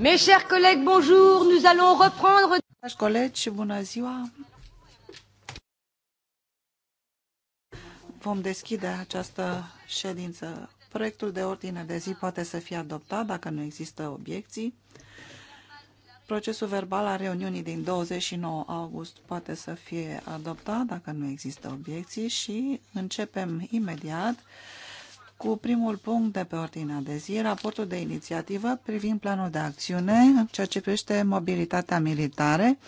Mes chers collègues, bonjour. Nous allons reprendre. Dragi colegi, bună ziua. Vom deschide această ședință. Proiectul de ordine de zi poate să fie adoptat dacă nu există obiecții. Procesul verbal al reuniunii din 29 august poate să fie adoptat dacă nu există obiecții și începem imediat cu primul punct de pe ordinea de zi, raportul de inițiativă privind planul de acțiune în ceea ce privește mobilitatea militare,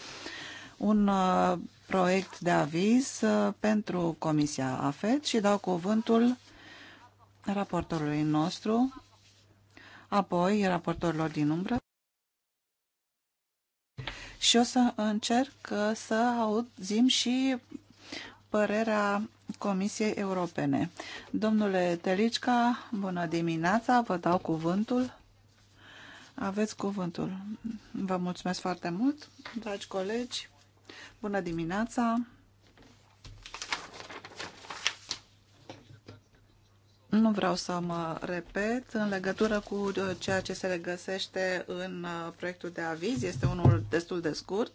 un uh, proiect de aviz uh, pentru Comisia AFET și dau cuvântul raportorului nostru, apoi raportorilor din umbră. Și o să încerc uh, să auzim și părerea Comisiei Europene. Domnule Telicca, bună dimineața, vă dau cuvântul. Aveți cuvântul. Vă mulțumesc foarte mult, dragi colegi. Bună dimineața. Nu vreau să mă repet în legătură cu ceea ce se regăsește în proiectul de aviz. Este unul destul de scurt.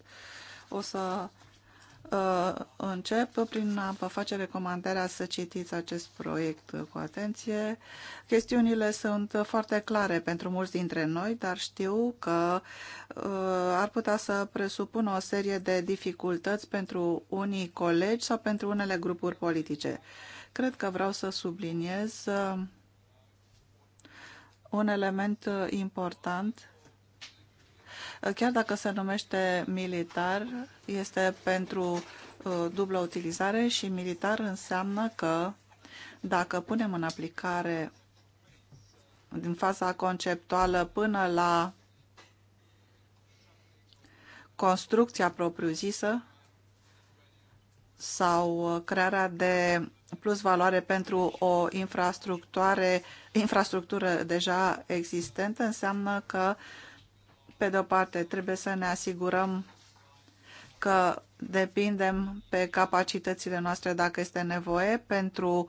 O să Uh, încep prin a vă face recomandarea să citiți acest proiect cu atenție. Chestiunile sunt foarte clare pentru mulți dintre noi, dar știu că uh, ar putea să presupună o serie de dificultăți pentru unii colegi sau pentru unele grupuri politice. Cred că vreau să subliniez uh, un element important chiar dacă se numește militar, este pentru uh, dublă utilizare și militar înseamnă că dacă punem în aplicare din faza conceptuală până la construcția propriu-zisă sau uh, crearea de plus valoare pentru o infrastructură, infrastructură deja existentă înseamnă că pe de-o parte, trebuie să ne asigurăm că depindem pe capacitățile noastre dacă este nevoie pentru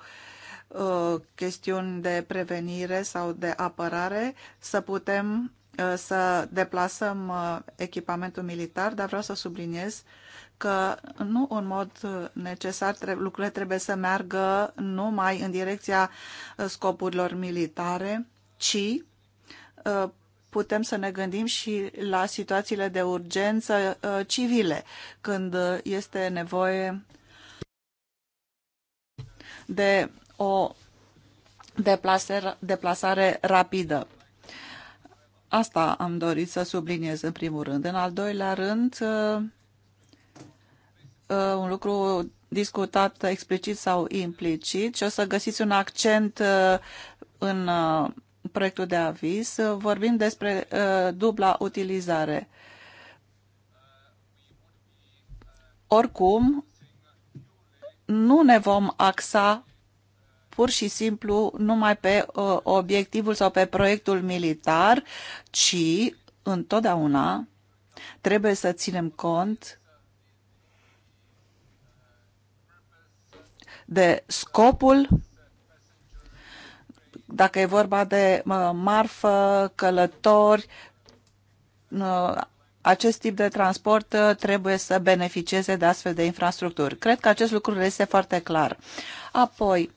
uh, chestiuni de prevenire sau de apărare, să putem uh, să deplasăm uh, echipamentul militar, dar vreau să subliniez că nu în mod uh, necesar trebuie, lucrurile trebuie să meargă numai în direcția uh, scopurilor militare, ci uh, putem să ne gândim și la situațiile de urgență uh, civile, când uh, este nevoie de o deplasare, deplasare rapidă. Asta am dorit să subliniez în primul rând. În al doilea rând, uh, un lucru discutat explicit sau implicit și o să găsiți un accent în proiectul de aviz, vorbim despre uh, dubla utilizare. Oricum, nu ne vom axa pur și simplu numai pe uh, obiectivul sau pe proiectul militar, ci întotdeauna trebuie să ținem cont de scopul dacă e vorba de marfă, călători, acest tip de transport uh, trebuie să beneficieze de astfel de infrastructuri. Cred că acest lucru este foarte clar. Apoi,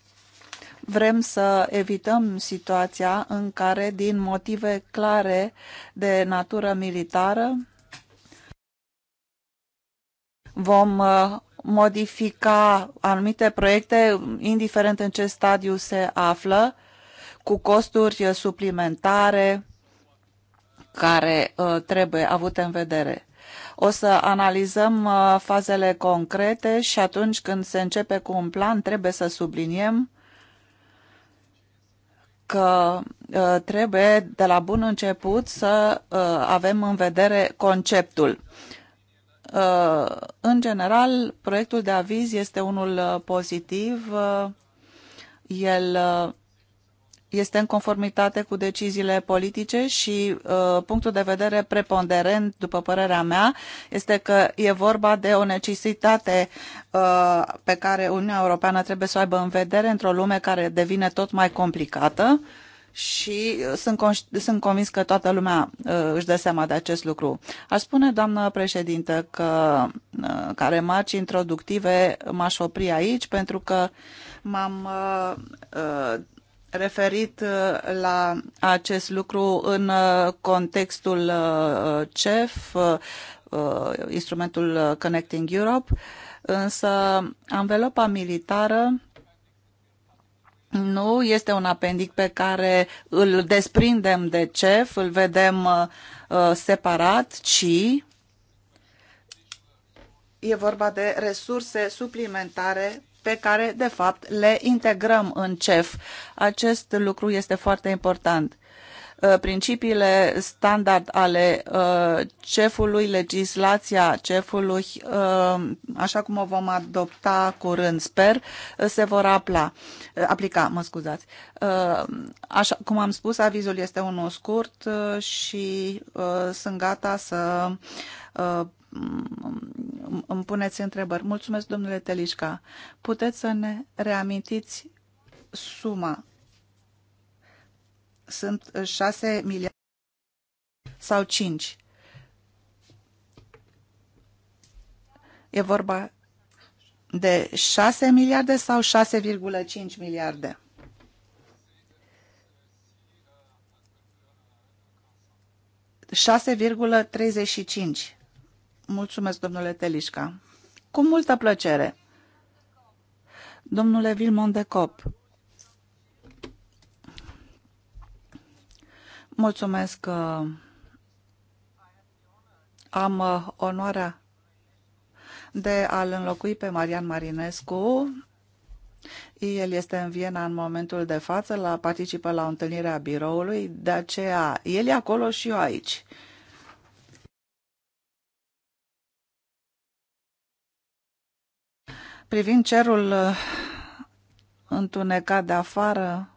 vrem să evităm situația în care, din motive clare de natură militară, vom uh, modifica anumite proiecte, indiferent în ce stadiu se află, cu costuri suplimentare care uh, trebuie avute în vedere. O să analizăm uh, fazele concrete și atunci când se începe cu un plan trebuie să subliniem că uh, trebuie de la bun început să avem în vedere conceptul. În general, proiectul de aviz este unul pozitiv. El este în conformitate cu deciziile politice și uh, punctul de vedere preponderent, după părerea mea, este că e vorba de o necesitate uh, pe care Uniunea Europeană trebuie să o aibă în vedere într-o lume care devine tot mai complicată și uh, sunt, sunt convins că toată lumea uh, își dă seama de acest lucru. Aș spune, doamnă președintă, că uh, ca remarci introductive m-aș opri aici pentru că m-am uh, uh, referit uh, la acest lucru în uh, contextul uh, CEF, instrumentul Connecting Europe, însă anvelopa militară nu este un apendic pe care îl desprindem de CEF, îl vedem separat, ci e vorba de resurse suplimentare pe care, de fapt, le integrăm în CEF. Acest lucru este foarte important. Uh, principiile standard ale uh, CEF-ului, legislația CEF-ului, uh, așa cum o vom adopta curând, sper, se vor apla, aplica. Mă scuzați. Așa cum am spus, avizul este unul scurt și sunt gata să îmi puneți întrebări. Mulțumesc, domnule Telișca. Puteți să ne reamintiți suma? Sunt 6 uh, miliarde sau 5? E vorba de 6 miliarde sau 6,5 miliarde? șase virgulă treizeci și cinci Mulțumesc, domnule Telișca. Cu multă plăcere. Domnule Vilmon de Cop. Mulțumesc că uh, am uh, onoarea de a-l înlocui pe Marian Marinescu. El este în Viena în momentul de față, la, participă la întâlnirea biroului, de aceea el e acolo și eu aici. Privind cerul uh, întunecat de afară,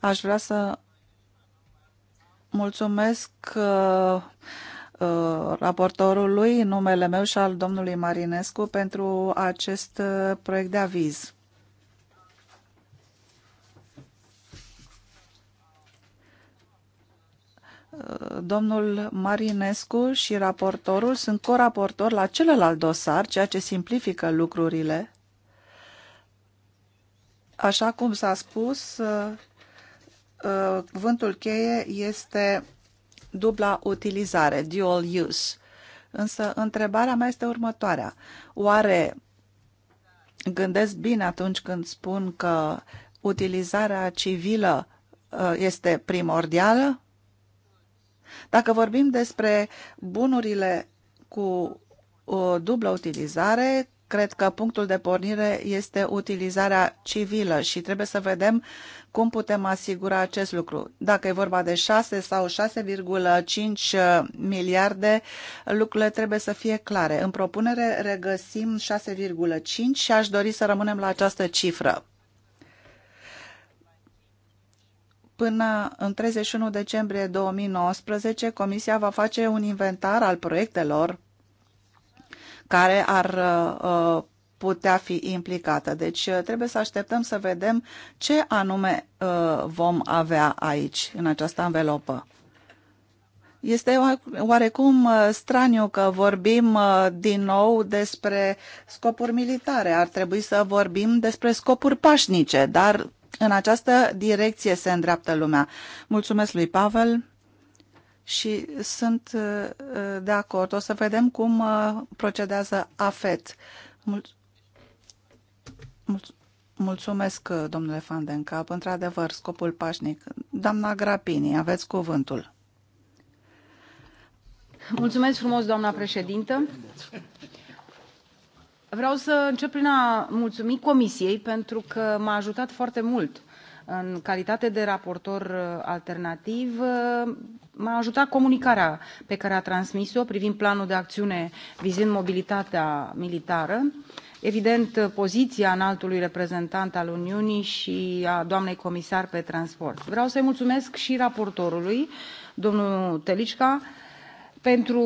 aș vrea să mulțumesc uh, uh raportorului, numele meu și al domnului Marinescu, pentru acest uh, proiect de aviz. domnul Marinescu și raportorul sunt coraportori la celălalt dosar, ceea ce simplifică lucrurile. Așa cum s-a spus, uh, uh, cuvântul cheie este dubla utilizare, dual use. Însă întrebarea mea este următoarea. Oare gândesc bine atunci când spun că utilizarea civilă uh, este primordială? Dacă vorbim despre bunurile cu o uh, dublă utilizare, cred că punctul de pornire este utilizarea civilă și trebuie să vedem cum putem asigura acest lucru. Dacă e vorba de 6 sau 6,5 uh, miliarde, lucrurile trebuie să fie clare. În propunere regăsim 6,5 și aș dori să rămânem la această cifră. Până în 31 decembrie 2019, Comisia va face un inventar al proiectelor care ar uh, putea fi implicată. Deci uh, trebuie să așteptăm să vedem ce anume uh, vom avea aici, în această anvelopă. Este oarecum straniu că vorbim din nou despre scopuri militare. Ar trebui să vorbim despre scopuri pașnice, dar în această direcție se îndreaptă lumea. Mulțumesc lui Pavel și sunt uh, uh, de acord. O să vedem cum uh, procedează AFET. Mul Mulțumesc, domnule Van den Cap. Într-adevăr, scopul pașnic. Doamna Grapini, aveți cuvântul. Mulțumesc frumos, doamna președintă. Vreau să încep prin a mulțumi Comisiei pentru că m-a ajutat foarte mult în calitate de raportor uh, alternativ, uh, m-a ajutat comunicarea pe care a transmis-o privind planul de acțiune vizând mobilitatea militară, evident uh, poziția înaltului reprezentant al Uniunii și a doamnei comisar pe transport. Vreau să-i mulțumesc și raportorului, domnul Telicca, pentru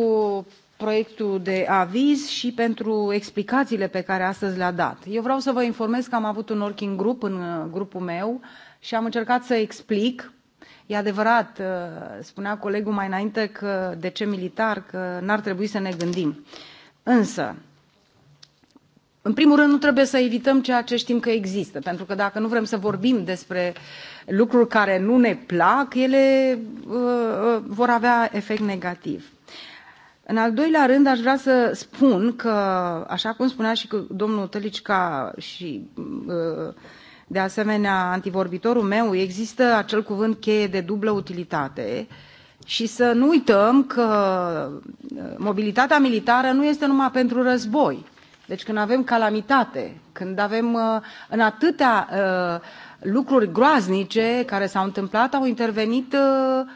proiectul de aviz și pentru explicațiile pe care astăzi le-a dat. Eu vreau să vă informez că am avut un working group în uh, grupul meu și am încercat să explic. E adevărat, uh, spunea colegul mai înainte că de ce militar, că n-ar trebui să ne gândim. Însă, în primul rând, nu trebuie să evităm ceea ce știm că există, pentru că dacă nu vrem să vorbim despre lucruri care nu ne plac, ele uh, uh vor avea efect negativ în al doilea rând, aș vrea să spun că, așa cum spunea și domnul Tălicica și uh, de asemenea antivorbitorul meu, există acel cuvânt cheie de dublă utilitate și să nu uităm că uh, mobilitatea militară nu este numai pentru război. Deci când avem calamitate, când avem uh, în atâtea uh, lucruri groaznice care s-au întâmplat, au intervenit uh,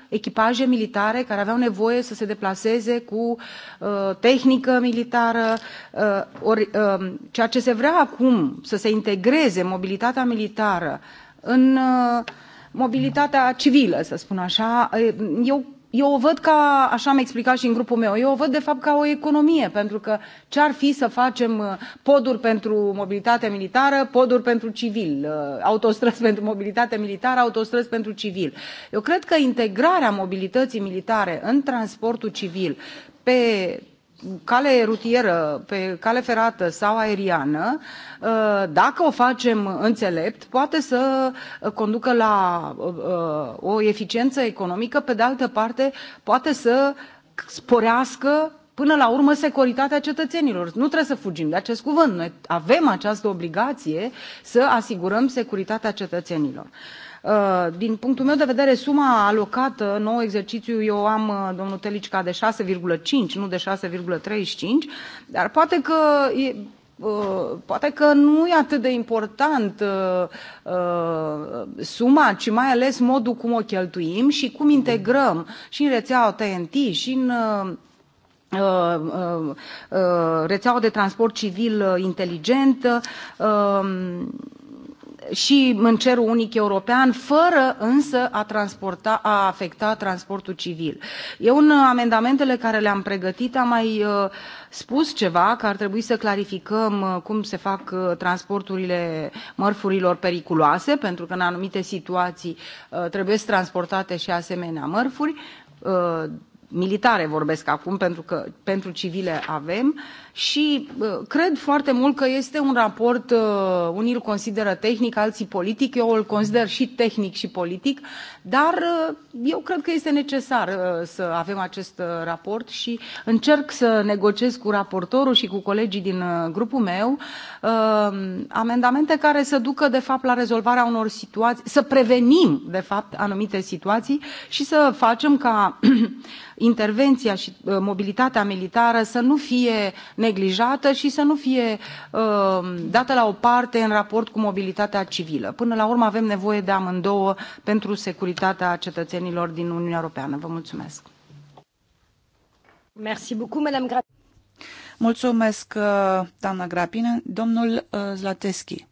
echipaje militare care aveau nevoie să se deplaseze cu uh, tehnică militară. Uh, ori, uh, ceea ce se vrea acum să se integreze mobilitatea militară în uh, mobilitatea civilă, să spun așa, eu eu o văd ca, așa am explicat și în grupul meu, eu o văd de fapt ca o economie, pentru că ce ar fi să facem uh, poduri pentru mobilitate militară, poduri pentru civil, uh, autostrăzi pentru mobilitate militară, autostrăzi pentru civil. Eu cred că integrarea mobilității militare în transportul civil pe cale rutieră, pe cale ferată sau aeriană, Ă, dacă o facem înțelept, poate să conducă la ă, ă, o eficiență economică, pe de altă parte, poate să sporească până la urmă securitatea cetățenilor. Nu trebuie să fugim de acest cuvânt. Noi avem această obligație să asigurăm securitatea cetățenilor. Din punctul meu de vedere, suma alocată nou exercițiu, eu am, domnul Telicica, de 6,5, nu de 6,35, dar poate că Uh, poate că nu e atât de important uh, uh, suma, ci mai ales modul cum o cheltuim și cum integrăm și în rețeaua TNT și în rețeaua de transport civil inteligentă și în cerul unic european, fără însă a, transporta, a afecta transportul civil. Eu în uh, amendamentele care le-am pregătit am mai uh, spus ceva că ar trebui să clarificăm uh, cum se fac transporturile mărfurilor periculoase, pentru că în anumite situații trebuie transportate și asemenea mărfuri militare vorbesc acum pentru că pentru civile avem și uh, cred foarte mult că este un raport uh, unii îl consideră tehnic alții politic eu îl consider și tehnic și politic dar uh, eu cred că este necesar să avem acest raport și încerc să negociez cu raportorul și cu colegii din grupul meu amendamente care să ducă de fapt la rezolvarea unor situații să prevenim de fapt anumite situații și să facem ca intervenția și uh, mobilitatea militară să nu fie neglijată și să nu fie uh, dată la o parte în raport cu mobilitatea civilă. Până la urmă avem nevoie de amândouă pentru securitatea cetățenilor din Uniunea Europeană. Vă mulțumesc. Merci beaucoup, Madame Gra Mulțumesc, uh, doamna Grapine. Domnul Zlateschi.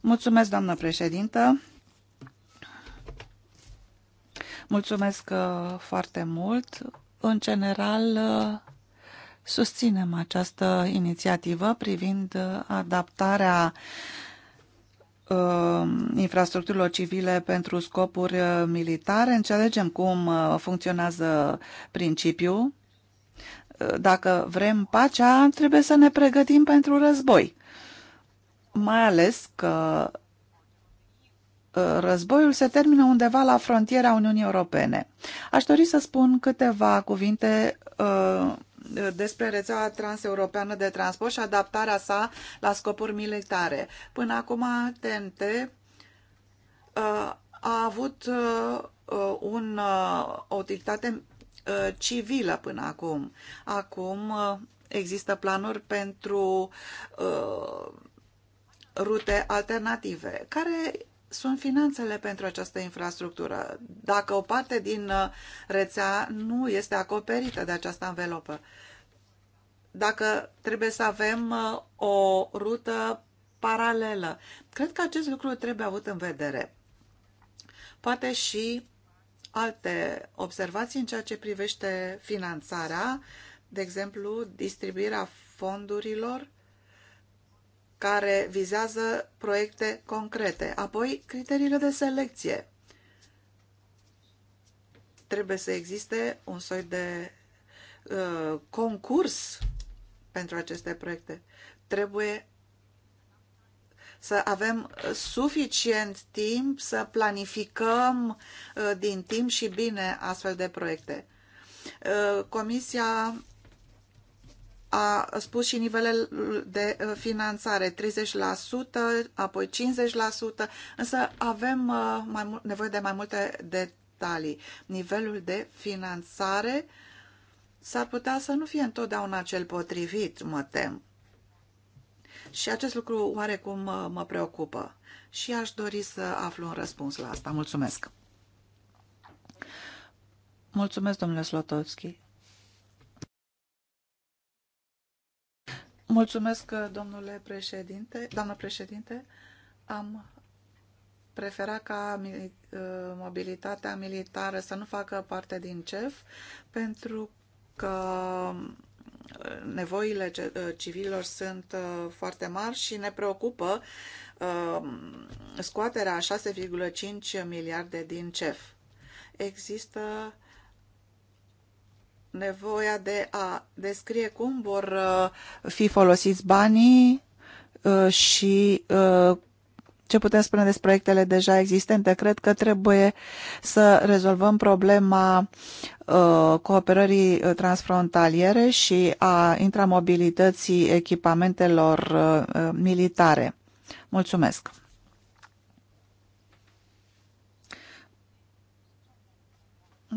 Mulțumesc, doamnă președintă. Mulțumesc uh, foarte mult. În general, uh, susținem această inițiativă privind uh, adaptarea infrastructurilor civile pentru scopuri militare. Înțelegem cum funcționează principiul. Dacă vrem pacea, trebuie să ne pregătim pentru război. Mai ales că Uh, războiul se termină undeva la frontiera Uniunii Europene. Aș dori să spun câteva cuvinte uh, despre rețeaua transeuropeană de transport și adaptarea sa la scopuri militare. Până acum, TNT uh, a avut un, o utilitate civilă până acum. Acum există planuri pentru rute alternative, care sunt finanțele pentru această infrastructură. Dacă o parte din uh, rețea nu este acoperită de această anvelopă, dacă trebuie să avem uh, o rută paralelă, cred că acest lucru trebuie avut în vedere. Poate și alte observații în ceea ce privește finanțarea, de exemplu, distribuirea fondurilor care vizează proiecte concrete. Apoi, criteriile de selecție. Trebuie să existe un soi de uh, concurs pentru aceste proiecte. Trebuie să avem suficient timp să planificăm uh, din timp și bine astfel de proiecte. Uh, Comisia a spus și nivelul de uh, finanțare, 30%, apoi 50%, însă avem uh, mai mult, nevoie de mai multe detalii. Nivelul de finanțare s-ar putea să nu fie întotdeauna cel potrivit, mă tem. Și acest lucru oarecum uh, mă preocupă și aș dori să aflu un răspuns la asta. Mulțumesc! Mulțumesc, domnule Slotovski. Mulțumesc, domnule președinte, doamnă președinte. Am prefera ca uh, mobilitatea militară să nu facă parte din CEF, pentru că uh, nevoile uh, civililor sunt foarte mari și ne preocupă scoaterea a 6,5 miliarde din CEF. Există nevoia de a descrie cum vor uh, fi folosiți banii uh, și uh, ce putem spune despre proiectele deja existente. Cred că trebuie să rezolvăm problema cooperării transfrontaliere și a intramobilității echipamentelor militare. Mulțumesc!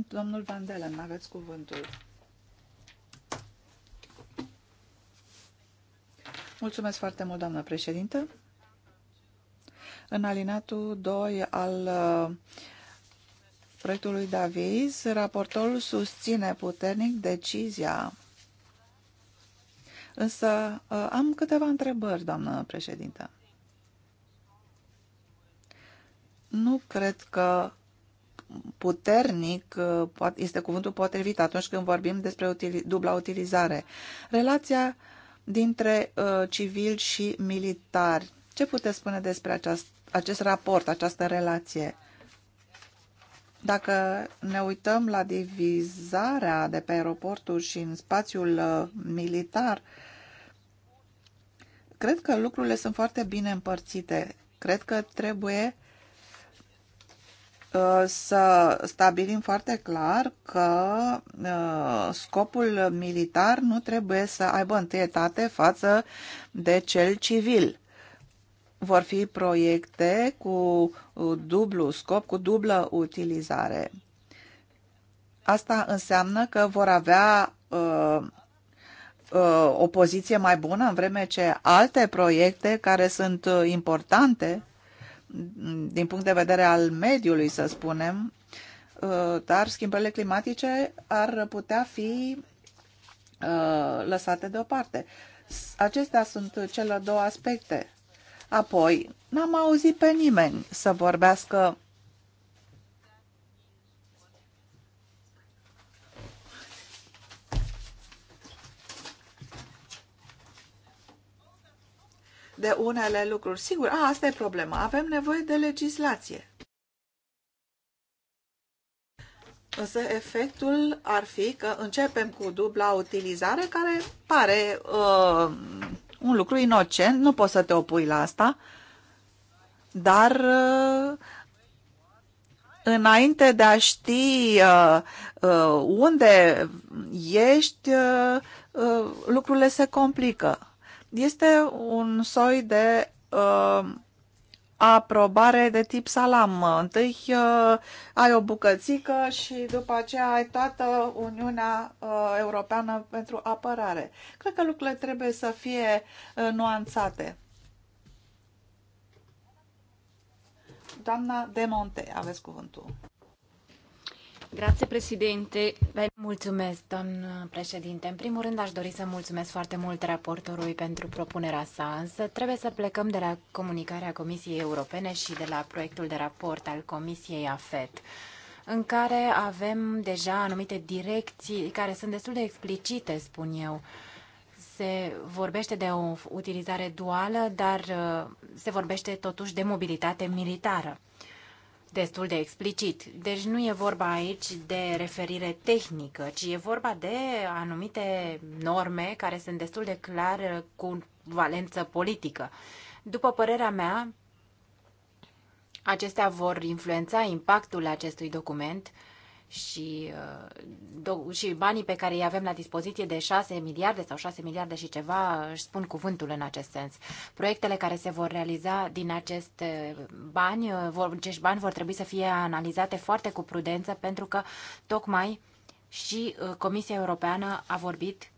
Domnul Van Delen, aveți cuvântul. Mulțumesc foarte mult, doamnă președintă. În alinatul 2 al uh, proiectului de aviz, raportorul susține puternic decizia. Însă uh, am câteva întrebări, doamnă președintă. Nu cred că puternic uh, este cuvântul potrivit atunci când vorbim despre utili dubla utilizare. Relația dintre uh, civil și militar. Ce puteți spune despre aceast, acest raport, această relație? Dacă ne uităm la divizarea de pe aeroportul și în spațiul uh, militar, cred că lucrurile sunt foarte bine împărțite. Cred că trebuie uh, Uh, să stabilim foarte clar că uh, scopul militar nu trebuie să aibă întâietate față de cel civil. Vor fi proiecte cu uh, dublu scop, cu dublă utilizare. Asta înseamnă că vor avea o poziție mai bună în vreme ce alte proiecte care sunt importante din punct de vedere al mediului, să spunem, uh, dar schimbările climatice ar putea fi uh, lăsate deoparte. Acestea sunt cele două aspecte. Apoi, n-am auzit pe nimeni să vorbească de unele lucruri. Sigur, a, asta e problema. Avem nevoie de legislație. Însă efectul ar fi că începem cu dubla utilizare, care pare uh, un lucru inocent, nu poți să te opui la asta, dar uh, înainte de a ști uh, uh, unde ești, uh, uh, lucrurile se complică. Este un soi de uh, aprobare de tip salam. Întâi uh, ai o bucățică și după aceea ai toată Uniunea uh, Europeană pentru apărare. Cred că lucrurile trebuie să fie uh, nuanțate. Doamna Demonte, aveți cuvântul. Grazie, președinte. Mulțumesc, doamnă președinte. În primul rând, aș dori să mulțumesc foarte mult raportorului pentru propunerea sa, însă trebuie să plecăm de la comunicarea Comisiei Europene și de la proiectul de raport al Comisiei AFET în care avem deja anumite direcții care sunt destul de explicite, spun eu. Se vorbește de o utilizare duală, dar uh, se vorbește totuși de mobilitate militară destul de explicit. Deci nu e vorba aici de referire tehnică, ci e vorba de anumite norme care sunt destul de clar uh, cu valență politică. După părerea mea, acestea vor influența impactul acestui document și, uh, și banii pe care îi avem la dispoziție de 6 miliarde sau 6 miliarde și ceva își spun cuvântul în acest sens. Proiectele care se vor realiza din aceste uh, bani, uh, vor, acești bani vor trebui să fie analizate foarte cu prudență pentru că tocmai și Comisia Europeană a vorbit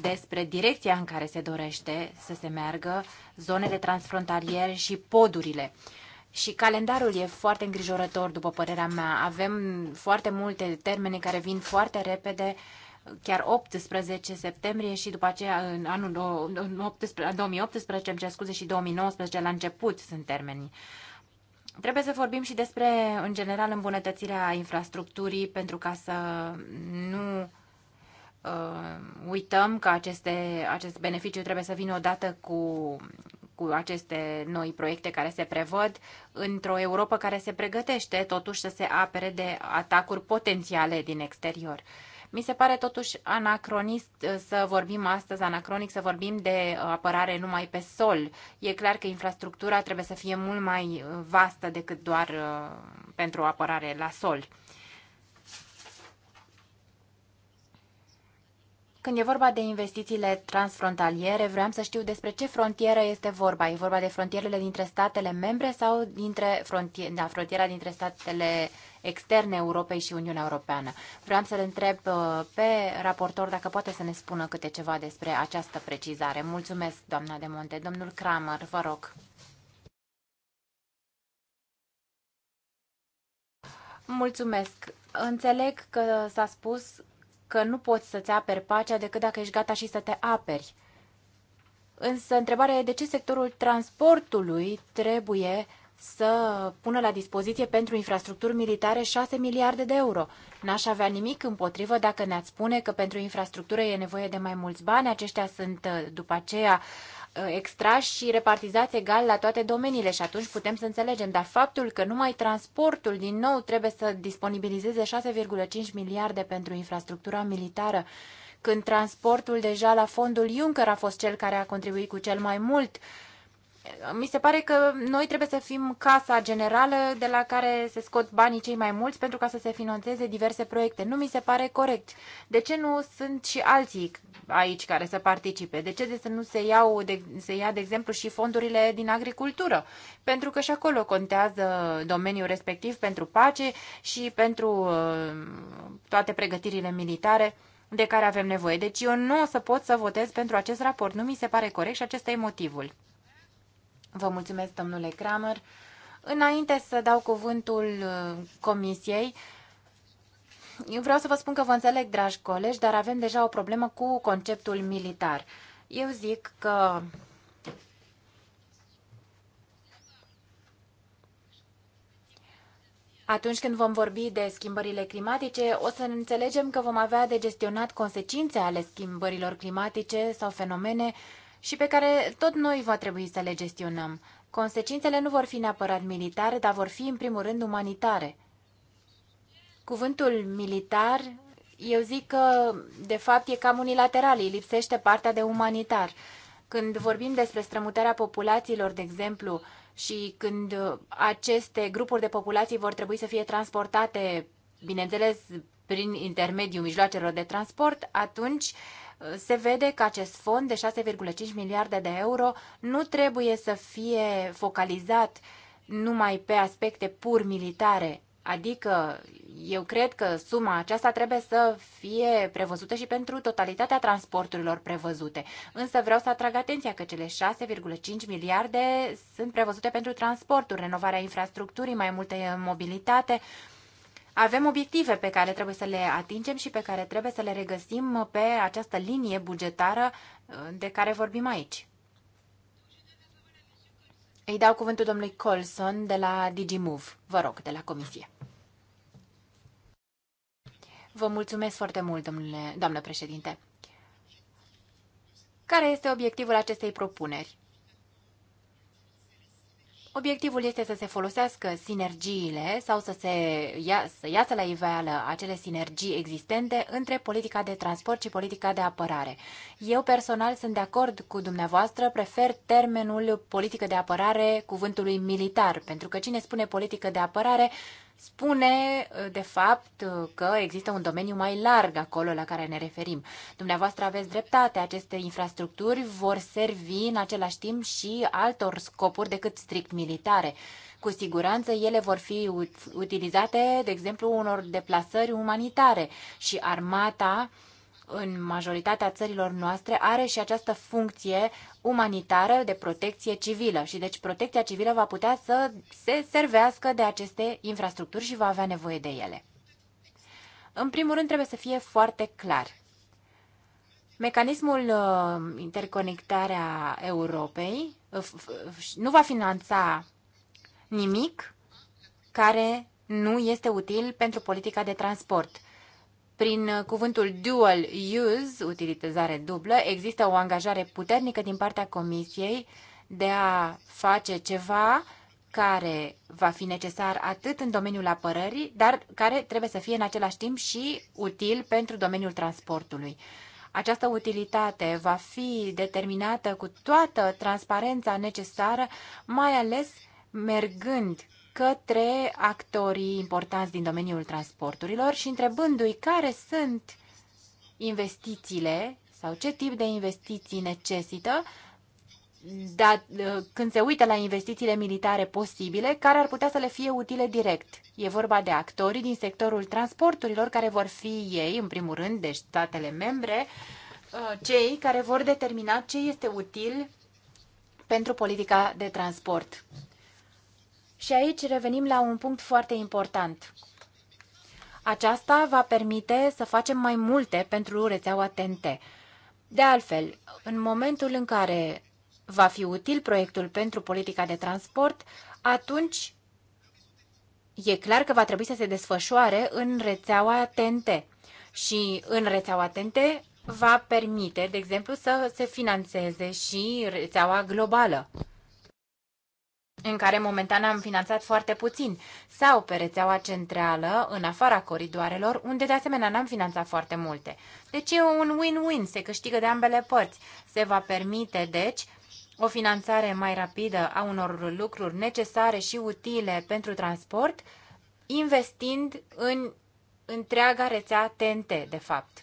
despre direcția în care se dorește să se meargă zonele transfrontaliere și podurile. Uh, și calendarul e foarte îngrijorător, după părerea mea. Avem foarte multe termene care vin foarte repede, chiar 18 septembrie și după aceea în anul 2018, 2018 îmi scuze, și 2019 la început sunt termenii. Trebuie să vorbim și despre, în general, îmbunătățirea infrastructurii pentru ca să nu uh, uităm că aceste, acest beneficiu trebuie să vină odată cu cu aceste noi proiecte care se prevăd într-o Europa care se pregătește totuși să se apere de atacuri potențiale din exterior. Mi se pare totuși anacronist uh, să vorbim astăzi, anacronic să vorbim de uh, apărare numai pe sol. E clar că infrastructura trebuie să fie mult mai uh, vastă decât doar pentru apărare la sol. Când e vorba de investițiile transfrontaliere, vreau să știu despre ce frontieră este vorba. E vorba de frontierele dintre statele membre sau dintre frontier, da, frontiera dintre statele externe Europei și Uniunea Europeană. Vreau să-l întreb uh, pe raportor dacă poate să ne spună câte ceva despre această precizare. Mulțumesc, doamna de Monte. Domnul Kramer, vă rog. Mulțumesc. Înțeleg că s-a spus că nu poți să-ți aperi pacea decât dacă ești gata și să te aperi. Însă întrebarea e de ce sectorul transportului trebuie să pună la dispoziție pentru infrastructuri militare 6 miliarde de euro. N-aș avea nimic împotrivă dacă ne-ați spune că pentru infrastructură e nevoie de mai mulți bani, aceștia sunt după aceea Uh, extrași și repartizați egal la toate domeniile și atunci putem să înțelegem. Dar faptul că numai transportul din nou trebuie să disponibilizeze 6,5 miliarde pentru infrastructura militară, când transportul deja la fondul Juncker a fost cel care a contribuit cu cel mai mult mi se pare că noi trebuie să fim casa generală de la care se scot banii cei mai mulți pentru ca să se finanțeze diverse proiecte. Nu mi se pare corect. De ce nu sunt și alții aici care să participe? De ce de să nu se, iau, de, se ia, de exemplu, și fondurile din agricultură? Pentru că și acolo contează domeniul respectiv pentru pace și pentru uh, toate pregătirile militare de care avem nevoie. Deci eu nu o să pot să votez pentru acest raport. Nu mi se pare corect și acesta e motivul. Vă mulțumesc, domnule Kramer. Înainte să dau cuvântul uh, comisiei, eu vreau să vă spun că vă înțeleg, dragi colegi, dar avem deja o problemă cu conceptul militar. Eu zic că Atunci când vom vorbi de schimbările climatice, o să înțelegem că vom avea de gestionat consecințe ale schimbărilor climatice sau fenomene uh, și pe care tot noi va trebui să le gestionăm. Consecințele nu vor fi neapărat militare, dar vor fi în primul rând umanitare. Cuvântul militar, eu zic că de fapt e cam unilateral, îi lipsește partea de umanitar. Când vorbim despre strămutarea populațiilor, de exemplu, și când aceste grupuri de populații vor trebui să fie transportate, bineînțeles, prin intermediul mijloacelor de transport, atunci uh, se vede că acest fond de 6,5 miliarde de euro nu trebuie să fie focalizat numai pe aspecte pur militare. Adică eu cred că suma aceasta trebuie să fie prevăzută și pentru totalitatea transporturilor prevăzute. Însă vreau să atrag atenția că cele 6,5 miliarde sunt prevăzute pentru transporturi, renovarea infrastructurii, mai multe mobilitate, avem obiective pe care trebuie să le atingem și pe care trebuie să le regăsim pe această linie bugetară uh, de care vorbim aici. Îi dau cuvântul domnului Colson de la DigiMove, vă rog, de la comisie. Vă mulțumesc foarte mult, domnule, doamnă președinte. Care este obiectivul acestei propuneri? Obiectivul este să se folosească sinergiile sau să se ia, să iasă la iveală acele sinergii existente între politica de transport și politica de apărare. Eu personal sunt de acord cu dumneavoastră, prefer termenul politică de apărare cuvântului militar, pentru că cine spune politică de apărare spune, uh, de fapt, uh, că există un domeniu mai larg acolo la care ne referim. Dumneavoastră aveți dreptate, aceste infrastructuri vor servi în același timp și altor scopuri decât strict militare. Cu siguranță ele vor fi utilizate, de exemplu, unor deplasări umanitare și armata uh, în majoritatea țărilor noastre are și această funcție umanitară de protecție civilă și deci protecția civilă va putea să se servească de aceste infrastructuri și va avea nevoie de ele. În primul rând trebuie să fie foarte clar. Mecanismul uh, interconectarea Europei uh, nu va finanța nimic care nu este util pentru politica de transport prin uh, cuvântul dual use, utilizare dublă, există o angajare puternică din partea Comisiei de a face ceva care va fi necesar atât în domeniul apărării, dar care trebuie să fie în același timp și util pentru domeniul transportului. Această utilitate va fi determinată cu toată transparența necesară, mai ales mergând către actorii importanți din domeniul transporturilor și întrebându-i care sunt investițiile sau ce tip de investiții necesită dar când se uită la investițiile militare posibile, care ar putea să le fie utile direct. E vorba de actorii din sectorul transporturilor, care vor fi ei, în primul rând, deci statele membre, uh, cei care vor determina ce este util pentru politica de transport și aici revenim la un punct foarte important. Aceasta va permite să facem mai multe pentru rețeaua TNT. De altfel, în momentul în care va fi util proiectul pentru politica de transport, atunci e clar că va trebui să se desfășoare în rețeaua TNT. Și în rețeaua TNT va permite, de exemplu, să se financeze și rețeaua globală în care momentan am finanțat foarte puțin, sau pe rețeaua centrală, în afara coridoarelor, unde de asemenea n-am finanțat foarte multe. Deci e un win-win, se câștigă de ambele părți. Se va permite, deci, o finanțare mai rapidă a unor lucruri necesare și utile pentru transport, investind în întreaga rețea TNT, de fapt.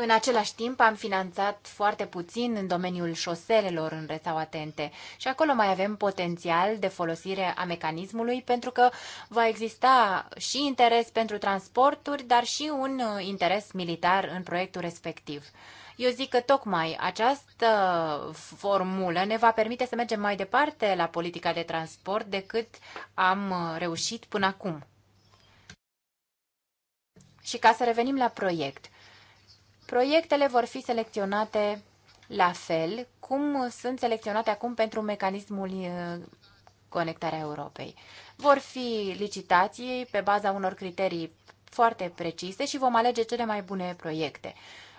În același timp am finanțat foarte puțin în domeniul șoselelor în rețeaua atente și acolo mai avem potențial de folosire a mecanismului pentru că va exista și interes pentru transporturi, dar și un uh, interes militar în proiectul respectiv. Eu zic că tocmai această formulă ne va permite să mergem mai departe la politica de transport decât am uh, reușit până acum. Și ca să revenim la proiect – Proiectele vor fi selecționate la fel cum sunt selecționate acum pentru mecanismul uh, Conectarea Europei. Vor fi licitații pe baza unor criterii foarte precise și vom alege cele mai bune proiecte.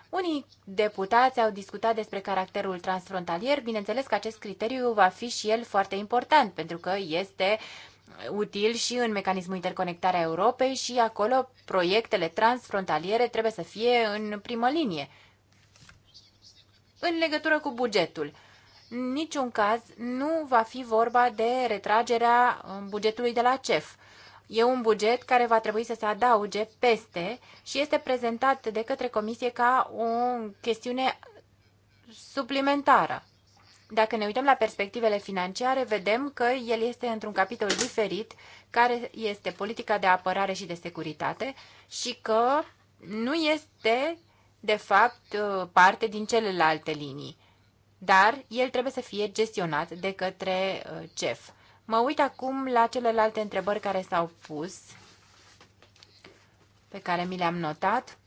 Unii deputați au discutat despre caracterul transfrontalier. Bineînțeles că acest criteriu va fi și el foarte important, pentru că este util și în mecanismul interconectarea Europei și acolo proiectele transfrontaliere trebuie să fie în primă linie. În legătură cu bugetul, în niciun caz nu va fi vorba de retragerea um, bugetului de la CEF. E un buget care va trebui să se adauge peste și este prezentat de către Comisie ca o chestiune suplimentară. Dacă ne uităm la perspectivele financiare, vedem că el este într-un capitol diferit, care este politica de apărare și de securitate și că nu este, de fapt, uh, parte din celelalte linii. Dar el trebuie să fie gestionat de către uh, CEF. Mă uit acum la celelalte întrebări care s-au pus, pe care mi le-am notat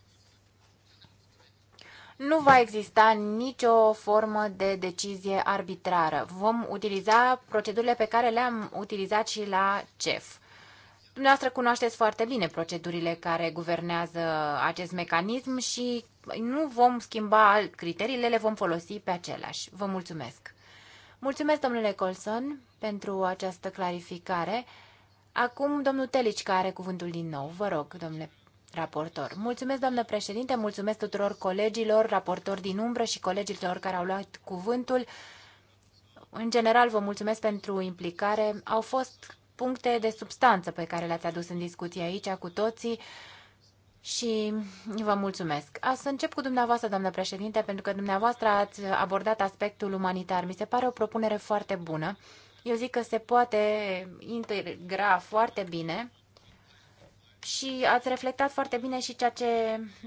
nu va exista nicio formă de decizie arbitrară. Vom utiliza procedurile pe care le-am utilizat și la CEF. Dumneavoastră cunoașteți foarte bine procedurile care guvernează acest mecanism și nu vom schimba criteriile, le vom folosi pe aceleași. Vă mulțumesc! Mulțumesc, domnule Colson, pentru această clarificare. Acum, domnul Telici, care are cuvântul din nou. Vă rog, domnule raportor. Mulțumesc, doamnă președinte, mulțumesc tuturor colegilor, raportor din umbră și colegilor care au luat cuvântul. În general, vă mulțumesc pentru implicare. Au fost puncte de substanță pe care le-ați adus în discuție aici cu toții și vă mulțumesc. A să încep cu dumneavoastră, doamnă președinte, pentru că dumneavoastră ați abordat aspectul umanitar. Mi se pare o propunere foarte bună. Eu zic că se poate integra foarte bine și ați reflectat foarte bine și ceea ce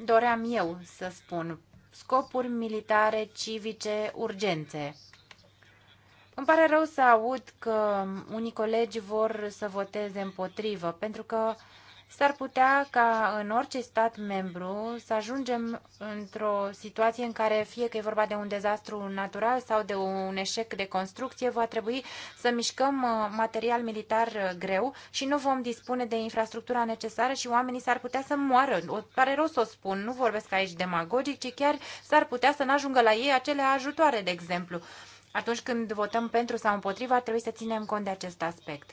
doream eu să spun. Scopuri militare, civice, urgențe. Îmi pare rău să aud că unii colegi vor să voteze împotrivă, pentru că uh, s-ar putea ca în orice stat membru să ajungem într-o situație în care, fie că e vorba de un dezastru natural sau de un eșec de construcție, va trebui să mișcăm uh, material militar uh, greu și nu vom dispune de infrastructura necesară și oamenii s-ar putea să moară. O, pare rău să o spun, nu vorbesc aici demagogic, ci chiar s-ar putea să n-ajungă la ei acele ajutoare, de exemplu. Atunci când votăm pentru sau împotriva, trebuie să ținem cont de acest aspect.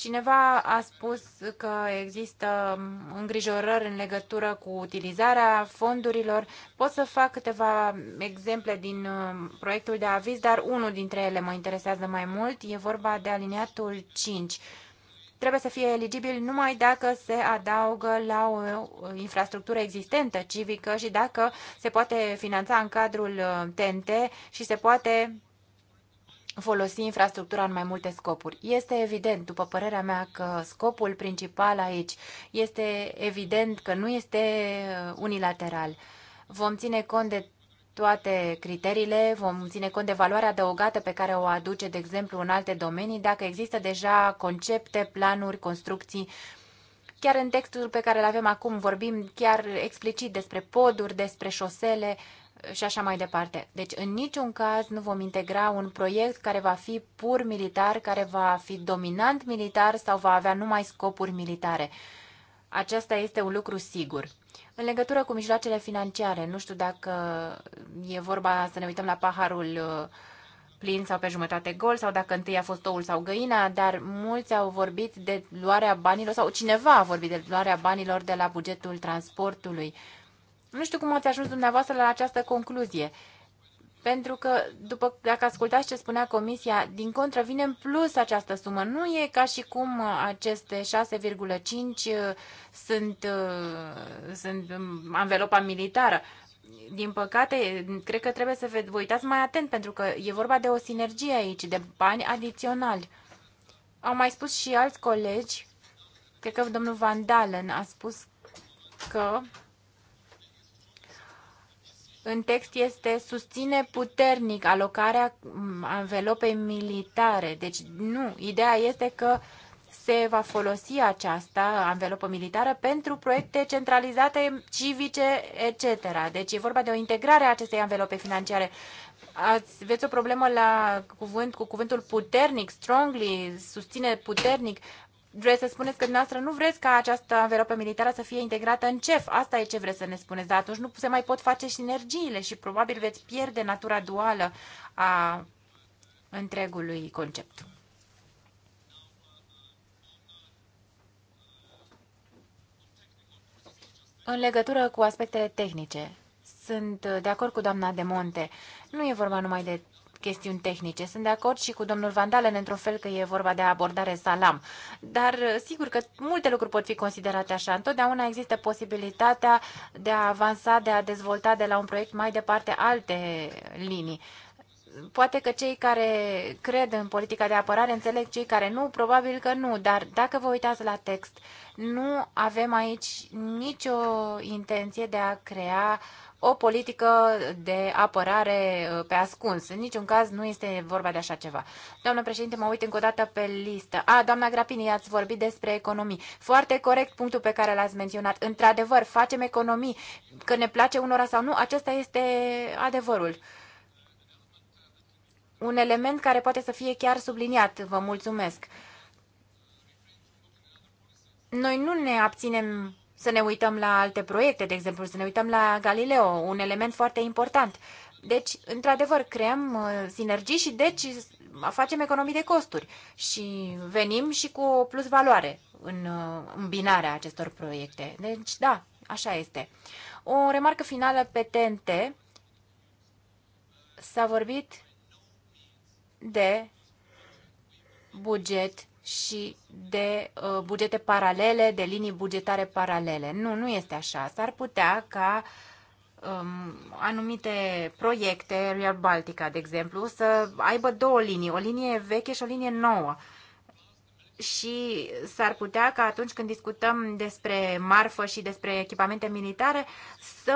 Cineva a spus că există îngrijorări în legătură cu utilizarea fondurilor. Pot să fac câteva exemple din uh, proiectul de aviz, dar unul dintre ele mă interesează mai mult. E vorba de aliniatul 5 trebuie să fie eligibil numai dacă se adaugă la o infrastructură existentă civică și dacă se poate finanța în cadrul TNT uh, și se poate folosi infrastructura în mai multe scopuri. Este evident, după părerea mea, că scopul principal aici este evident că nu este uh, unilateral. Vom ține cont de toate criteriile, vom ține cont de valoarea adăugată pe care o aduce, de exemplu, în alte domenii, dacă există deja concepte, planuri, construcții. Chiar în textul pe care îl avem acum vorbim chiar explicit despre poduri, despre șosele, uh, și așa mai departe. Deci, în niciun caz nu vom integra un proiect care va fi pur militar, care va fi dominant militar sau va avea numai scopuri militare. Acesta este un lucru sigur. În legătură cu mijloacele financiare, nu știu dacă e vorba să ne uităm la paharul uh, plin sau pe jumătate gol, sau dacă întâi a fost oul sau găina, dar mulți au vorbit de luarea banilor, sau cineva a vorbit de luarea banilor de la bugetul transportului nu știu cum ați ajuns dumneavoastră la această concluzie. Pentru că, după, dacă ascultați ce spunea Comisia, din contră vine în plus această sumă. Nu e ca și cum uh, aceste 6,5 uh, sunt, uh, sunt um, anvelopa militară. Din păcate, cred că trebuie să vă uitați mai atent, pentru că e vorba de o sinergie aici, de bani adiționali. Au mai spus și alți colegi, cred că domnul Van Dalen a spus că în text este susține puternic alocarea mm, anvelopei militare. Deci nu, ideea este că se va folosi aceasta, anvelopă militară, pentru proiecte centralizate, civice, etc. Deci e vorba de o integrare a acestei anvelope financiare. Ați, aveți o problemă la cuvânt, cu cuvântul puternic, strongly, susține puternic vreți să spuneți că dumneavoastră nu vreți ca această anvelopă militară să fie integrată în CEF. Asta e ce vreți să ne spuneți, dar atunci nu se mai pot face sinergiile și probabil veți pierde natura duală a întregului concept. În legătură cu aspectele tehnice, sunt de acord cu doamna de Monte. Nu e vorba numai de chestiuni tehnice. Sunt de acord și cu domnul Vandalen într-un fel că e vorba de abordare salam. Dar uh, sigur că multe lucruri pot fi considerate așa. Întotdeauna există posibilitatea de a avansa, de a dezvolta de la un proiect mai departe alte linii poate că cei care cred în politica de apărare înțeleg cei care nu, probabil că nu, dar dacă vă uitați la text, nu avem aici nicio intenție de a crea o politică de apărare uh, pe ascuns. În niciun caz nu este vorba de așa ceva. Doamnă președinte, mă uit încă o dată pe listă. A, doamna Grapini, ați vorbit despre economii. Foarte corect punctul pe care l-ați menționat. Într-adevăr, facem economii, că ne place unora sau nu, acesta este adevărul. Un element care poate să fie chiar subliniat. Vă mulțumesc. Noi nu ne abținem să ne uităm la alte proiecte, de exemplu, să ne uităm la Galileo, un element foarte important. Deci, într-adevăr, creăm uh, sinergii și deci facem economii de costuri și venim și cu o plus valoare în uh, îmbinarea acestor proiecte. Deci, da, așa este. O remarcă finală pe TNT. S-a vorbit de buget și de uh, bugete paralele, de linii bugetare paralele. Nu, nu este așa. S-ar putea ca um, anumite proiecte, Real Baltica, de exemplu, să aibă două linii, o linie veche și o linie nouă. Și s-ar putea ca atunci când discutăm despre marfă și despre echipamente militare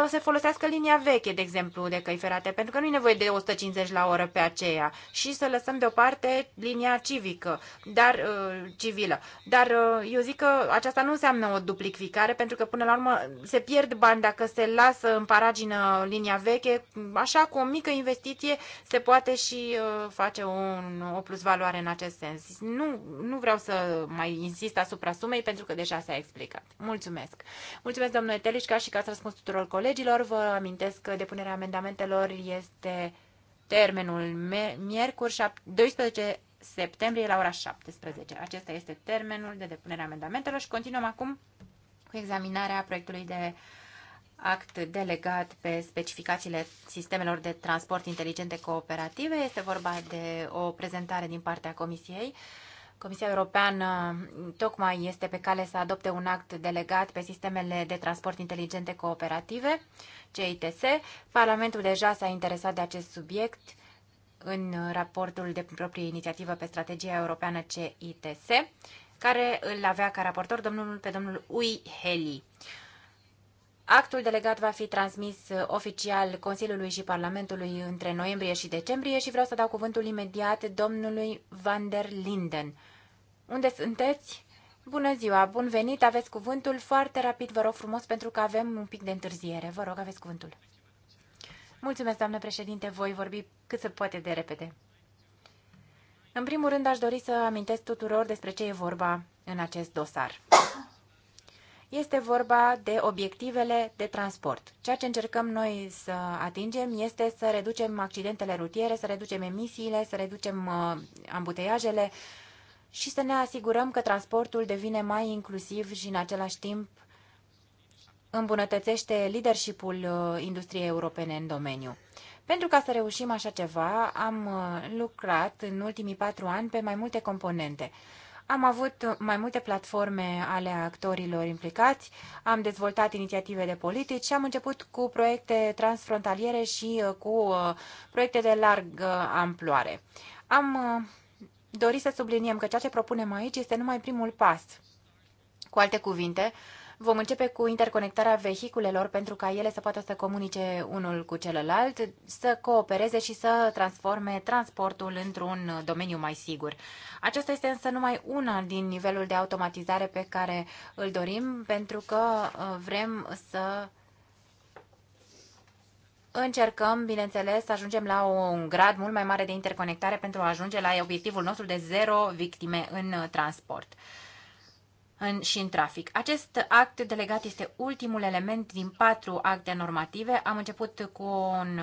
să se folosească linia veche, de exemplu, de căi ferate, pentru că nu e nevoie de 150 la oră pe aceea și să lăsăm deoparte linia civică, dar uh, civilă. Dar uh, eu zic că aceasta nu înseamnă o duplicare, pentru că până la urmă se pierd bani dacă se lasă în paragină linia veche, așa cu o mică investiție se poate și uh, face un, o plusvaloare în acest sens. Nu, nu vreau să mai insist asupra sumei, pentru că deja s-a explicat. Mulțumesc! Mulțumesc, domnule Telișca, și că ați răspuns tuturor colegilor colegilor. Vă amintesc că depunerea amendamentelor este termenul miercuri 12 septembrie la ora 17. Acesta este termenul de depunere a amendamentelor și continuăm acum cu examinarea proiectului de act delegat pe specificațiile sistemelor de transport inteligente cooperative. Este vorba de o prezentare din partea Comisiei Comisia Europeană mm, tocmai este pe cale să adopte un act delegat pe sistemele de transport inteligente cooperative, CITS. Parlamentul deja s-a interesat de acest subiect în raportul de proprie inițiativă pe strategia europeană CITS, care îl avea ca raportor domnul, pe domnul Ui Heli. Actul delegat va fi transmis uh, oficial Consiliului și Parlamentului între noiembrie și decembrie și vreau să dau cuvântul imediat domnului Van der Linden. Unde sunteți? Bună ziua, bun venit, aveți cuvântul. Foarte rapid, vă rog frumos, pentru că avem un pic de întârziere. Vă rog, aveți cuvântul. Mulțumesc, doamnă președinte, voi vorbi cât se poate de repede. În primul rând, aș dori să amintesc tuturor despre ce e vorba în acest dosar. Este vorba de obiectivele de transport. Ceea ce încercăm noi să atingem este să reducem accidentele rutiere, să reducem emisiile, să reducem uh, ambuteiajele și să ne asigurăm că transportul devine mai inclusiv și în același timp îmbunătățește leadership-ul uh, industriei europene în domeniu. Pentru ca să reușim așa ceva, am uh, lucrat în ultimii patru ani pe mai multe componente. Am avut mai multe platforme ale actorilor implicați, am dezvoltat inițiative de politici și am început cu proiecte transfrontaliere și uh, cu uh, proiecte de largă uh, amploare. Am dorit să subliniem că ceea ce propunem aici este numai primul pas. Cu alte cuvinte, Vom începe cu interconectarea vehiculelor pentru ca ele să poată să comunice unul cu celălalt, să coopereze și să transforme transportul într-un domeniu mai sigur. Aceasta este însă numai una din nivelul de automatizare pe care îl dorim pentru că uh, vrem să încercăm, bineînțeles, să ajungem la un grad mult mai mare de interconectare pentru a ajunge la obiectivul nostru de zero victime în uh, transport în, și în trafic. Acest act delegat este ultimul element din patru acte normative. Am început cu un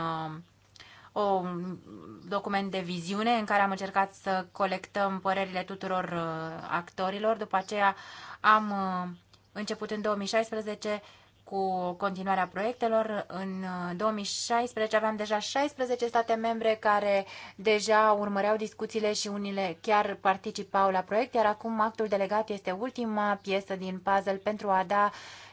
un uh, um, document de viziune în care am încercat să colectăm părerile tuturor uh, actorilor. După aceea am uh, început în 2016 cu continuarea proiectelor. În 2016 uh, aveam deja 16 state membre care deja urmăreau discuțiile și unile chiar participau la proiect, iar acum actul delegat este ultima piesă din puzzle pentru a da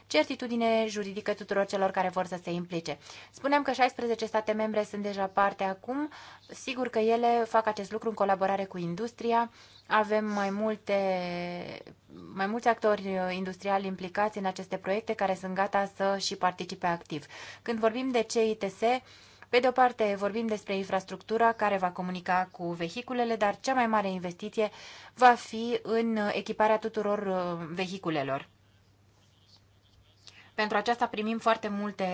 certitudine juridică tuturor celor care vor să se implice. Spuneam că 16 state membre sunt deja parte acum. Sigur că ele fac acest lucru în colaborare cu industria. Avem mai multe mai mulți actori industriali implicați în aceste proiecte care sunt gata să și participe activ. Când vorbim de CITS, pe de o parte, vorbim despre infrastructura care va comunica cu vehiculele, dar cea mai mare investiție va fi în echiparea tuturor uh, vehiculelor. Pentru aceasta primim foarte multe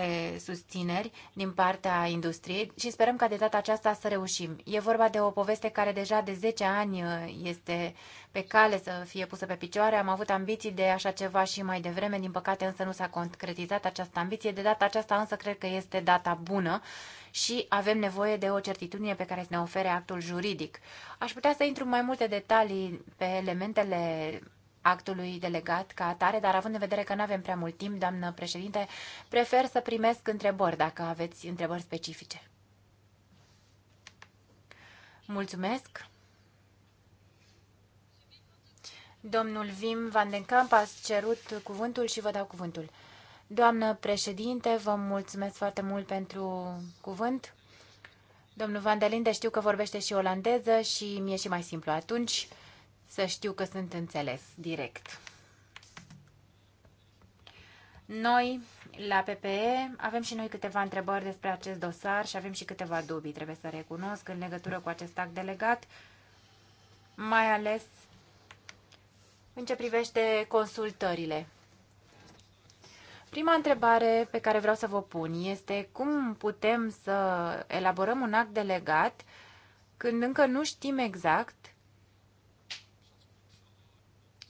susțineri din partea industriei și sperăm ca de data aceasta să reușim. E vorba de o poveste care deja de 10 ani uh, este pe cale să fie pusă pe picioare. Am avut ambiții de așa ceva și mai devreme, din păcate însă nu s-a concretizat această ambiție. De data aceasta însă cred că este data bună și avem nevoie de o certitudine pe care să ne ofere actul juridic. Aș putea să intru în mai multe detalii pe elementele actului delegat ca atare, dar având în vedere că nu avem prea mult timp, doamnă președinte, prefer să primesc întrebări dacă aveți întrebări specifice. Mulțumesc! Domnul Vim Van den Kamp a cerut cuvântul și vă dau cuvântul. Doamnă președinte, vă mulțumesc foarte mult pentru cuvânt. Domnul Van der Linde știu că vorbește și olandeză și mi-e și mai simplu atunci să știu că sunt înțeles direct. Noi, la PPE, avem și noi câteva întrebări despre acest dosar și avem și câteva dubii, trebuie să recunosc, în legătură cu acest act delegat, mai ales în ce privește consultările. Prima întrebare pe care vreau să vă pun este cum putem să elaborăm un act delegat când încă nu știm exact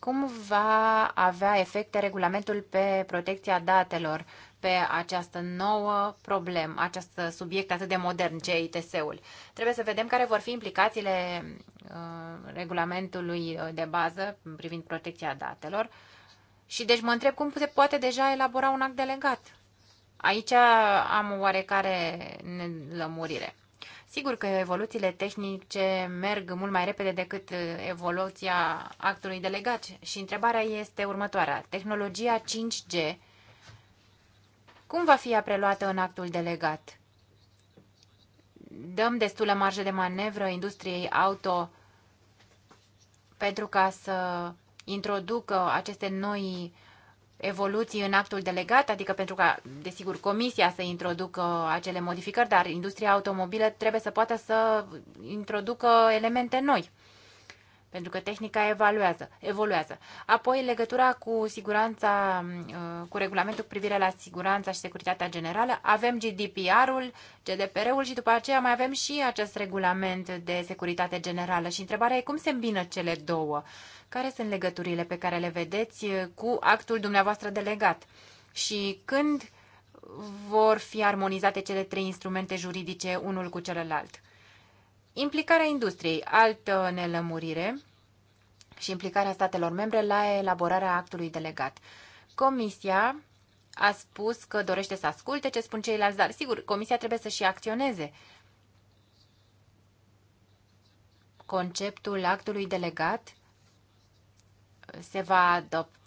cum va avea efecte regulamentul pe protecția datelor pe această nouă problemă, acest subiect atât de modern, cits ul Trebuie să vedem care vor fi implicațiile uh, regulamentului de bază privind protecția datelor. Și deci mă întreb cum se poate deja elabora un act delegat. Aici am o oarecare nelămurire. Sigur că evoluțiile tehnice merg mult mai repede decât uh, evoluția actului delegat și întrebarea este următoarea. Tehnologia 5G cum va fi ea preluată în actul delegat? Dăm destulă marjă de manevră industriei auto pentru ca să introducă aceste noi evoluții în actul delegat, adică pentru ca, desigur, comisia să introducă acele modificări, dar industria automobilă trebuie să poată să introducă elemente noi pentru că tehnica evaluează, evoluează. Apoi, legătura cu siguranța, uh, cu regulamentul cu privire la siguranța și securitatea generală, avem GDPR-ul, GDPR-ul și după aceea mai avem și acest regulament de securitate generală. Și întrebarea e cum se îmbină cele două? Care sunt legăturile pe care le vedeți uh, cu actul dumneavoastră delegat? Și când vor fi armonizate cele trei instrumente juridice unul cu celălalt? Implicarea industriei, altă nelămurire și implicarea statelor membre la elaborarea actului delegat. Comisia a spus că dorește să asculte ce spun ceilalți, dar sigur, comisia trebuie să și acționeze. Conceptul actului delegat se va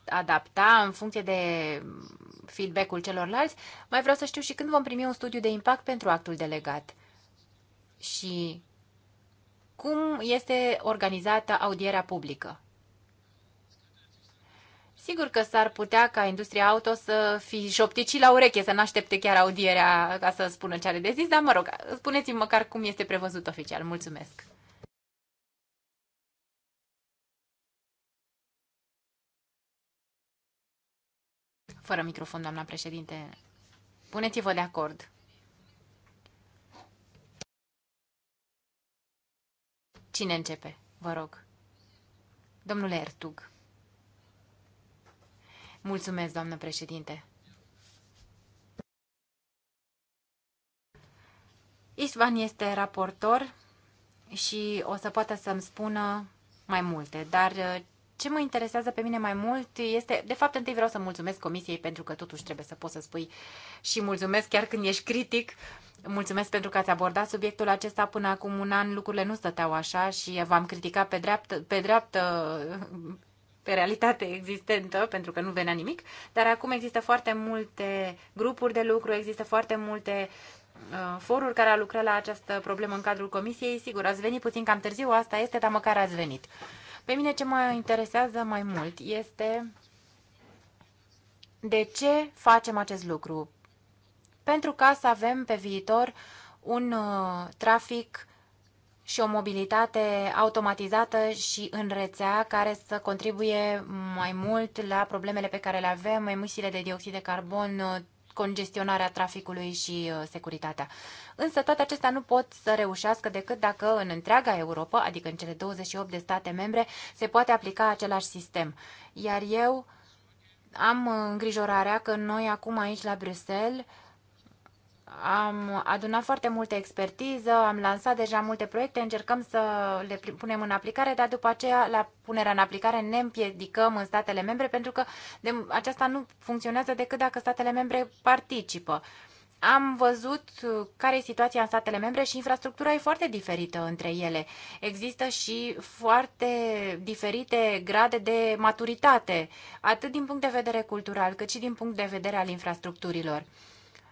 adapta în funcție de feedback-ul celorlalți. Mai vreau să știu și când vom primi un studiu de impact pentru actul delegat. Și cum este organizată audierea publică. Sigur că s-ar putea ca industria auto să fi șoptici la ureche, să n aștepte chiar audierea ca să spună ce are de zis, dar mă rog, spuneți-mi măcar cum este prevăzut oficial. Mulțumesc! Fără microfon, doamna președinte. Puneți-vă de acord. Cine începe? Vă rog. Domnule Ertug. Mulțumesc, doamnă președinte. Isvan este raportor și o să poată să-mi spună mai multe, dar ce mă interesează pe mine mai mult este, de fapt, întâi vreau să mulțumesc comisiei pentru că totuși trebuie să poți să spui și mulțumesc chiar când ești critic. Mulțumesc pentru că ați abordat subiectul acesta. Până acum un an lucrurile nu stăteau așa și v-am criticat pe dreaptă, pe dreaptă pe realitate existentă, pentru că nu venea nimic, dar acum există foarte multe grupuri de lucru, există foarte multe uh, foruri care a lucrat la această problemă în cadrul comisiei. Sigur, ați venit puțin cam târziu, asta este, dar măcar ați venit. Pe mine ce mă interesează mai mult este de ce facem acest lucru. Pentru ca să avem pe viitor un uh, trafic și o mobilitate automatizată și în rețea care să contribuie mai mult la problemele pe care le avem, emisiile de dioxid de carbon, congestionarea traficului și uh, securitatea. Însă toate acestea nu pot să reușească decât dacă în întreaga Europa, adică în cele 28 de state membre, se poate aplica același sistem. Iar eu am uh, îngrijorarea că noi acum aici la Bruxelles am adunat foarte multă expertiză, am lansat deja multe proiecte, încercăm să le punem în aplicare, dar după aceea, la punerea în aplicare, ne împiedicăm în statele membre, pentru că de, aceasta nu funcționează decât dacă statele membre participă. Am văzut care e situația în statele membre și infrastructura e foarte diferită între ele. Există și foarte diferite grade de maturitate, atât din punct de vedere cultural, cât și din punct de vedere al infrastructurilor.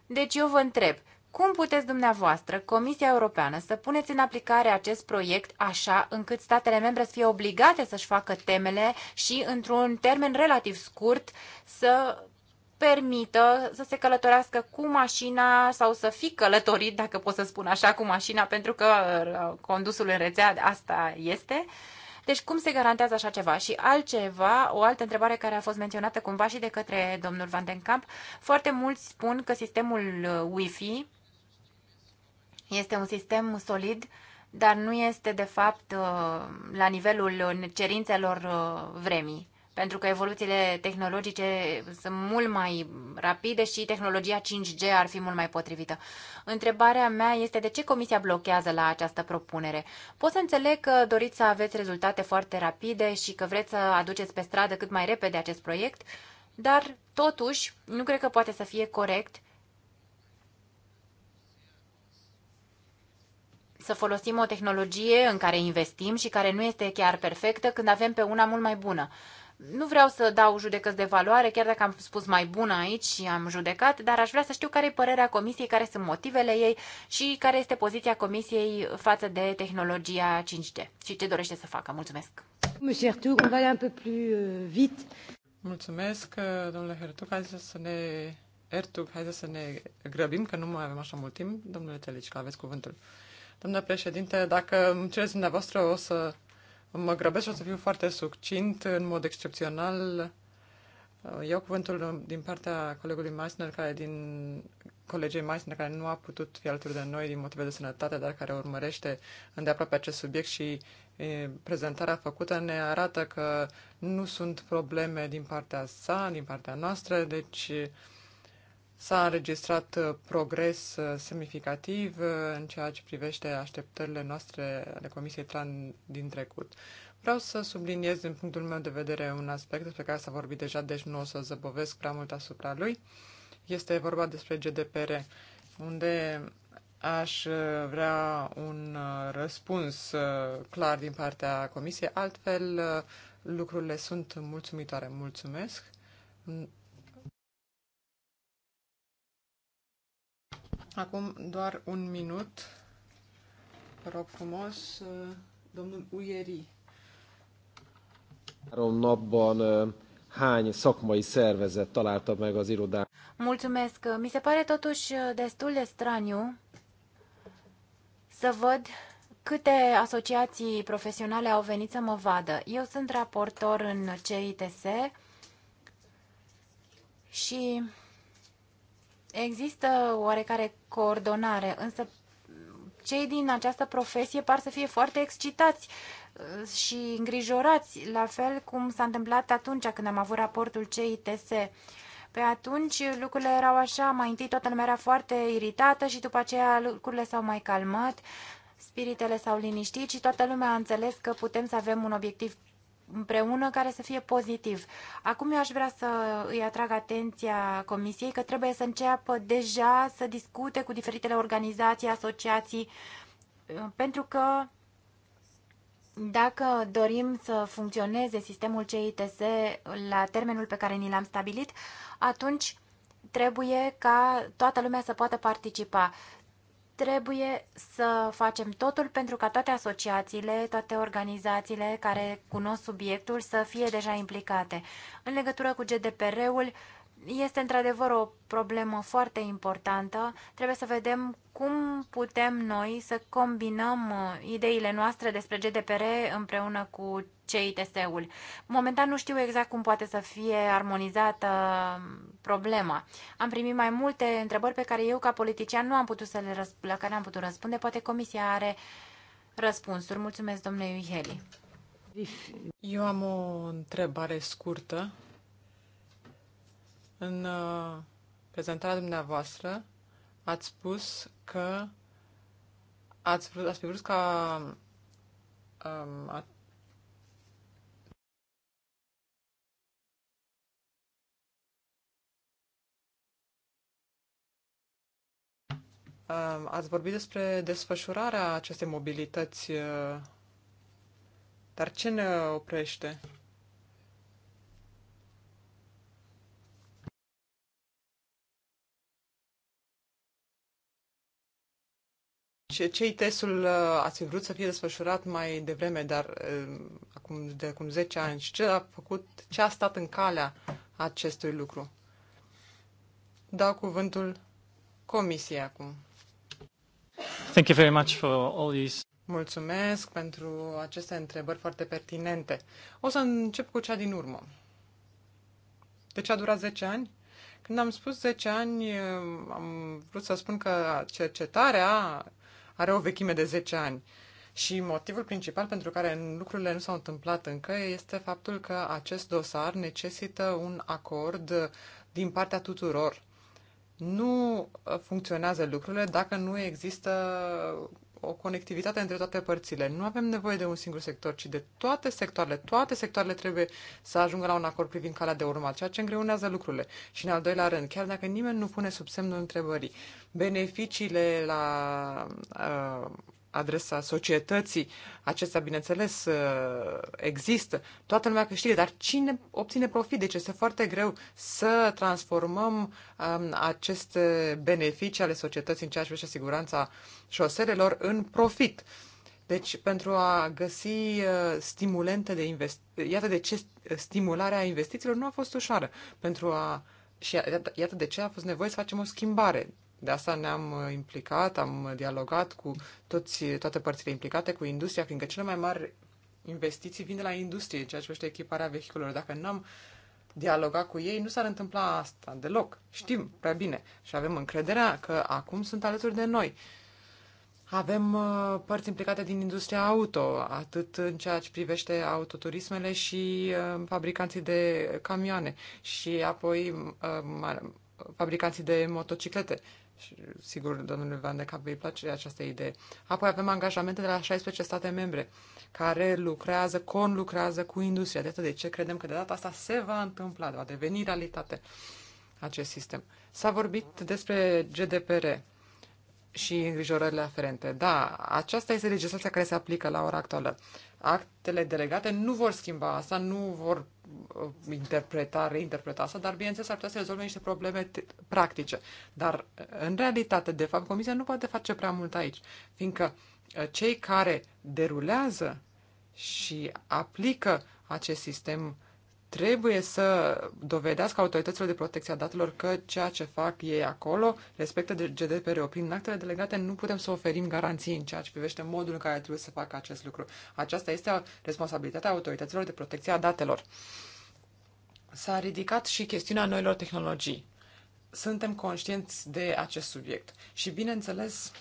Deci eu vă întreb, cum puteți dumneavoastră, Comisia Europeană, să puneți în aplicare acest proiect așa încât statele membre să fie obligate să-și facă temele și, într-un termen relativ scurt, să permită să se călătorească cu mașina sau să fi călătorit, dacă pot să spun așa, cu mașina, pentru că uh, condusul în rețea asta este, uh, deci cum se garantează așa ceva? Și altceva, o altă întrebare care a fost menționată cumva și de către domnul Van den Kamp, foarte mulți spun că sistemul uh, Wi-Fi este un sistem solid dar nu este de fapt uh, la nivelul cerințelor uh, vremii pentru că evoluțiile tehnologice sunt mult mai rapide și tehnologia 5G ar fi mult mai potrivită. Întrebarea mea este de ce Comisia blochează la această propunere. Pot să înțeleg că doriți să aveți rezultate foarte rapide și că vreți să aduceți pe stradă cât mai repede acest proiect, dar totuși nu cred că poate să fie corect să folosim o tehnologie în care investim și care nu este chiar perfectă când avem pe una mult mai bună. Nu vreau să dau judecăți de valoare, chiar dacă am spus mai bună aici și am judecat, dar aș vrea să știu care e părerea comisiei, care sunt motivele ei și care este poziția comisiei față de tehnologia 5G și ce dorește să facă. Mulțumesc! Monsieur Artur, on va aller un peu plus euh, vite. Mulțumesc, euh, domnule Hertug. Hai să ne... Ertug, hai să ne grăbim, că nu mai avem așa mult timp. Domnule că aveți cuvântul. Domnule președinte, dacă îmi cereți dumneavoastră, o să Mă grăbesc, o să fiu foarte succint. În mod excepțional, iau cuvântul din partea colegului Meissner, care din colegii Meissner, care nu a putut fi alături de noi din motive de sănătate, dar care urmărește îndeaproape acest subiect și prezentarea făcută ne arată că nu sunt probleme din partea sa, din partea noastră, deci S-a înregistrat uh, progres uh, semnificativ uh, în ceea ce privește așteptările noastre ale Comisiei Tran din trecut. Vreau să subliniez din punctul meu de vedere un aspect despre care s-a vorbit deja, deci nu o să zăbovesc prea mult asupra lui. Este vorba despre GDPR, unde aș vrea un răspuns clar din partea Comisiei, altfel lucrurile sunt mulțumitoare. Mulțumesc! Acum doar un minut. Vă rog frumos, uh, domnul Uieri. Három napban uh, hány szakmai szervezet találta meg az irodát? Mulțumesc. Mi se pare totuși uh, destul de straniu să văd câte asociații profesionale au venit să mă vadă. Eu sunt raportor în CITS și Există oarecare coordonare, însă cei din această profesie par să fie foarte excitați uh, și îngrijorați, la fel cum s-a întâmplat atunci când am avut raportul CITS. Pe atunci lucrurile erau așa, mai întâi toată lumea era foarte iritată și după aceea lucrurile s-au mai calmat, spiritele s-au liniștit și toată lumea a înțeles că putem să avem un obiectiv împreună care să fie pozitiv. Acum eu aș vrea să îi atrag atenția Comisiei că trebuie să înceapă deja să discute cu diferitele organizații, asociații, pentru că dacă dorim să funcționeze sistemul CITS la termenul pe care ni l-am stabilit, atunci trebuie ca toată lumea să poată participa. Trebuie să facem totul pentru ca toate asociațiile, toate organizațiile care cunosc subiectul să fie deja implicate. În legătură cu GDPR-ul, este într-adevăr o problemă foarte importantă. Trebuie să vedem cum putem noi să combinăm uh, ideile noastre despre GDPR împreună cu cei ul Momentan nu știu exact cum poate să fie armonizată uh, problema. Am primit mai multe întrebări pe care eu, ca politician, nu am putut să le răsp- la care am putut răspunde. Poate comisia are răspunsuri. Mulțumesc, domnule Iuheli. Eu am o întrebare scurtă în uh, prezentarea dumneavoastră ați spus că ați, vrut, ați fi vrut ca um, a, um, Ați vorbit despre desfășurarea acestei mobilități, uh, dar ce ne oprește? Și cei testul uh, ați vrut să fie desfășurat mai devreme, dar uh, acum, de acum 10 ani, și ce a făcut, ce a stat în calea acestui lucru? Dau cuvântul comisiei acum. Thank you very much for all these. Mulțumesc pentru aceste întrebări foarte pertinente. O să încep cu cea din urmă. De ce a durat 10 ani? Când am spus 10 ani, am vrut să spun că cercetarea are o vechime de 10 ani. Și motivul principal pentru care lucrurile nu s-au întâmplat încă este faptul că acest dosar necesită un acord din partea tuturor. Nu funcționează lucrurile dacă nu există o conectivitate între toate părțile. Nu avem nevoie de un singur sector, ci de toate sectoarele. Toate sectoarele trebuie să ajungă la un acord privind calea de urmat, ceea ce îngreunează lucrurile. Și în al doilea rând, chiar dacă nimeni nu pune sub semnul întrebării beneficiile la uh, adresa societății. Acestea, bineînțeles, uh, există. Toată lumea câștigă, dar cine obține profit? Deci este foarte greu să transformăm um, aceste beneficii ale societății în ceea ce privește siguranța șoselelor în profit. Deci, pentru a găsi uh, stimulente de investiții, iată de ce stimularea investițiilor nu a fost ușoară. Pentru a, și iată de ce a fost nevoie să facem o schimbare de asta ne-am uh, implicat, am uh, dialogat cu toți, toate părțile implicate, cu industria, fiindcă cele mai mari investiții vin de la industrie, ceea ce privește echiparea vehiculelor. Dacă nu am dialoga cu ei, nu s-ar întâmpla asta deloc. Știm prea bine și avem încrederea că acum sunt alături de noi. Avem uh, părți implicate din industria auto, atât în ceea ce privește autoturismele și fabricanții de camioane și apoi fabricanții de motociclete. Și sigur, domnule Van de Cap, îi place această idee. Apoi avem angajamente de la 16 state membre care lucrează, conlucrează cu industria. De de ce credem că de data asta se va întâmpla, va deveni realitate acest sistem. S-a vorbit despre GDPR și îngrijorările aferente. Da, aceasta este legislația care se aplică la ora actuală. Actele delegate nu vor schimba asta, nu vor Uh, interpreta, reinterpreta asta, dar bineînțeles ar putea să rezolve niște probleme practice. Dar uh, în realitate, de fapt, Comisia nu poate face prea mult aici, fiindcă uh, cei care derulează și aplică acest sistem trebuie să dovedească autorităților de protecție a datelor că ceea ce fac ei acolo respectă GDPR-ul. Prin actele delegate nu putem să oferim garanții în ceea ce privește modul în care trebuie să facă acest lucru. Aceasta este responsabilitatea autorităților de protecție a datelor. S-a ridicat și chestiunea noilor tehnologii. Suntem conștienți de acest subiect și, bineînțeles,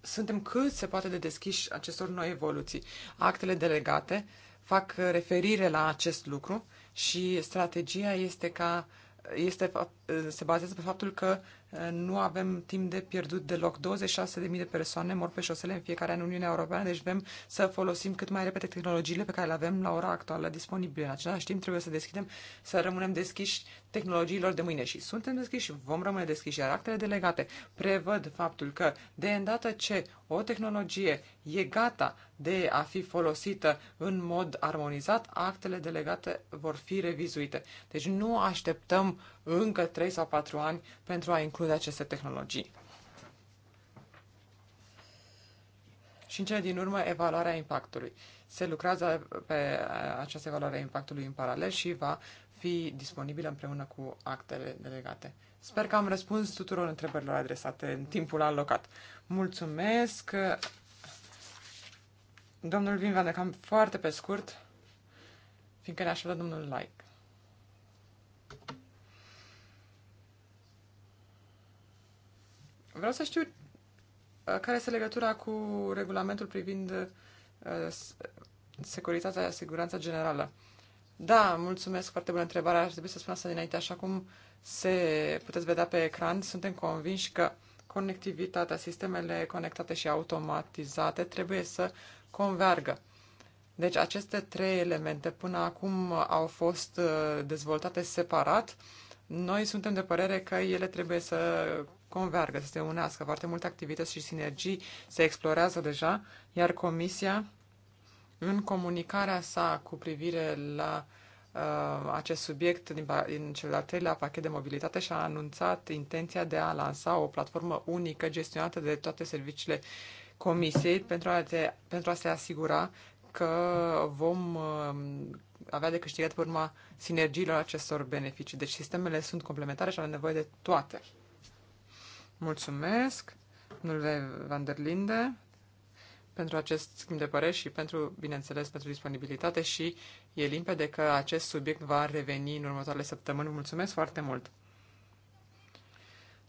suntem cât se poate de deschiși acestor noi evoluții. Actele delegate uh, fac referire la acest lucru și strategia este ca este, se bazează pe faptul că uh, nu avem timp de pierdut deloc. 26.000 de persoane mor pe șosele în fiecare an în Uniunea Europeană, deci vrem să folosim cât mai repede tehnologiile pe care le avem la ora actuală disponibile. În același timp trebuie să deschidem, să rămânem deschiși tehnologiilor de mâine și suntem deschiși și vom rămâne deschiși, iar actele delegate prevăd faptul că de îndată ce o tehnologie e gata de a fi folosită în mod armonizat, actele delegate vor fi revizuite. Deci nu așteptăm încă 3 sau 4 ani pentru a include aceste tehnologii. Și în cele din urmă, evaluarea impactului. Se lucrează pe această evaluare a impactului în paralel și va fi disponibilă împreună cu actele delegate. Sper că am răspuns tuturor întrebărilor adresate în timpul alocat. Mulțumesc! Domnul Vin Van de Camp, foarte pe scurt, fiindcă ne așteptă domnul like. Vreau să știu uh, care este legătura cu regulamentul privind uh, securitatea, siguranța generală. Da, mulțumesc foarte bună întrebarea. Aș trebui să spun asta dinainte. Așa cum se puteți vedea pe ecran, suntem convinși că conectivitatea, sistemele conectate și automatizate trebuie să convergă. Deci aceste trei elemente până acum au fost uh, dezvoltate separat. Noi suntem de părere că ele trebuie să convergă, să se unească. Foarte multe activități și sinergii se explorează deja, iar Comisia în comunicarea sa cu privire la uh, acest subiect din, din cel de-al treilea pachet de mobilitate și-a anunțat intenția de a lansa o platformă unică gestionată de toate serviciile Comisiei pentru a, te, pentru a se asigura că vom uh, avea de câștigat pe urma sinergiilor acestor beneficii. Deci sistemele sunt complementare și avem nevoie de toate. Mulțumesc, domnule Van der Linde pentru acest schimb de păreri și pentru, bineînțeles, pentru disponibilitate și e limpede că acest subiect va reveni în următoarele săptămâni. Mulțumesc foarte mult!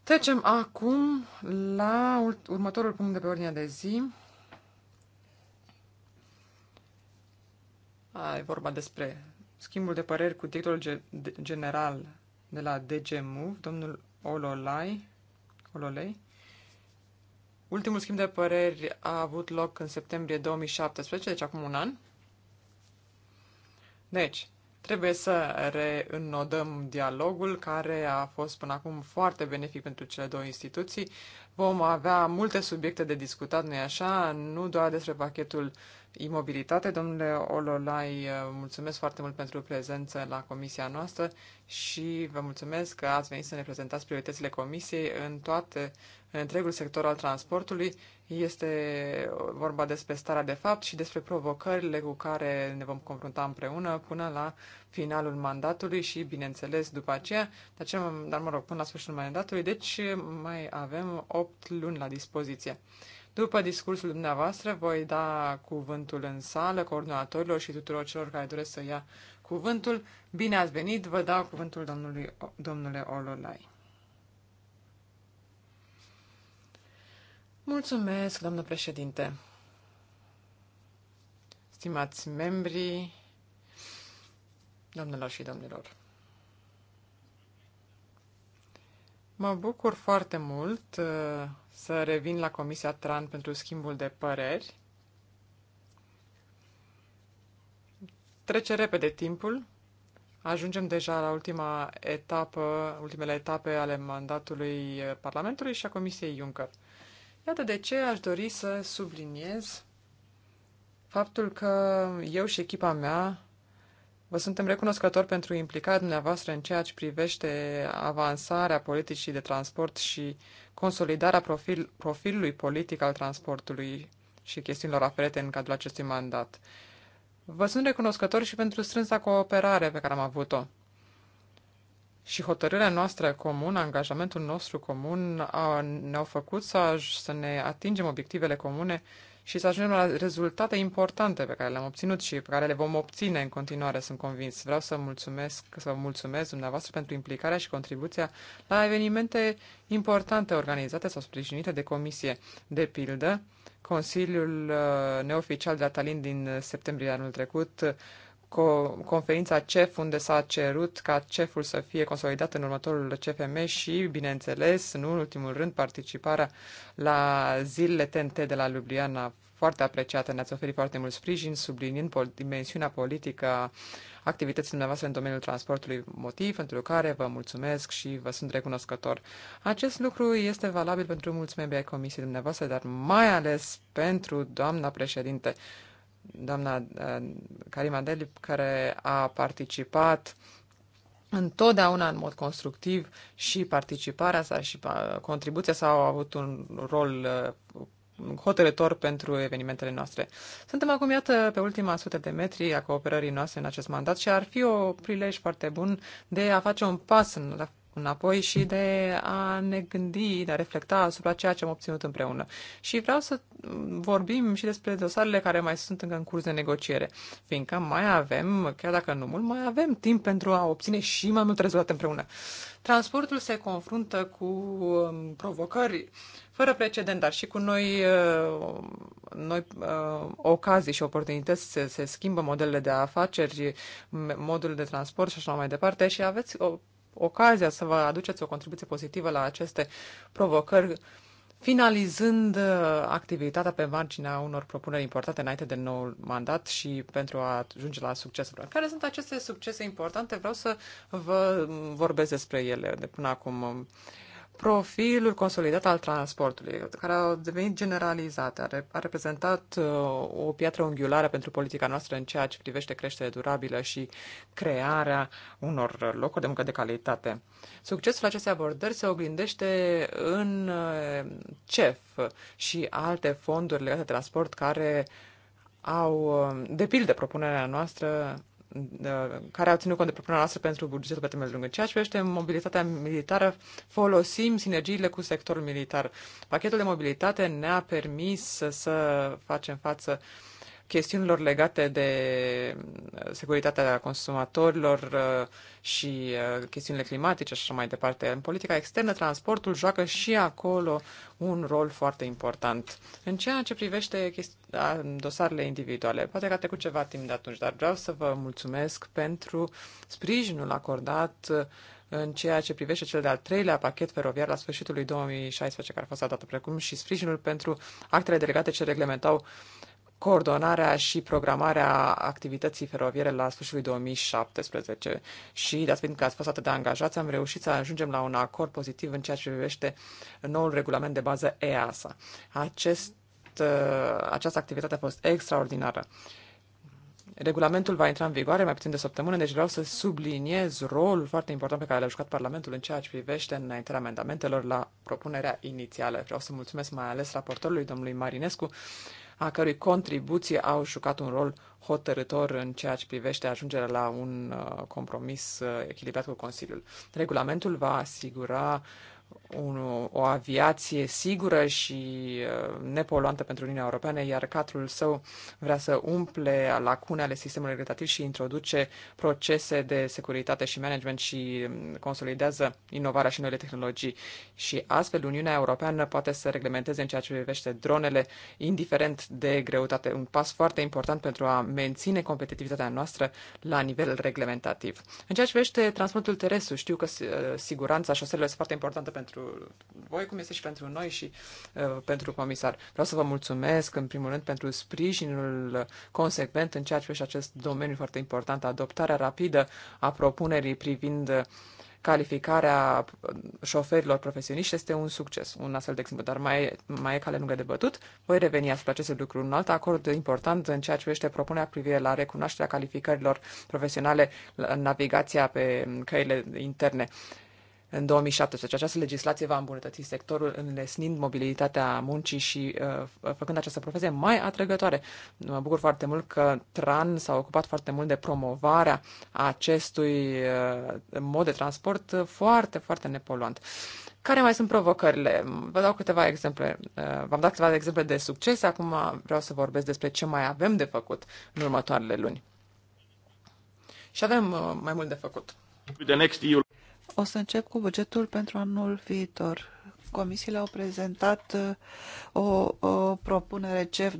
Trecem acum la următorul punct de pe ordinea de zi. A, e vorba despre schimbul de păreri cu directorul general de la DG Move, domnul Ololai, Ololei. Ultimul schimb de păreri a avut loc în septembrie 2017, deci acum un an. Deci, trebuie să reînnodăm dialogul care a fost până acum foarte benefic pentru cele două instituții. Vom avea multe subiecte de discutat, nu-i așa? Nu doar despre pachetul imobilitate. Domnule Ololai, mulțumesc foarte mult pentru prezență la comisia noastră și vă mulțumesc că ați venit să ne prezentați prioritățile comisiei în toate în întregul sector al transportului. Este vorba despre starea de fapt și despre provocările cu care ne vom confrunta împreună până la finalul mandatului și, bineînțeles, după aceea, dar, ce, dar mă rog, până la sfârșitul mandatului, deci mai avem 8 luni la dispoziție. După discursul dumneavoastră, voi da cuvântul în sală coordonatorilor și tuturor celor care doresc să ia cuvântul. Bine ați venit, vă dau cuvântul domnului, domnule Ololai. Mulțumesc, doamnă președinte. Stimați membri, doamnelor și domnilor. Mă bucur foarte mult uh, să revin la Comisia TRAN pentru schimbul de păreri. Trece repede timpul. Ajungem deja la ultima etapă, ultimele etape ale mandatului uh, Parlamentului și a Comisiei Juncker. Iată de ce aș dori să subliniez faptul că eu și echipa mea vă suntem recunoscători pentru implicarea dumneavoastră în ceea ce privește avansarea politicii de transport și consolidarea profil, profilului politic al transportului și chestiunilor aferente în cadrul acestui mandat. Vă sunt recunoscători și pentru strânsa cooperare pe care am avut-o și hotărârea noastră comună, angajamentul nostru comun ne-au făcut să, să ne atingem obiectivele comune și să ajungem la rezultate importante pe care le-am obținut și pe care le vom obține în continuare, sunt convins. Vreau să mulțumesc, să vă mulțumesc dumneavoastră pentru implicarea și contribuția la evenimente importante organizate sau sprijinite de comisie. De pildă, Consiliul uh, Neoficial de Atalin din septembrie anul trecut co- conferința CEF, unde s-a cerut ca CEF-ul să fie consolidat în următorul CFM și, bineînțeles, nu în ultimul rând, participarea la zilele TNT de la Ljubljana, foarte apreciată, ne-ați oferit foarte mult sprijin, subliniind pol- dimensiunea politică a activității dumneavoastră în domeniul transportului, motiv pentru care vă mulțumesc și vă sunt recunoscător. Acest lucru este valabil pentru mulți membri ai comisiei dumneavoastră, dar mai ales pentru doamna președinte doamna uh, Karima Delip, care a participat întotdeauna în mod constructiv și participarea sa și uh, contribuția sa au avut un rol uh, hotărător pentru evenimentele noastre. Suntem acum, iată, pe ultima sută de metri a cooperării noastre în acest mandat și ar fi o prilej foarte bun de a face un pas în, înapoi și de a ne gândi, de a reflecta asupra ceea ce am obținut împreună. Și vreau să vorbim și despre dosarele care mai sunt încă în curs de negociere, fiindcă mai avem, chiar dacă nu mult, mai avem timp pentru a obține și mai mult rezultat împreună. Transportul se confruntă cu um, provocări fără precedent, dar și cu noi, uh, noi uh, ocazii și oportunități se, se schimbă modelele de afaceri, modul de transport și așa mai departe și aveți o ocazia să vă aduceți o contribuție pozitivă la aceste provocări, finalizând uh, activitatea pe marginea unor propuneri importante înainte de noul mandat și pentru a ajunge la succesul. Care sunt aceste succese importante? Vreau să vă mm, vorbesc despre ele de până acum profilul consolidat al transportului, care a devenit generalizat, a reprezentat uh, o piatră unghiulară pentru politica noastră în ceea ce privește creșterea durabilă și crearea unor locuri de muncă de calitate. Succesul acestei abordări se oglindește în uh, CEF și alte fonduri legate de transport care au, uh, de pildă, propunerea noastră Uh, care au ținut cont de propunerea noastră pentru bugetul pe termen lung. În ceea ce privește mobilitatea militară, folosim sinergiile cu sectorul militar. Pachetul de mobilitate ne-a permis să facem față uh, chestiunilor legate de uh, securitatea consumatorilor uh, și uh, chestiunile climatice și așa mai departe. În politica externă, transportul joacă și acolo un rol foarte important. În ceea ce privește dosarele individuale, poate că a trecut ceva timp de atunci, dar vreau să vă mulțumesc pentru sprijinul acordat în ceea ce privește cel de-al treilea pachet feroviar la sfârșitul lui 2016, care a fost adoptat, precum și sprijinul pentru actele delegate ce reglementau uh, coordonarea și programarea activității feroviere la sfârșitul 2017 și, dați fiind că ați fost atât de angajați, am reușit să ajungem la un acord pozitiv în ceea ce privește noul regulament de bază EASA. Acest, uh, această activitate a fost extraordinară. Regulamentul va intra în vigoare mai puțin de săptămână, deci vreau să subliniez rolul foarte important pe care l-a jucat Parlamentul în ceea ce privește înaintea amendamentelor la propunerea inițială. Vreau să mulțumesc mai ales raportorului, domnului Marinescu, a cărui contribuții au jucat un rol hotărător în ceea ce privește ajungerea la un uh, compromis uh, echilibrat cu Consiliul. Regulamentul va asigura un, o aviație sigură și uh, nepoluantă pentru Uniunea Europeană, iar cadrul său vrea să umple lacune ale sistemului legislativ și introduce procese de securitate și management și um, consolidează inovarea și noile tehnologii. Și astfel Uniunea Europeană poate să reglementeze în ceea ce privește dronele, indiferent de greutate. Un pas foarte important pentru a menține competitivitatea noastră la nivel reglementativ. În ceea ce privește transportul terestru, știu că uh, siguranța șoselelor este foarte importantă pentru pentru voi, cum este și pentru noi și uh, pentru comisar. Vreau să vă mulțumesc, în primul rând, pentru sprijinul consecvent în ceea ce privește acest domeniu foarte important, adoptarea rapidă a propunerii privind calificarea uh, șoferilor profesioniști este un succes, un astfel de exemplu, dar mai, e, mai e cale lungă de bătut. Voi reveni asupra acestui lucru. Un alt acord important în ceea ce privește propunerea privire la recunoașterea calificărilor profesionale în navigația pe căile interne în 2017. Această legislație va îmbunătăți sectorul, înlesnind mobilitatea muncii și uh, făcând această profesie mai atrăgătoare. Mă bucur foarte mult că TRAN s-a ocupat foarte mult de promovarea acestui uh, mod de transport foarte, foarte nepoluant. Care mai sunt provocările? Vă dau câteva exemple. Uh, v-am dat câteva exemple de succes, acum vreau să vorbesc despre ce mai avem de făcut în următoarele luni. Și avem uh, mai mult de făcut. The next EU o să încep cu bugetul pentru anul viitor. Comisiile au prezentat uh, o, o propunere CEF 2021-2027.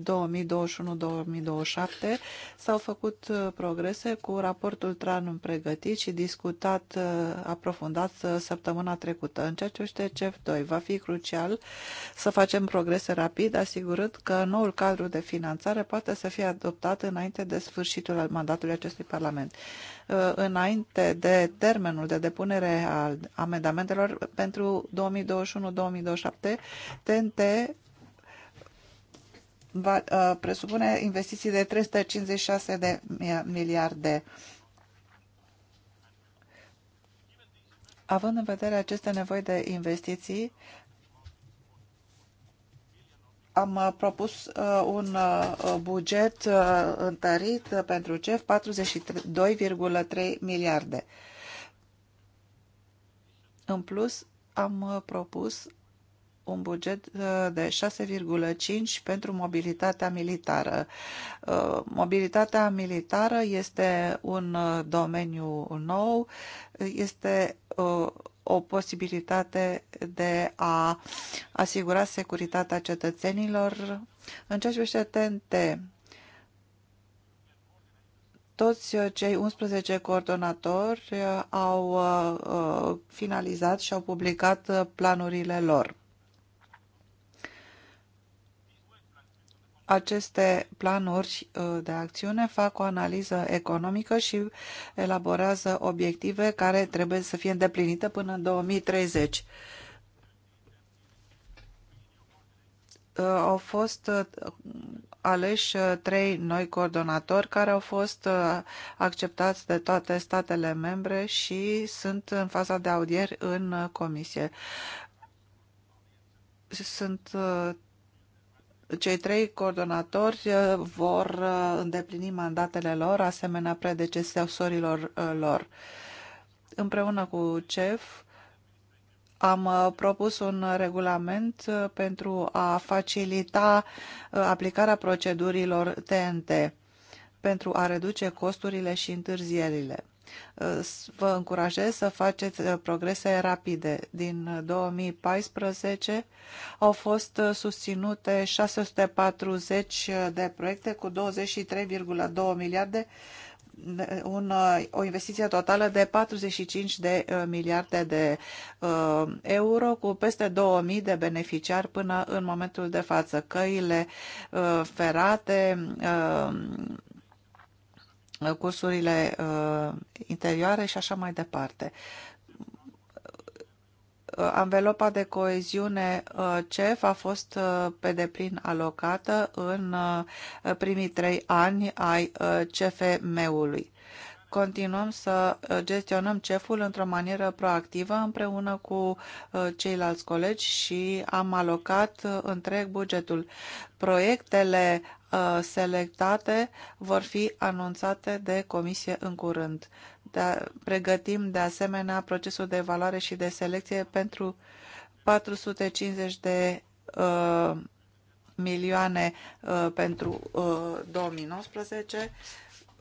S-au făcut uh, progrese cu raportul TRAN pregătit și discutat uh, aprofundat săptămâna trecută. În ceea ce este CEF 2, va fi crucial să facem progrese rapid, asigurând că noul cadru de finanțare poate să fie adoptat înainte de sfârșitul mandatului acestui Parlament. Uh, înainte de termenul de depunere al amendamentelor pentru 2021-2027, TNT va uh, presupune investiții de 356 de miliarde. Având în vedere aceste nevoi de investiții, am uh, propus uh, un uh, buget întărit pentru CEF 42,3 miliarde. În plus, am propus un buget de 6,5 pentru mobilitatea militară. Mobilitatea militară este un domeniu nou, este o posibilitate de a asigura securitatea cetățenilor. În ceea ce privește TNT, toți cei 11 coordonatori au uh, uh, finalizat și au publicat uh, planurile lor. aceste planuri uh, de acțiune fac o analiză economică și elaborează obiective care trebuie să fie îndeplinite până în 2030. Uh, au fost uh, aleși trei noi coordonatori care au fost acceptați de toate statele membre și sunt în faza de audieri în comisie. Sunt cei trei coordonatori uh, vor uh, îndeplini mandatele lor, asemenea predecesorilor uh, lor. Împreună cu CEF am propus un regulament pentru a facilita aplicarea procedurilor TNT pentru a reduce costurile și întârzierile. Vă încurajez să faceți uh, progrese rapide. Din 2014 uh, au fost uh, susținute 640 de proiecte cu 23,2 miliarde un, o investiție totală de 45 de miliarde de uh, euro cu peste 2000 de beneficiari până în momentul de față. Căile uh, ferate, uh, cursurile uh, interioare și așa mai departe. Uh, anvelopa de coeziune uh, CEF a fost pe deplin alocată în primii trei ani ai CFM-ului continuăm să gestionăm CEF-ul într-o manieră proactivă împreună cu ceilalți colegi și am alocat întreg bugetul. Proiectele Uh, selectate vor fi anunțate de comisie în curând. De da, pregătim de asemenea procesul de evaluare și de selecție pentru 450 de uh, milioane uh, pentru uh, 2019.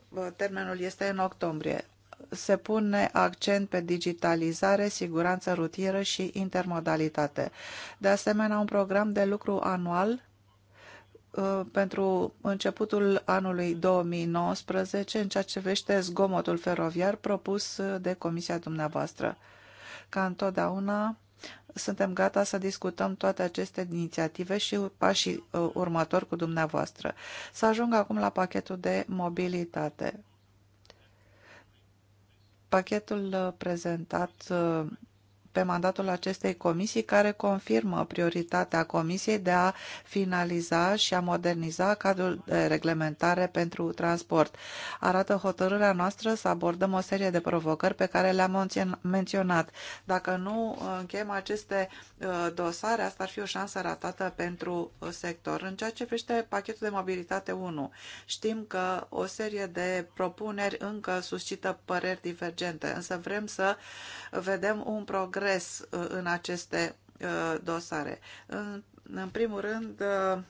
Uh, termenul este în octombrie. Se pune accent pe digitalizare, siguranță rutieră și intermodalitate. De asemenea, un program de lucru anual Uh, pentru începutul anului 2019 în ceea ce vește zgomotul feroviar propus de Comisia dumneavoastră. Ca întotdeauna, suntem gata să discutăm toate aceste inițiative și pașii uh, următori cu dumneavoastră. Să ajung acum la pachetul de mobilitate. Pachetul uh, prezentat pe mandatul acestei comisii care confirmă prioritatea comisiei de a finaliza și a moderniza cadrul de reglementare pentru transport. Arată hotărârea noastră să abordăm o serie de provocări pe care le-am menționat. Dacă nu încheiem aceste uh, dosare, asta ar fi o șansă ratată pentru sector. În ceea ce privește pachetul de mobilitate 1, știm că o serie de propuneri încă suscită păreri divergente, însă vrem să vedem un program stres uh, în aceste uh, dosare. În primul rând, uh,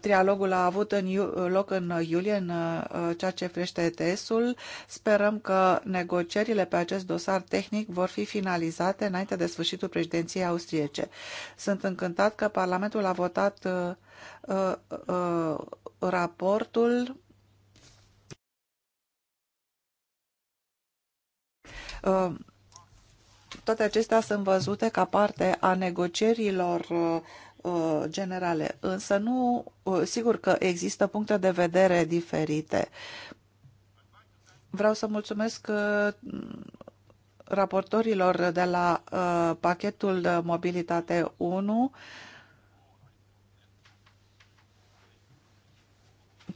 Trialogul a avut în, loc în iulie în ceea ce frește ETS-ul. Sperăm că negocierile pe acest dosar tehnic vor fi finalizate înainte de sfârșitul președinției austriece. Sunt încântat că Parlamentul a votat uh, uh, raportul uh, toate acestea sunt văzute ca parte a negocierilor uh, uh, generale, însă nu, uh, sigur că există puncte de vedere diferite. Vreau să mulțumesc raportorilor de la pachetul de Mobilitate 1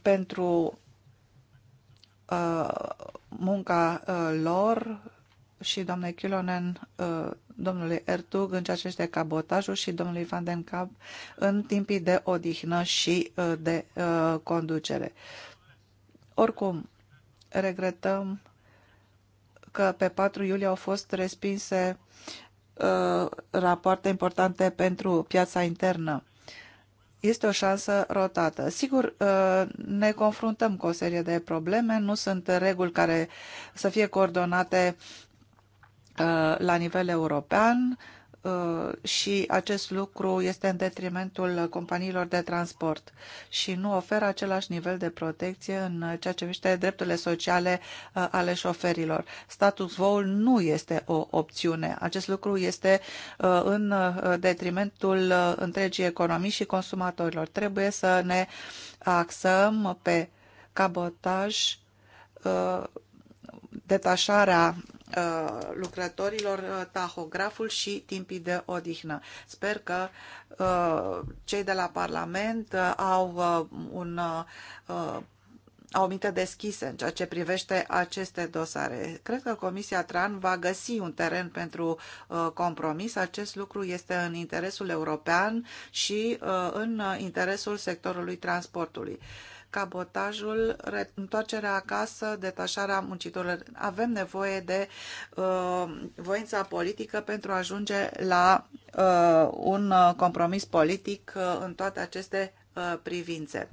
pentru munca lor și doamnei Kilonen, uh, domnului Ertug în ceea ce este cabotajul și domnului Van den Cab în timpii de odihnă și uh, de uh, conducere. Oricum, regretăm că pe 4 iulie au fost respinse rapoarte importante pentru piața internă. Este o șansă rotată. Sigur, ne confruntăm cu o serie de probleme, nu sunt reguli care să fie coordonate Uh, la nivel european uh, și acest lucru este în detrimentul companiilor de transport și nu oferă același nivel de protecție în ceea ce privește drepturile sociale uh, ale șoferilor. Status quo nu este o opțiune. Acest lucru este în detrimentul întregii economii și consumatorilor. Trebuie să ne axăm pe cabotaj, detașarea Uh, lucrătorilor uh, tahograful și timpii de odihnă. Sper că uh, cei de la Parlament au un au minte deschise în ceea ce privește aceste dosare. Cred că Comisia Tran va găsi un teren pentru uh, compromis. Acest lucru este în interesul european și uh, în interesul sectorului transportului. Uh, cabotajul, întoarcerea acasă, detașarea muncitorilor. Avem nevoie de uh, voința politică pentru a ajunge la uh, un uh, compromis politic uh, în toate aceste uh, privințe.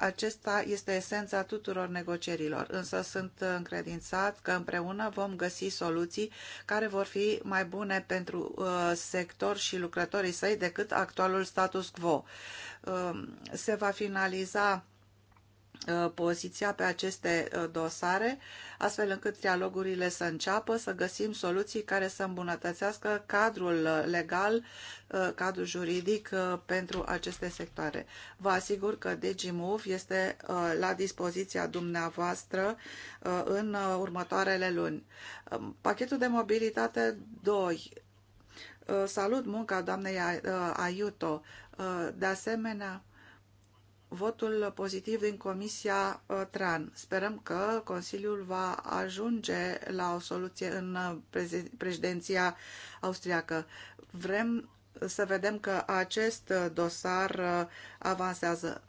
Acesta este esența tuturor negocierilor, însă sunt încredințat că împreună vom găsi soluții care vor fi mai bune pentru uh, sector și lucrătorii săi decât actualul status quo. Uh, se va finaliza Uh, poziția pe aceste uh, dosare, astfel încât trialogurile să înceapă, să găsim soluții care să îmbunătățească cadrul uh, legal, cadrul juridic pentru aceste sectoare. Vă asigur că DigiMove este la dispoziția dumneavoastră în următoarele luni. Um, pachetul de mobilitate 2. Salut munca doamnei Aiuto. De asemenea, votul pozitiv din Comisia uh, TRAN. Sperăm că Consiliul va ajunge la o soluție în uh, președinția austriacă. Vrem să vedem că acest uh, dosar avansează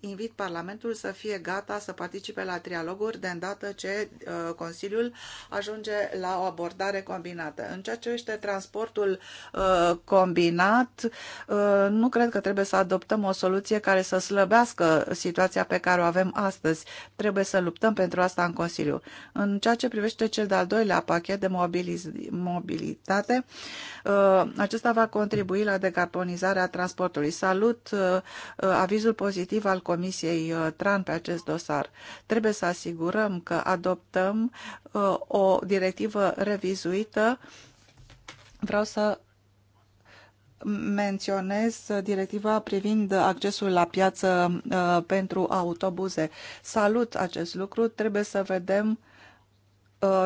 invit Parlamentul să fie gata să participe la trialoguri de îndată ce uh, Consiliul ajunge la o abordare combinată. În ceea ce este transportul uh, combinat, uh, nu cred că trebuie să adoptăm o soluție care să slăbească situația pe care o avem astăzi. Trebuie să luptăm pentru asta în Consiliu. În ceea ce privește cel de-al doilea pachet de mobilitate, acesta va contribui la decarbonizarea transportului. Salut avizul pozitiv pozitiv al Comisiei uh, TRAN pe acest dosar. Trebuie să asigurăm că adoptăm uh, o directivă revizuită. Vreau să menționez directiva privind accesul la piață uh, pentru autobuze. Salut acest lucru, trebuie să vedem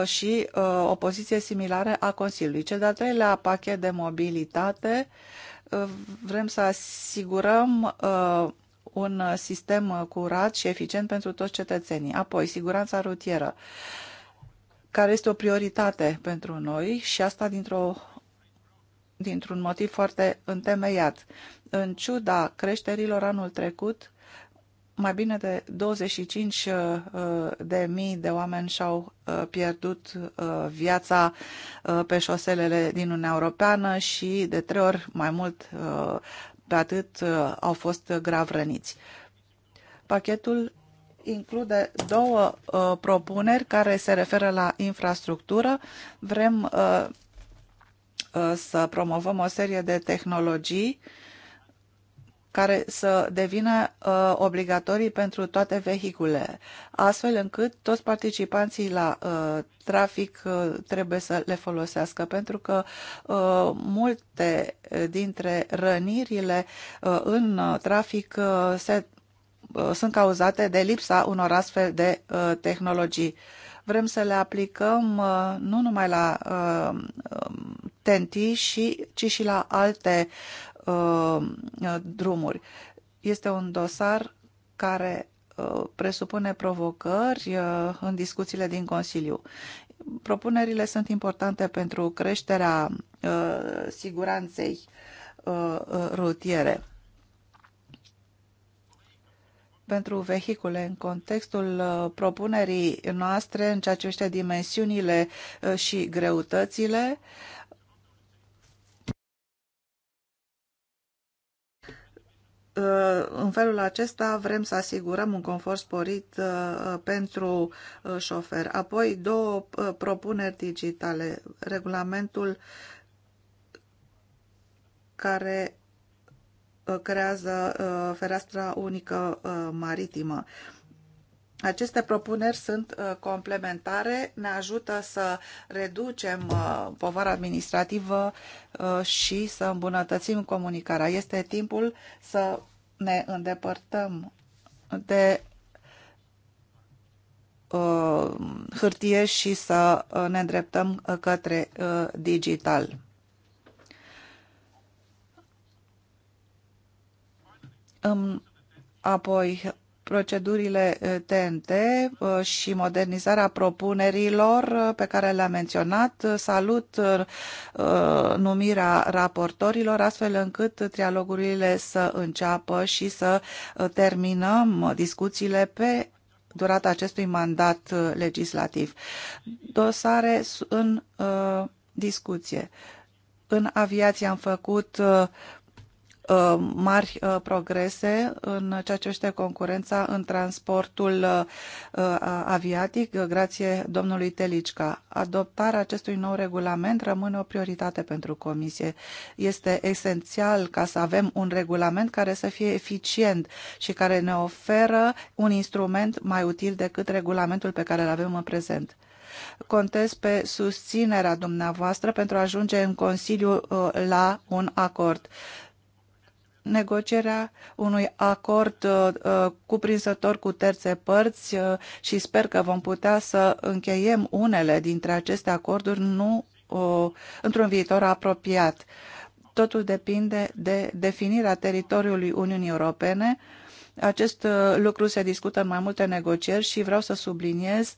și o poziție similară a Consiliului. Cel de-al treilea pachet de mobilitate vrem să asigurăm un uh, sistem uh, curat și eficient pentru toți cetățenii. Apoi, siguranța rutieră, care este o prioritate pentru noi și asta dintr-o dintr-un motiv foarte întemeiat. În ciuda creșterilor anul trecut, mai bine de 25 uh, de mii de oameni și-au pierdut viața pe șoselele din Uniunea Europeană și de trei ori mai mult pe atât uh, au fost grav răniți. Pachetul include două uh, propuneri care se referă la infrastructură. Vrem uh, uh, să promovăm o serie de tehnologii uh, care să devină uh, obligatorii pentru toate vehiculele, astfel încât toți participanții la uh, trafic uh, trebuie să le folosească, pentru că uh, multe dintre rănirile uh, în trafic uh, se, uh, sunt cauzate de lipsa unor astfel de uh, tehnologii. Vrem să le aplicăm uh, nu numai la uh, um, tentii, și, ci și la alte uh, uh, drumuri. Este un dosar care uh, presupune provocări uh, în discuțiile din Consiliu. Propunerile sunt importante pentru creșterea uh, siguranței uh, uh, rutiere pentru vehicule în contextul uh, propunerii noastre în ceea ce privește dimensiunile și greutățile. în felul acesta vrem să asigurăm un confort sporit uh, pentru uh, șofer. Apoi două uh, propuneri digitale. Regulamentul care creează fereastra unică maritimă. Aceste propuneri sunt uh, complementare, ne ajută să reducem uh, povara administrativă uh, și să îmbunătățim comunicarea. Este timpul să ne îndepărtăm de hârtie și să ne îndreptăm către digital. Apoi, procedurile TNT eh, eh, și modernizarea propunerilor eh, pe care le-am menționat. Salut numirea raportorilor astfel încât trialogurile să înceapă și să terminăm discuțiile pe durata acestui mandat legislativ. Dosare în discuție. În aviație am făcut Uh, mari uh, progrese în ceea ce este concurența în transportul uh, aviatic, grație domnului Telicca. Adoptarea acestui nou regulament rămâne o prioritate pentru Comisie. Este esențial ca să avem un regulament care să fie eficient și care ne oferă un instrument mai util decât regulamentul pe care îl avem în prezent contez pe susținerea dumneavoastră pentru a ajunge în Consiliu la un acord negocierea unui acord uh, uh cuprinzător cu terțe părți uh, și sper că vom putea să încheiem unele dintre aceste acorduri nu uh, într-un viitor apropiat. Totul depinde de definirea teritoriului Uniunii Europene. Acest uh, lucru se discută în mai multe negocieri și vreau să subliniez uh,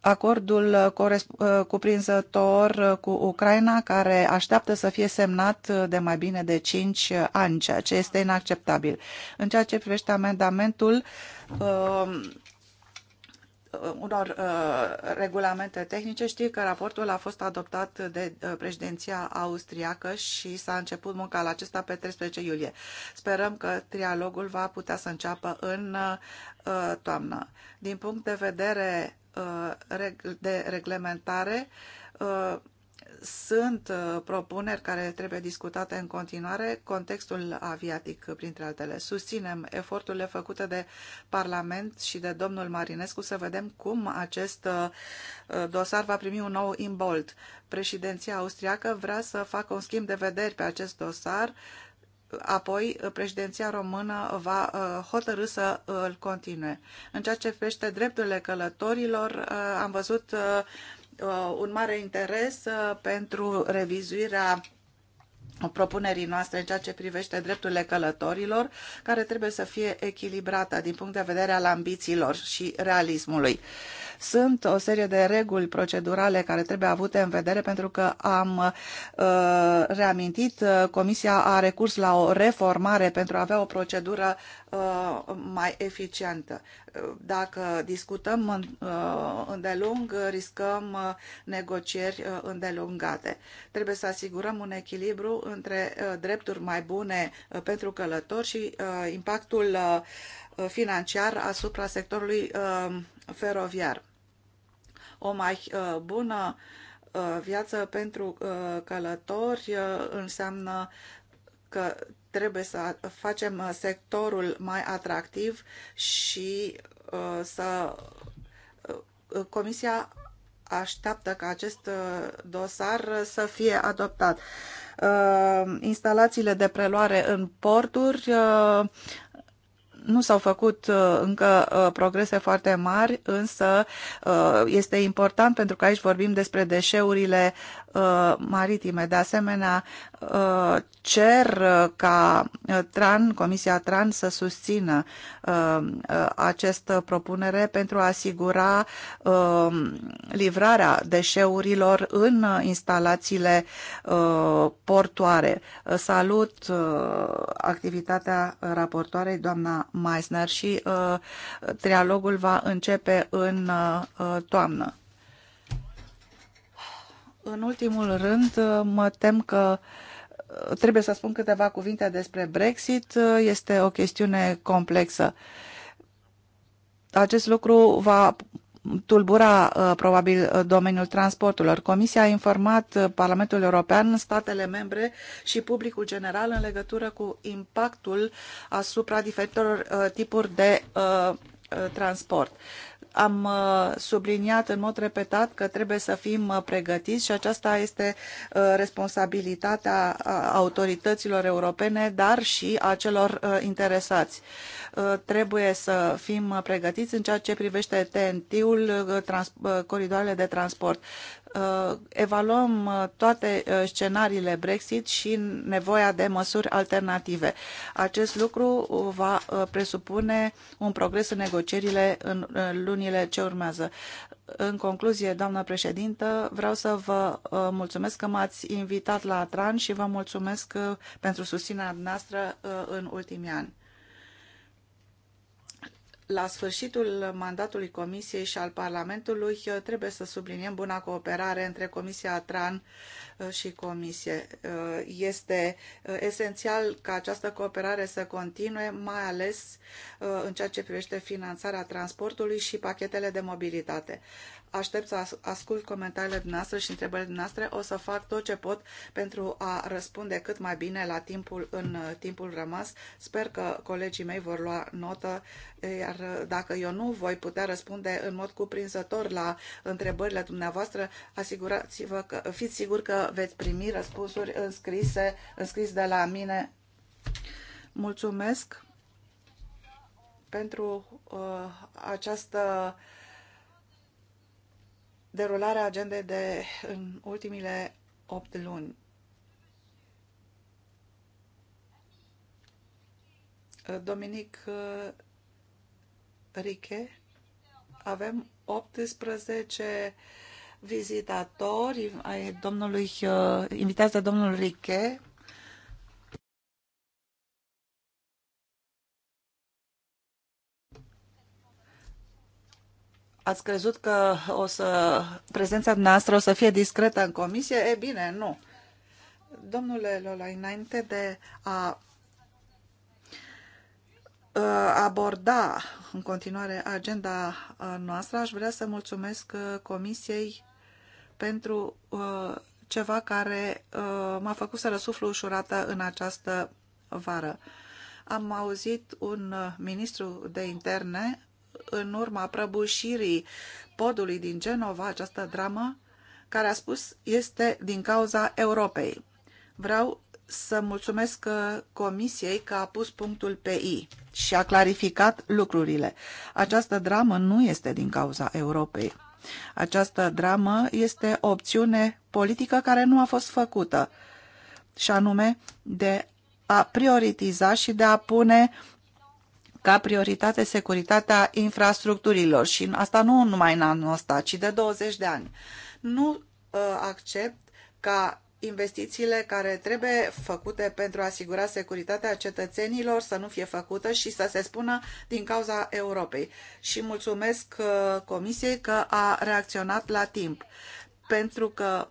acordul uh, uh, cuprinzător uh, cu Ucraina, care așteaptă să fie semnat de mai bine de 5 ani, ceea ce este inacceptabil. În ceea ce privește amendamentul um, uh, unor uh, regulamente tehnice, știi că raportul a fost adoptat de uh, președinția austriacă și s-a început munca la acesta pe 13 iulie. Sperăm că trialogul va putea să înceapă în uh, toamnă. Din punct de vedere Uh, de reglementare uh, sunt uh, propuneri care trebuie discutate în continuare, contextul aviatic, printre altele. Susținem eforturile făcute de Parlament și de domnul Marinescu să vedem cum acest dosar va primi un nou imbold. Președinția austriacă vrea să facă un schimb de vederi pe acest dosar apoi președinția română va uh, hotărâ să uh, îl continue. În ceea ce privește drepturile călătorilor, uh, am văzut un mare interes pentru revizuirea propunerii noastre în ceea ce privește drepturile călătorilor, care trebuie să fie echilibrată din punct de vedere al ambițiilor și realismului. Sunt o serie de reguli procedurale care trebuie avute în vedere pentru că am uh, reamintit, uh, Comisia a recurs la o reformare pentru a avea o procedură uh, mai eficientă. Uh, dacă discutăm în, uh, îndelung, riscăm negocieri îndelungate. Trebuie să asigurăm un echilibru între drepturi mai bune pentru călători și impactul financiar asupra sectorului uh, feroviar. O mai uh, bună uh, viață pentru călători înseamnă că trebuie să facem sectorul mai atractiv și să Comisia așteaptă ca acest dosar să fie adoptat. Instalațiile de preluare în porturi nu s-au făcut uh, încă uh, progrese foarte mari, însă uh, este important pentru că aici vorbim despre deșeurile Uh, maritime. De asemenea, uh, cer uh, ca TRAN, Comisia TRAN să susțină această propunere pentru a asigura livrarea deșeurilor în instalațiile portoare. Salut activitatea raportoarei doamna Meisner și trialogul va începe în toamnă. În ultimul rând, uh, mă tem că uh, trebuie să spun câteva cuvinte despre Brexit. Uh, este o chestiune complexă. Acest lucru va tulbura probabil domeniul transporturilor. Comisia a informat Parlamentul European, statele membre și publicul general în legătură cu impactul asupra diferitelor tipuri de transport. Am uh, subliniat în mod repetat că trebuie să fim uh, pregătiți și aceasta este uh, responsabilitatea autorităților europene, dar și a celor interesați. Trebuie să fim pregătiți în ceea ce privește TNT-ul, coridoarele de transport. Uh, evaluăm uh, toate uh, scenariile Brexit și nevoia de măsuri alternative. Acest lucru va presupune un progres în negocierile în lunile ce urmează. În concluzie, doamnă președintă, vreau să vă mulțumesc că m-ați invitat la Tran și vă mulțumesc pentru susținerea noastră în ultimii ani la sfârșitul mandatului Comisiei și al Parlamentului uh, trebuie să subliniem buna cooperare între Comisia TRAN uh, și Comisie. Uh, este esențial ca această cooperare să continue, mai ales în ceea ce privește finanțarea transportului și pachetele de mobilitate aștept să ascult comentariile dumneavoastră și întrebările dumneavoastră. O să fac tot ce pot pentru a răspunde cât mai bine la timpul, în uh, timpul rămas. Sper că colegii mei vor lua notă, eh, iar dacă eu nu voi putea răspunde în mod cuprinzător la întrebările dumneavoastră, asigurați-vă că fiți siguri că veți primi răspunsuri înscrise, înscris de la mine. Mulțumesc pentru uh, această uh, derularea agendei de în ultimile 8 luni. Dominic uh, Riche, avem 18 vizitatori ai domnului, uh, invitați de domnul Riche, ați crezut că o să, prezența noastră o să fie discretă în comisie? E bine, nu. Domnule Lola, înainte de a ă, aborda în continuare agenda ă, noastră, aș vrea să mulțumesc ă, Comisiei pentru ceva care m-a făcut să răsuflu ușurată în această vară. Am auzit un ministru de interne în urma prăbușirii podului din Genova, această dramă, care a spus este din cauza Europei. Vreau să mulțumesc uh, Comisiei că a pus punctul pe I și a clarificat lucrurile. Această dramă nu este din cauza Europei. Această dramă este o opțiune politică care nu a fost făcută, și anume de a prioritiza și de a pune ca prioritate securitatea infrastructurilor și asta nu numai în anul ăsta, ci de 20 de ani. Nu uh, accept ca investițiile care trebuie făcute pentru a asigura securitatea cetățenilor să nu fie făcută și să se spună din cauza Europei. Și mulțumesc uh, Comisiei că a reacționat la timp, pentru că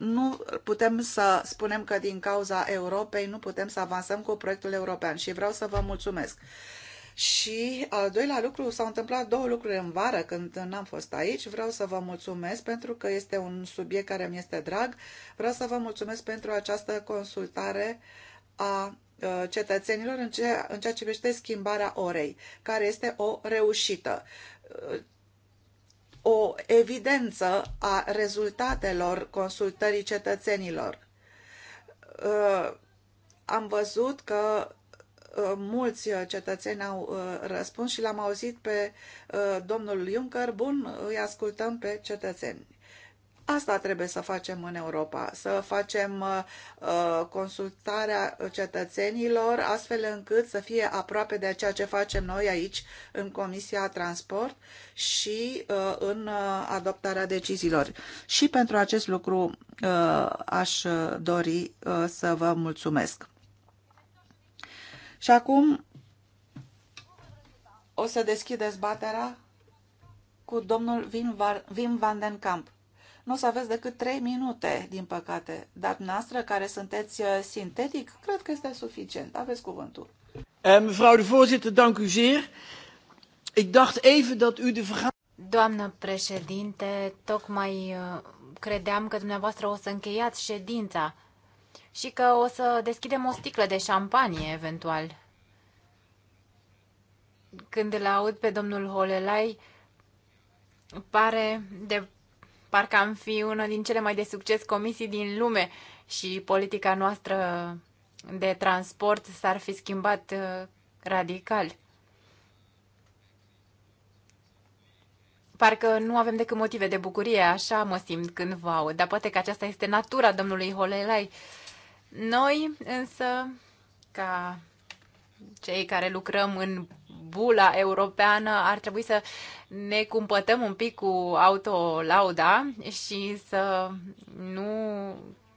nu putem să spunem că din cauza Europei nu putem să avansăm cu proiectul european și vreau să vă mulțumesc. Și al doilea lucru, s-au întâmplat două lucruri în vară când n-am fost aici. Vreau să vă mulțumesc pentru că este un subiect care mi este drag. Vreau să vă mulțumesc pentru această consultare a uh, cetățenilor în ceea, ce privește schimbarea orei, care este o reușită uh, o evidență a rezultatelor consultării cetățenilor. Uh, am văzut că uh, mulți cetățeni au uh, răspuns și l-am auzit pe domnul Juncker. Bun, îi ascultăm pe cetățeni. Asta trebuie să facem în Europa, să facem uh, uh, consultarea cetățenilor astfel încât să fie aproape de ceea ce facem noi aici în Comisia Transport și uh, în uh, adoptarea deciziilor. Și pentru acest lucru uh, aș dori uh, să vă mulțumesc. Și acum o să deschid dezbaterea cu domnul Wim, Wim van den Kamp nu o să aveți decât 3 minute, din păcate. Dar noastră, care sunteți uh, sintetic, cred că este suficient. Aveți cuvântul. Ehm, mevrouw de voorzitter, dank u zeer. Ik dacht even dat u de Doamnă președinte, tocmai uh, credeam că dumneavoastră o să încheiați ședința și că o să deschidem o sticlă de șampanie, eventual. Când îl aud pe domnul Holelai, pare de Parcă am fi una din cele mai de succes comisii din lume și politica noastră de transport s-ar fi schimbat uh, radical. Parcă nu avem decât motive de bucurie, așa mă simt când vă aud, dar poate că aceasta este natura domnului Holelai. Noi însă, ca cei care lucrăm în bula europeană ar trebui să ne cumpătăm un pic cu autolauda și să nu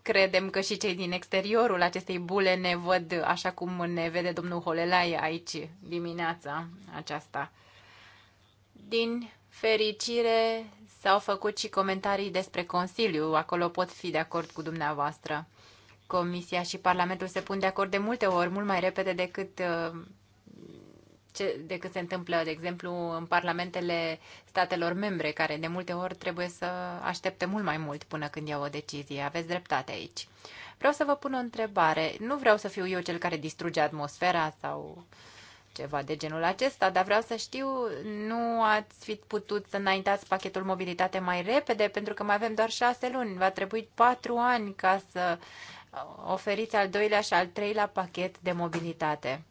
credem că și cei din exteriorul acestei bule ne văd așa cum ne vede domnul Holelai aici dimineața aceasta. Din fericire s-au făcut și comentarii despre Consiliu, acolo pot fi de acord cu dumneavoastră. Comisia și Parlamentul se pun de acord de multe ori, mult mai repede decât, uh, ce, decât se întâmplă, de exemplu, în parlamentele statelor membre, care de multe ori trebuie să aștepte mult mai mult până când iau o decizie. Aveți dreptate aici. Vreau să vă pun o întrebare. Nu vreau să fiu eu cel care distruge atmosfera sau ceva de genul acesta, dar vreau să știu, nu ați fi putut să înaintați pachetul mobilitate mai repede, pentru că mai avem doar șase luni, va trebui patru ani ca să oferiți al doilea și al treilea pachet de mobilitate.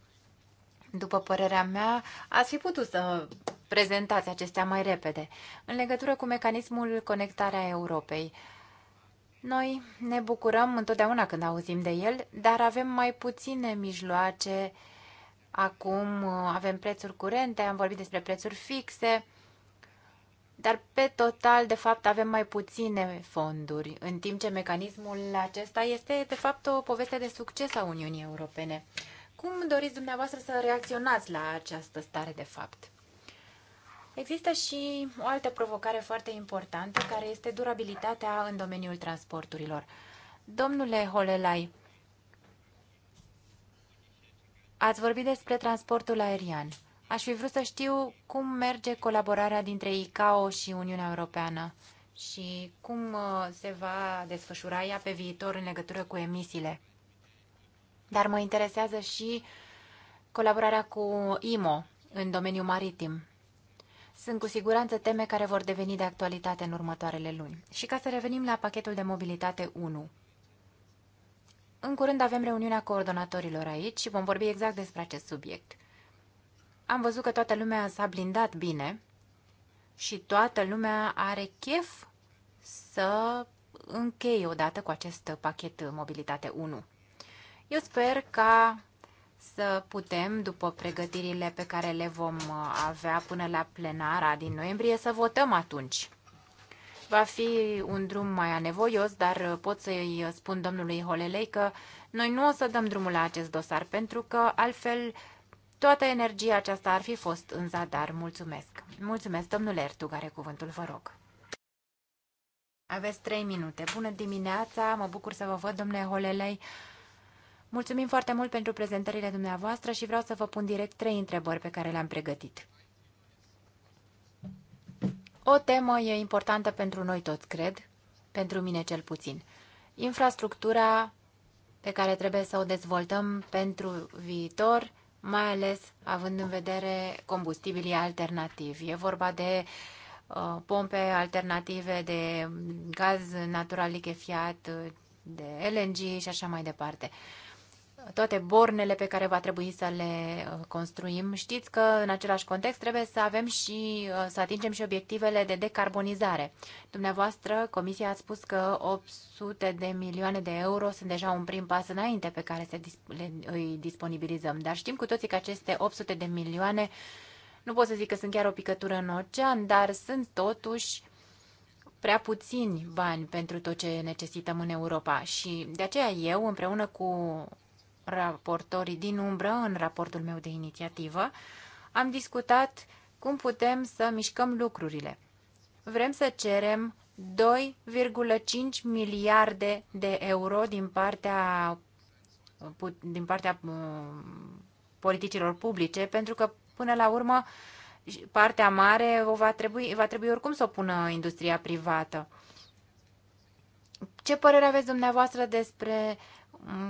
După părerea mea, ați fi putut să prezentați acestea mai repede. În legătură cu mecanismul conectarea Europei, noi ne bucurăm întotdeauna când auzim de el, dar avem mai puține mijloace. Acum avem prețuri curente, am vorbit despre prețuri fixe, dar pe total, de fapt, avem mai puține fonduri, în timp ce mecanismul acesta este, de fapt, o poveste de succes a Uniunii Europene. Cum doriți dumneavoastră să reacționați la această stare de fapt? Există și o altă provocare foarte importantă, care este durabilitatea în domeniul transporturilor. Domnule Holelai, ați vorbit despre transportul aerian. Aș fi vrut să știu cum merge colaborarea dintre ICAO și Uniunea Europeană și cum uh, se va desfășura ea pe viitor în legătură cu emisiile. Dar mă interesează și colaborarea cu IMO în domeniul maritim. Sunt cu siguranță teme care vor deveni de actualitate în următoarele luni. Și ca să revenim la pachetul de mobilitate 1. În curând avem reuniunea coordonatorilor aici și vom vorbi exact despre acest subiect. Am văzut că toată lumea s-a blindat bine și toată lumea are chef să încheie odată cu acest pachet Mobilitate 1. Eu sper ca să putem, după pregătirile pe care le vom avea până la plenara din noiembrie, să votăm atunci. Va fi un drum mai anevoios, dar pot să-i spun domnului Holelei că noi nu o să dăm drumul la acest dosar, pentru că altfel Toată energia aceasta ar fi fost în zadar. Mulțumesc. Mulțumesc, domnule Ertug, are cuvântul, vă rog. Aveți trei minute. Bună dimineața, mă bucur să vă văd, domnule Holelei. Mulțumim foarte mult pentru prezentările dumneavoastră și vreau să vă pun direct trei întrebări pe care le-am pregătit. O temă e importantă pentru noi toți, cred, pentru mine cel puțin. Infrastructura pe care trebuie să o dezvoltăm pentru viitor mai ales având în vedere combustibilii alternativi. E vorba de uh, pompe alternative de gaz natural lichefiat, de LNG și așa mai departe toate bornele pe care va trebui să le uh, construim. Știți că în același context trebuie să avem și uh, să atingem și obiectivele de decarbonizare. Dumneavoastră, Comisia a spus că 800 de milioane de euro sunt deja un prim pas înainte pe care se le, îi disponibilizăm, dar știm cu toții că aceste 800 de milioane nu pot să zic că sunt chiar o picătură în ocean, dar sunt totuși prea puțini bani pentru tot ce necesităm în Europa și de aceea eu, împreună cu raportorii din umbră în raportul meu de inițiativă, am discutat cum putem să mișcăm lucrurile. Vrem să cerem 2,5 miliarde de euro din partea, din partea uh, politicilor publice, pentru că până la urmă partea mare o va trebui, va trebui oricum să o pună industria privată. Ce părere aveți dumneavoastră despre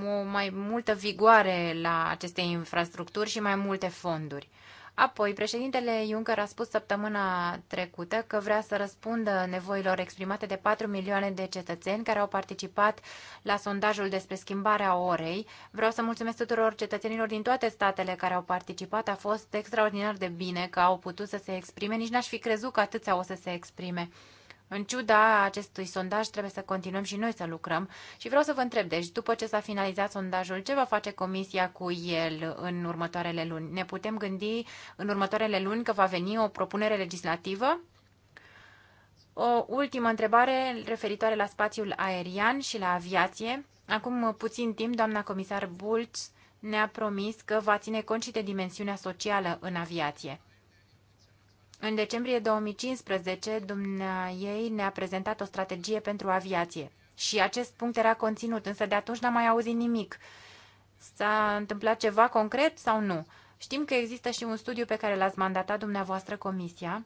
o mai multă vigoare la aceste infrastructuri și mai multe fonduri. Apoi, președintele Juncker a spus săptămâna trecută că vrea să răspundă nevoilor exprimate de 4 milioane de cetățeni care au participat la sondajul despre schimbarea orei. Vreau să mulțumesc tuturor cetățenilor din toate statele care au participat. A fost extraordinar de bine că au putut să se exprime. Nici n-aș fi crezut că atâția o să se exprime în ciuda acestui sondaj, trebuie să continuăm și noi să lucrăm și vreau să vă întreb, deci, după ce s-a finalizat sondajul, ce va face Comisia cu el în următoarele luni? Ne putem gândi în următoarele luni că va veni o propunere legislativă? O ultimă întrebare referitoare la spațiul aerian și la aviație. Acum puțin timp, doamna comisar Bulc ne-a promis că va ține cont și de dimensiunea socială în aviație. În decembrie 2015, dumneai ne-a prezentat o strategie pentru aviație și acest punct era conținut, însă de atunci n-am mai auzit nimic. S-a întâmplat ceva concret sau nu? Știm că există și un studiu pe care l-ați mandatat dumneavoastră comisia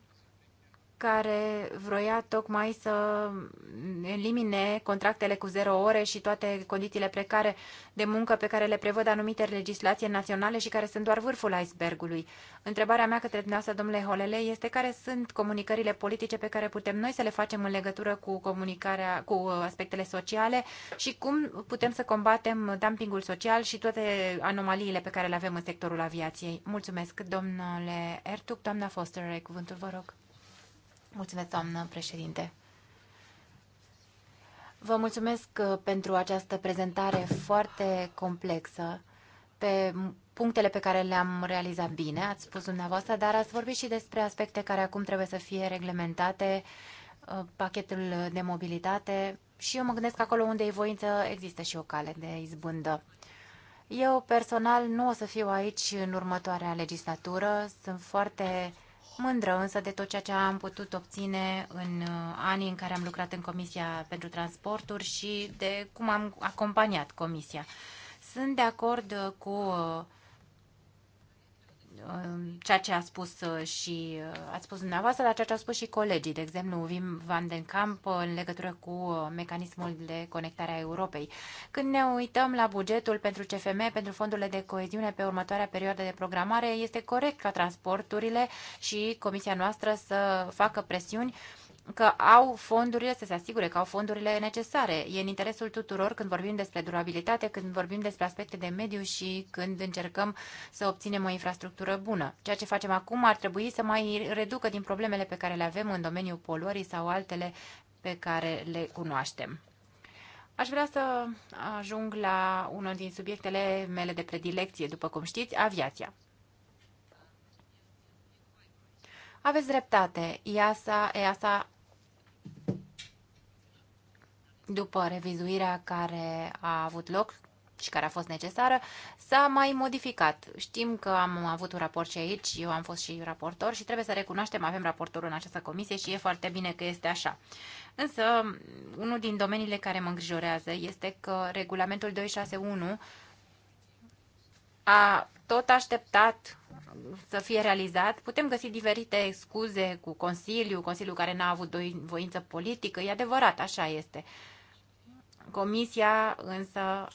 care vroia tocmai să elimine contractele cu zero ore și toate condițiile precare de muncă pe care le prevăd anumite legislații naționale și care sunt doar vârful icebergului. Întrebarea mea către dumneavoastră, domnule Holele, este care sunt comunicările politice pe care putem noi să le facem în legătură cu comunicarea, cu aspectele sociale și cum putem să combatem dumpingul social și toate anomaliile pe care le avem în sectorul aviației. Mulțumesc, domnule Ertug. Doamna Foster, cuvântul vă rog. Mulțumesc, doamnă președinte. Vă mulțumesc uh, pentru această prezentare foarte complexă pe punctele pe care le-am realizat bine, ați spus dumneavoastră, dar ați vorbit și despre aspecte care acum trebuie să fie reglementate, uh, pachetul de mobilitate și eu mă gândesc acolo unde e voință există și o cale de izbândă. Eu personal nu o să fiu aici în următoarea legislatură, sunt foarte mândră însă de tot ceea ce am putut obține în uh, anii în care am lucrat în Comisia pentru Transporturi și de cum am acompaniat Comisia. Sunt de acord uh, cu uh, Um, ceea ce a spus uh, și uh, ați spus dumneavoastră, dar ceea ce au spus și colegii, de exemplu Vim van den Kamp uh, în legătură cu mecanismul de conectare a Europei. Când ne uităm la bugetul pentru CFM, pentru fondurile de coeziune pe următoarea perioadă de programare, este corect ca transporturile și comisia noastră să facă presiuni uh, că au fondurile, să se asigure că au fondurile necesare. E în interesul tuturor când vorbim despre durabilitate, când vorbim despre aspecte de mediu și când încercăm să obținem o infrastructură bună. Ceea ce facem acum ar trebui să mai reducă din problemele pe care le avem în domeniul poluării sau altele pe care le cunoaștem. Aș vrea să ajung la unul din subiectele mele de predilecție, după cum știți, aviația. Aveți dreptate. EASA, EASA după revizuirea care a avut loc și care a fost necesară, s-a mai modificat. Știm că am avut un raport și aici, eu am fost și raportor și trebuie să recunoaștem, avem raportorul în această comisie și e foarte bine că este așa. Însă, unul din domeniile care mă îngrijorează este că regulamentul 261 a tot așteptat să fie realizat. Putem găsi diferite scuze cu Consiliu, Consiliul care n-a avut voință politică, e adevărat, așa este. Comisia însă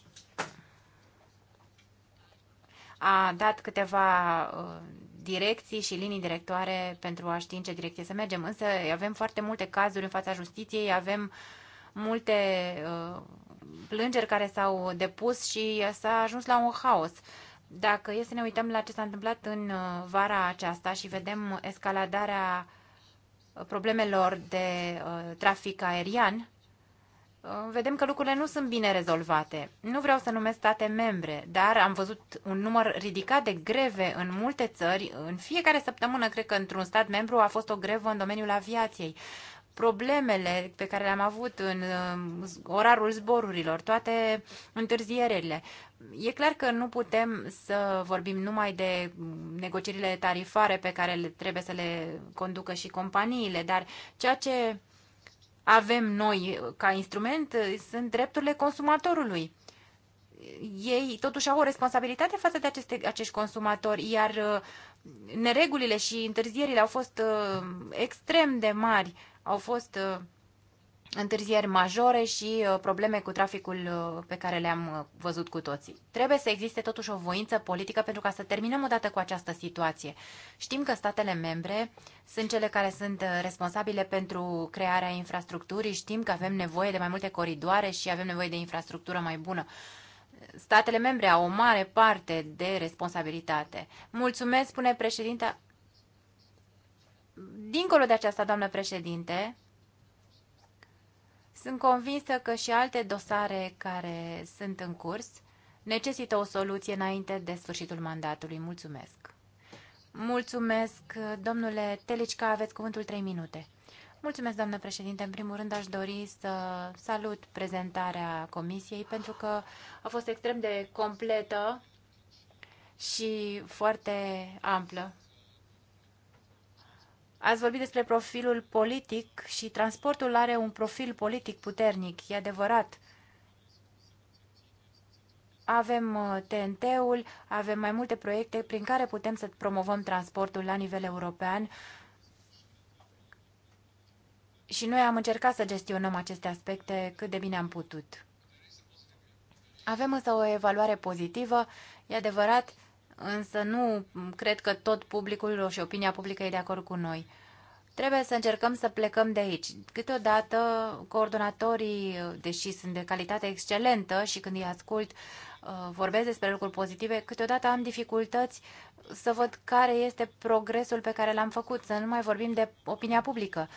a dat câteva uh, direcții și linii directoare pentru a ști în ce direcție să mergem. Însă avem foarte multe cazuri în fața justiției, avem multe uh, plângeri care s-au depus și s-a ajuns la un haos. Dacă e să ne uităm la ce s-a întâmplat în uh, vara aceasta și vedem escaladarea problemelor de trafic aerian, Uh, vedem că lucrurile nu sunt bine rezolvate. Nu vreau să numesc state membre, dar am văzut un număr ridicat de greve în multe țări. În fiecare săptămână, cred că într-un stat membru a fost o grevă în domeniul aviației. Problemele pe care le-am avut în uh, orarul zborurilor, toate întârzierile. E clar că nu putem să vorbim numai de negocierile tarifare pe care trebuie să le conducă și companiile, dar ceea ce avem noi ca instrument sunt drepturile consumatorului. Ei totuși au o responsabilitate față de aceste, acești consumatori, iar uh, neregulile și întârzierile au fost uh, extrem de mari, au fost uh, întârzieri majore și uh, probleme cu traficul uh, pe care le-am uh, văzut cu toții. Trebuie să existe totuși o voință politică pentru ca să terminăm odată cu această situație. Știm că statele membre sunt cele care sunt responsabile pentru crearea infrastructurii, știm că avem nevoie de mai multe coridoare și avem nevoie de infrastructură mai bună. Statele membre au o mare parte de responsabilitate. Mulțumesc, spune președinta. Dincolo de aceasta, doamnă președinte, sunt convinsă că și alte dosare care sunt în curs necesită o soluție înainte de sfârșitul mandatului. Mulțumesc! Mulțumesc, domnule Telicica, aveți cuvântul 3 minute. Mulțumesc, doamnă președinte. În primul rând aș dori să salut prezentarea comisiei pentru că a fost extrem de completă și foarte amplă. Ați vorbit despre profilul politic și transportul are un profil politic puternic, e adevărat. Avem uh, TNT-ul, avem mai multe proiecte prin care putem să promovăm transportul la nivel european și noi am încercat să gestionăm aceste aspecte cât de bine am putut. Avem însă o evaluare pozitivă, e adevărat, însă nu cred că tot publicul și opinia publică e de acord cu noi. Trebuie să încercăm să plecăm de aici. Câteodată coordonatorii, deși sunt de calitate excelentă și când îi ascult uh, vorbesc despre lucruri pozitive, câteodată am dificultăți să văd care este progresul pe care l-am făcut, să nu mai vorbim de opinia publică.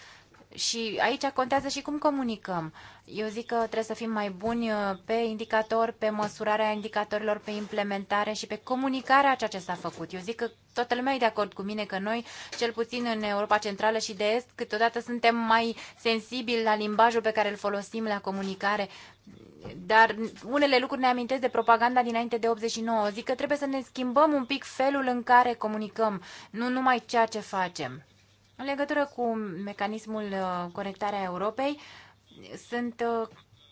Și aici contează și cum comunicăm. Eu zic că trebuie să fim mai buni uh, pe indicator, pe măsurarea indicatorilor, pe implementare și pe comunicarea a ceea ce s-a făcut. Eu zic că toată lumea e de acord cu mine că noi, cel puțin în Europa Centrală și de Est, câteodată suntem mai sensibili la limbajul pe care îl folosim la comunicare. Dar unele lucruri ne amintesc de propaganda dinainte de 89. Zic că trebuie să ne schimbăm un pic felul în care comunicăm, nu numai ceea ce facem. În legătură cu mecanismul uh, Conectarea Europei, sunt uh,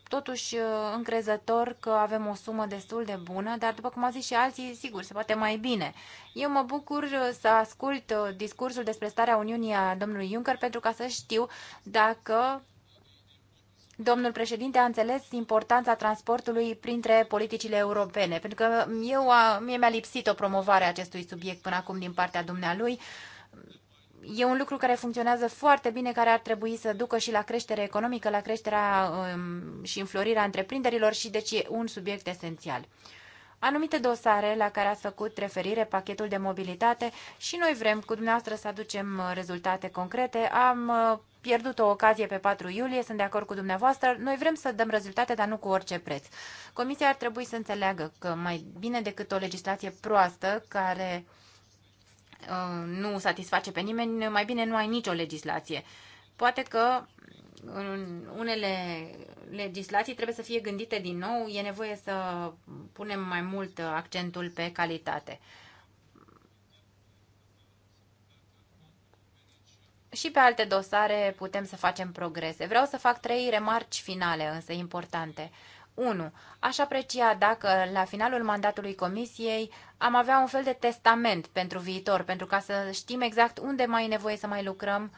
totuși uh, încrezător că avem o sumă destul de bună, dar după cum au zis și alții, sigur, se poate mai bine. Eu mă bucur să ascult discursul despre starea Uniunii a domnului Juncker pentru ca să știu dacă Domnul președinte a înțeles importanța transportului printre politicile europene, pentru că eu, mie mi-a lipsit o promovare a acestui subiect până acum din partea dumnealui e un lucru care funcționează foarte bine, care ar trebui să ducă și la creștere economică, la creșterea um, și înflorirea întreprinderilor și deci e un subiect esențial. Anumite dosare la care ați făcut referire, pachetul de mobilitate și noi vrem cu dumneavoastră să aducem uh, rezultate concrete. Am uh, pierdut o ocazie pe 4 iulie, sunt de acord cu dumneavoastră. Noi vrem să dăm rezultate, dar nu cu orice preț. Comisia ar trebui să înțeleagă că mai bine decât o legislație proastă care uh, Uh, nu satisface pe nimeni, mai bine nu ai nicio legislație. Poate că în unele legislații trebuie să fie gândite din nou, e nevoie să punem mai mult accentul pe calitate. Și pe alte dosare putem să facem progrese. Vreau să fac trei remarci finale, însă importante. 1. Aș aprecia dacă la finalul mandatului comisiei am avea un fel de testament pentru viitor, pentru ca să știm exact unde mai e nevoie să mai lucrăm,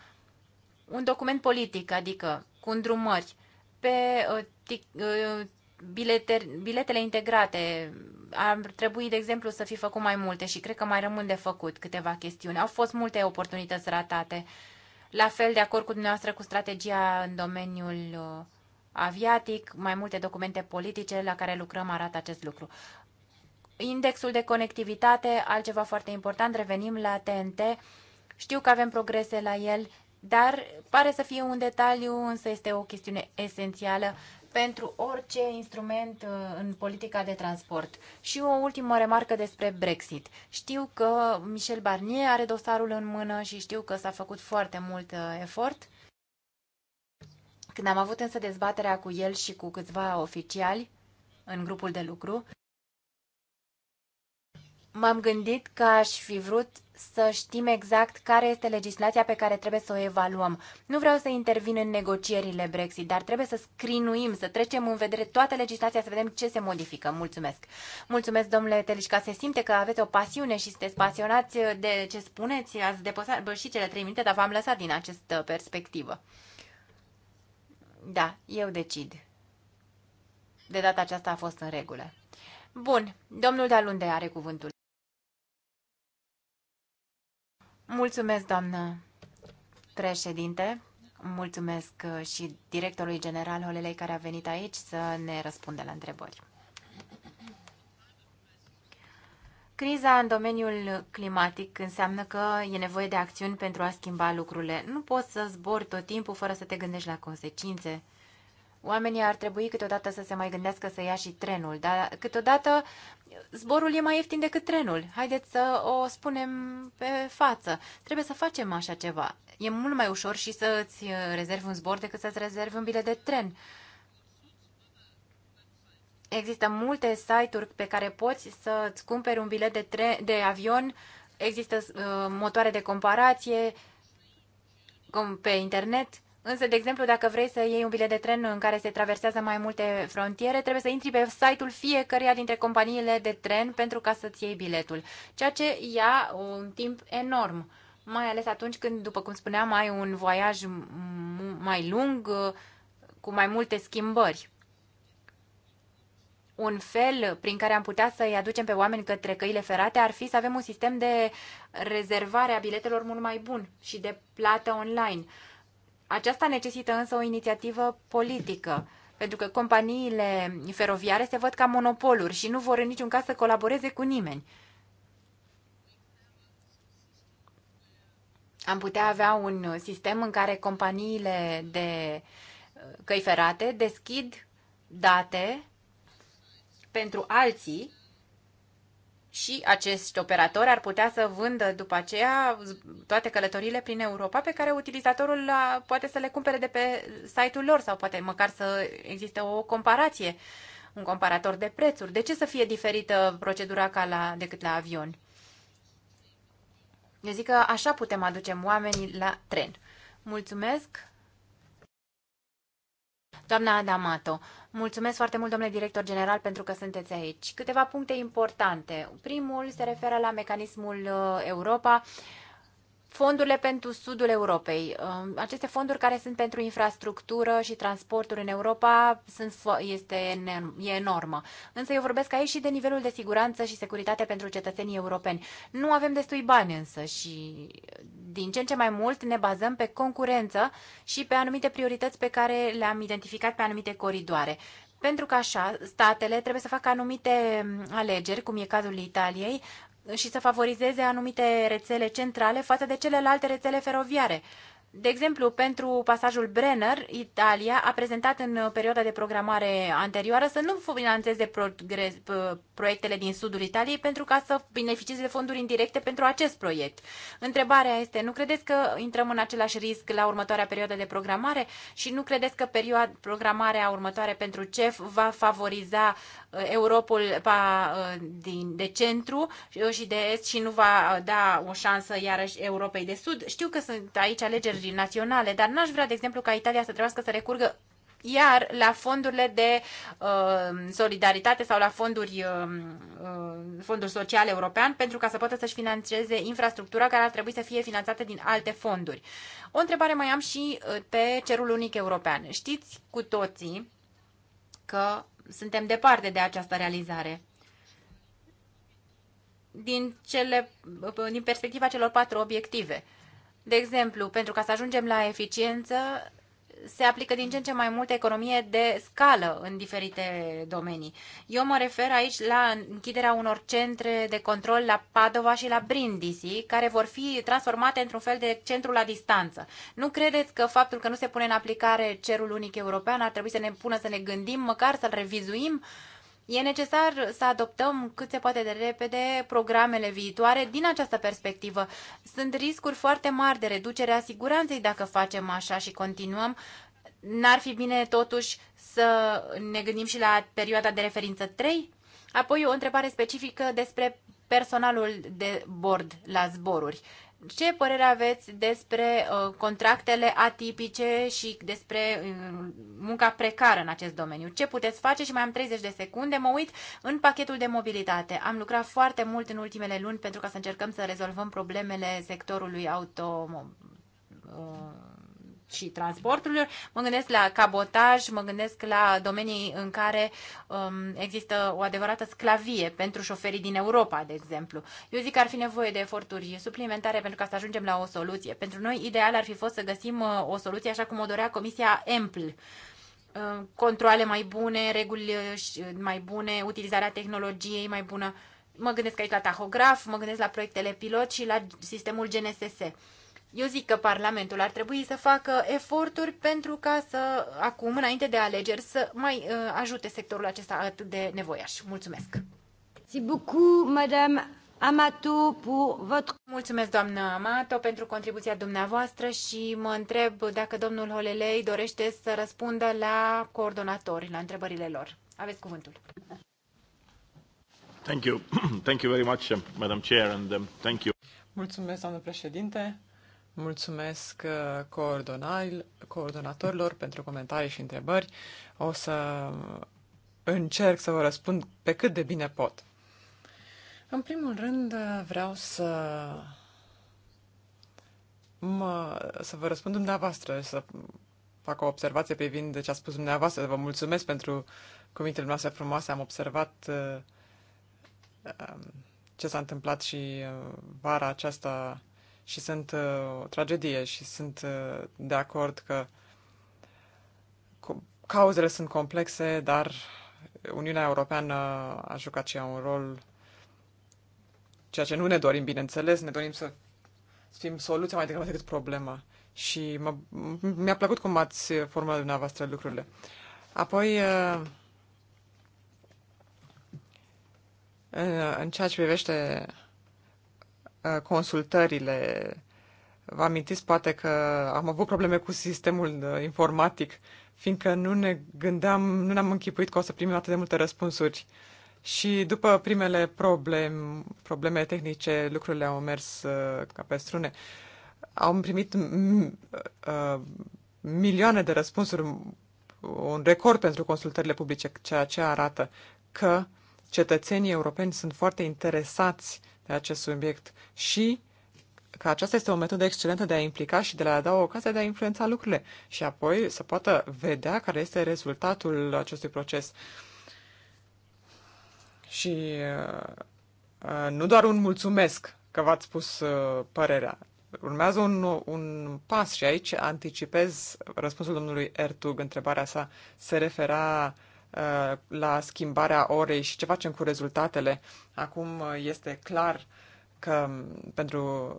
un document politic, adică cu îndrumări, pe uh, uh, bilete, biletele integrate. Ar trebui, de exemplu, să fi făcut mai multe și cred că mai rămân de făcut câteva chestiuni. Au fost multe oportunități ratate. La fel, de acord cu dumneavoastră, cu strategia în domeniul uh, aviatic, mai multe documente politice la care lucrăm arată acest lucru. Indexul de conectivitate, altceva foarte important, revenim la TNT. Știu că avem progrese la el, dar pare să fie un detaliu, însă este o chestiune esențială pentru orice instrument uh, în politica de transport. Și o ultimă remarcă despre Brexit. Știu că Michel Barnier are dosarul în mână și știu că s-a făcut foarte mult uh, efort când am avut însă dezbaterea cu el și cu câțiva oficiali în grupul de lucru, m-am gândit că aș fi vrut să știm exact care este legislația pe care trebuie să o evaluăm. Nu vreau să intervin în negocierile Brexit, dar trebuie să scrinuim, să trecem în vedere toată legislația, să vedem ce se modifică. Mulțumesc! Mulțumesc, domnule Telișca, se simte că aveți o pasiune și sunteți pasionați de ce spuneți. Ați depășit cele trei minute, dar v-am lăsat din această perspectivă. Da, eu decid. De data aceasta a fost în regulă. Bun, domnul Dalunde are cuvântul. Mulțumesc, doamnă președinte. Mulțumesc uh, și directorului general Holelei care a venit aici să ne răspundă la întrebări. Criza în domeniul climatic înseamnă că e nevoie de acțiuni pentru a schimba lucrurile. Nu poți să zbori tot timpul fără să te gândești la consecințe. Oamenii ar trebui câteodată să se mai gândească să ia și trenul, dar câteodată zborul e mai ieftin decât trenul. Haideți să o spunem pe față. Trebuie să facem așa ceva. E mult mai ușor și să ți rezervi un zbor decât să-ți rezervi un bilet de tren. Există multe site-uri pe care poți să-ți cumperi un bilet de, tre- de avion, există uh, motoare de comparație cum pe internet. Însă, de exemplu, dacă vrei să iei un bilet de tren în care se traversează mai multe frontiere, trebuie să intri pe site-ul fiecăruia dintre companiile de tren pentru ca să-ți iei biletul, ceea ce ia un timp enorm, mai ales atunci când, după cum spuneam, ai un voiaj mai lung uh, cu mai multe schimbări un fel prin care am putea să-i aducem pe oameni către căile ferate ar fi să avem un sistem de rezervare a biletelor mult mai bun și de plată online. Aceasta necesită însă o inițiativă politică, pentru că companiile feroviare se văd ca monopoluri și nu vor în niciun caz să colaboreze cu nimeni. Am putea avea un sistem în care companiile de căi ferate deschid date pentru alții și acești operatori ar putea să vândă după aceea toate călătorile prin Europa pe care utilizatorul poate să le cumpere de pe site-ul lor sau poate măcar să existe o comparație, un comparator de prețuri. De ce să fie diferită procedura ca la, decât la avion? Eu zic că așa putem aduce oamenii la tren. Mulțumesc! Doamna Adamato, Mulțumesc foarte mult, domnule director general, pentru că sunteți aici. Câteva puncte importante. Primul se referă la mecanismul uh, Europa fondurile pentru sudul Europei. Um, aceste fonduri care sunt pentru infrastructură și transporturi în Europa sunt, este, e enormă. Însă eu vorbesc aici și de nivelul de siguranță și securitate pentru cetățenii europeni. Nu avem destui bani însă și din ce în ce mai mult ne bazăm pe concurență și pe anumite priorități pe care le-am identificat pe anumite coridoare pentru că așa statele trebuie să facă anumite alegeri, cum e cazul Italiei, și să favorizeze anumite rețele centrale față de celelalte rețele feroviare. De exemplu, pentru pasajul Brenner, Italia a prezentat în perioada de programare anterioară să nu financeze progres, proiectele din sudul Italiei pentru ca să beneficieze de fonduri indirecte pentru acest proiect. Întrebarea este, nu credeți că intrăm în același risc la următoarea perioadă de programare și nu credeți că perioada programarea următoare pentru CEF va favoriza Europol va uh, din, de centru uh, și de est și nu va uh, da o șansă iarăși Europei de Sud. Știu că sunt aici alegeri naționale, dar n-aș vrea, de exemplu, ca Italia să trebuiască să recurgă iar la fondurile de uh, solidaritate sau la fonduri, uh, fondul social european pentru ca să poată să-și financeze infrastructura care ar trebui să fie finanțată din alte fonduri. O întrebare mai am și pe cerul unic european. Știți cu toții că suntem departe de această realizare. Din, cele, din perspectiva celor patru obiective. De exemplu, pentru ca să ajungem la eficiență, se aplică din ce în ce mai mult economie de scală în diferite domenii. Eu mă refer aici la închiderea unor centre de control la Padova și la Brindisi, care vor fi transformate într-un fel de centru la distanță. Nu credeți că faptul că nu se pune în aplicare cerul unic european ar trebui să ne pună să ne gândim, măcar să-l revizuim? Uh, E necesar să adoptăm cât se poate de repede programele viitoare din această perspectivă. Sunt riscuri foarte mari de reducere a siguranței dacă facem așa și continuăm. N-ar fi bine totuși să ne gândim și la perioada de referință 3? Apoi o întrebare specifică despre personalul de bord la zboruri. Ce părere aveți despre uh, contractele atipice și despre uh, munca precară în acest domeniu? Ce puteți face? Și mai am 30 de secunde. Mă uit în pachetul de mobilitate. Am lucrat foarte mult în ultimele luni pentru ca să încercăm să rezolvăm problemele sectorului auto uh, și transporturilor, mă gândesc la cabotaj, mă gândesc la domenii în care um, există o adevărată sclavie pentru șoferii din Europa, de exemplu. Eu zic că ar fi nevoie de eforturi suplimentare pentru ca să ajungem la o soluție. Pentru noi, ideal ar fi fost să găsim uh, o soluție așa cum o dorea Comisia ample. Uh, controle mai bune, reguli uh, mai bune, utilizarea tehnologiei mai bună. Mă gândesc aici la tahograf, mă gândesc la proiectele pilot și la sistemul GNSS. Eu zic că Parlamentul ar trebui să facă eforturi pentru ca să, acum, înainte de alegeri, să mai uh, ajute sectorul acesta atât de nevoiaș. Mulțumesc! Mulțumesc, doamnă Amato, pentru contribuția dumneavoastră și mă întreb dacă domnul Holelei dorește să răspundă la coordonatori, la întrebările lor. Aveți cuvântul. Thank you. Thank you very much, um, Madam Chair, and um, thank you. Mulțumesc, doamnă președinte. Mulțumesc uh, coordonatorilor pentru comentarii și întrebări. O să încerc să vă răspund pe cât de bine pot. În primul rând, uh, vreau să mă, să vă răspund dumneavoastră, să fac o observație privind ce a spus dumneavoastră. Vă mulțumesc pentru cuvintele noastre frumoase. Am observat uh, um, ce s-a întâmplat și vara aceasta și sunt uh, o tragedie și sunt uh, de acord că cauzele sunt complexe, dar Uniunea Europeană a jucat și ea un rol, ceea ce nu ne dorim, bineînțeles, ne dorim să fim soluția mai degrabă decât problema. Și mă, mi-a plăcut cum ați formulat dumneavoastră lucrurile. Apoi, uh, în ceea ce privește Uh, consultările. Vă amintiți poate că am avut probleme cu sistemul uh, informatic, fiindcă nu ne gândeam, nu ne-am închipuit că o să primim atât de multe răspunsuri. Și după primele problem, probleme tehnice, lucrurile au mers uh, ca pe strune. Am primit milioane de răspunsuri, un record pentru consultările publice, ceea ce arată că cetățenii europeni sunt foarte interesați uh, de acest subiect și că aceasta este o metodă excelentă de a implica și de a da o ocazie de a influența lucrurile și apoi să poată vedea care este rezultatul acestui proces. Și uh, uh nu doar un mulțumesc că v-ați spus uh, părerea. Urmează un, un pas și aici anticipez răspunsul domnului Ertug. Întrebarea sa se refera uh, Uh, la schimbarea orei și ce facem cu rezultatele. Acum uh, este clar că um, pentru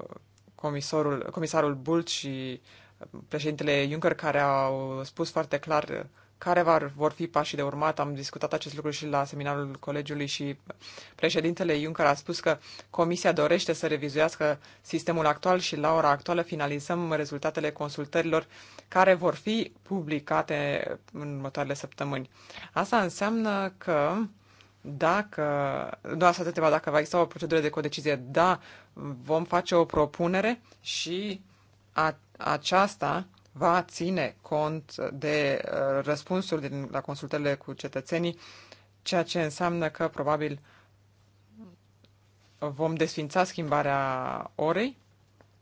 comisarul, comisarul Bult și uh, președintele Juncker, care au spus foarte clar care var, vor fi pașii de urmat. Am discutat acest lucru și la seminarul colegiului și președintele Juncker a spus că comisia dorește să revizuiască sistemul actual și la ora actuală finalizăm rezultatele consultărilor care vor fi publicate în următoarele săptămâni. Asta înseamnă că dacă, nu asta te dacă va exista o procedură de codecizie, da, vom face o propunere și a, aceasta va ține cont de uh, răspunsuri din, la consultările cu cetățenii, ceea ce înseamnă că probabil vom desfința schimbarea orei,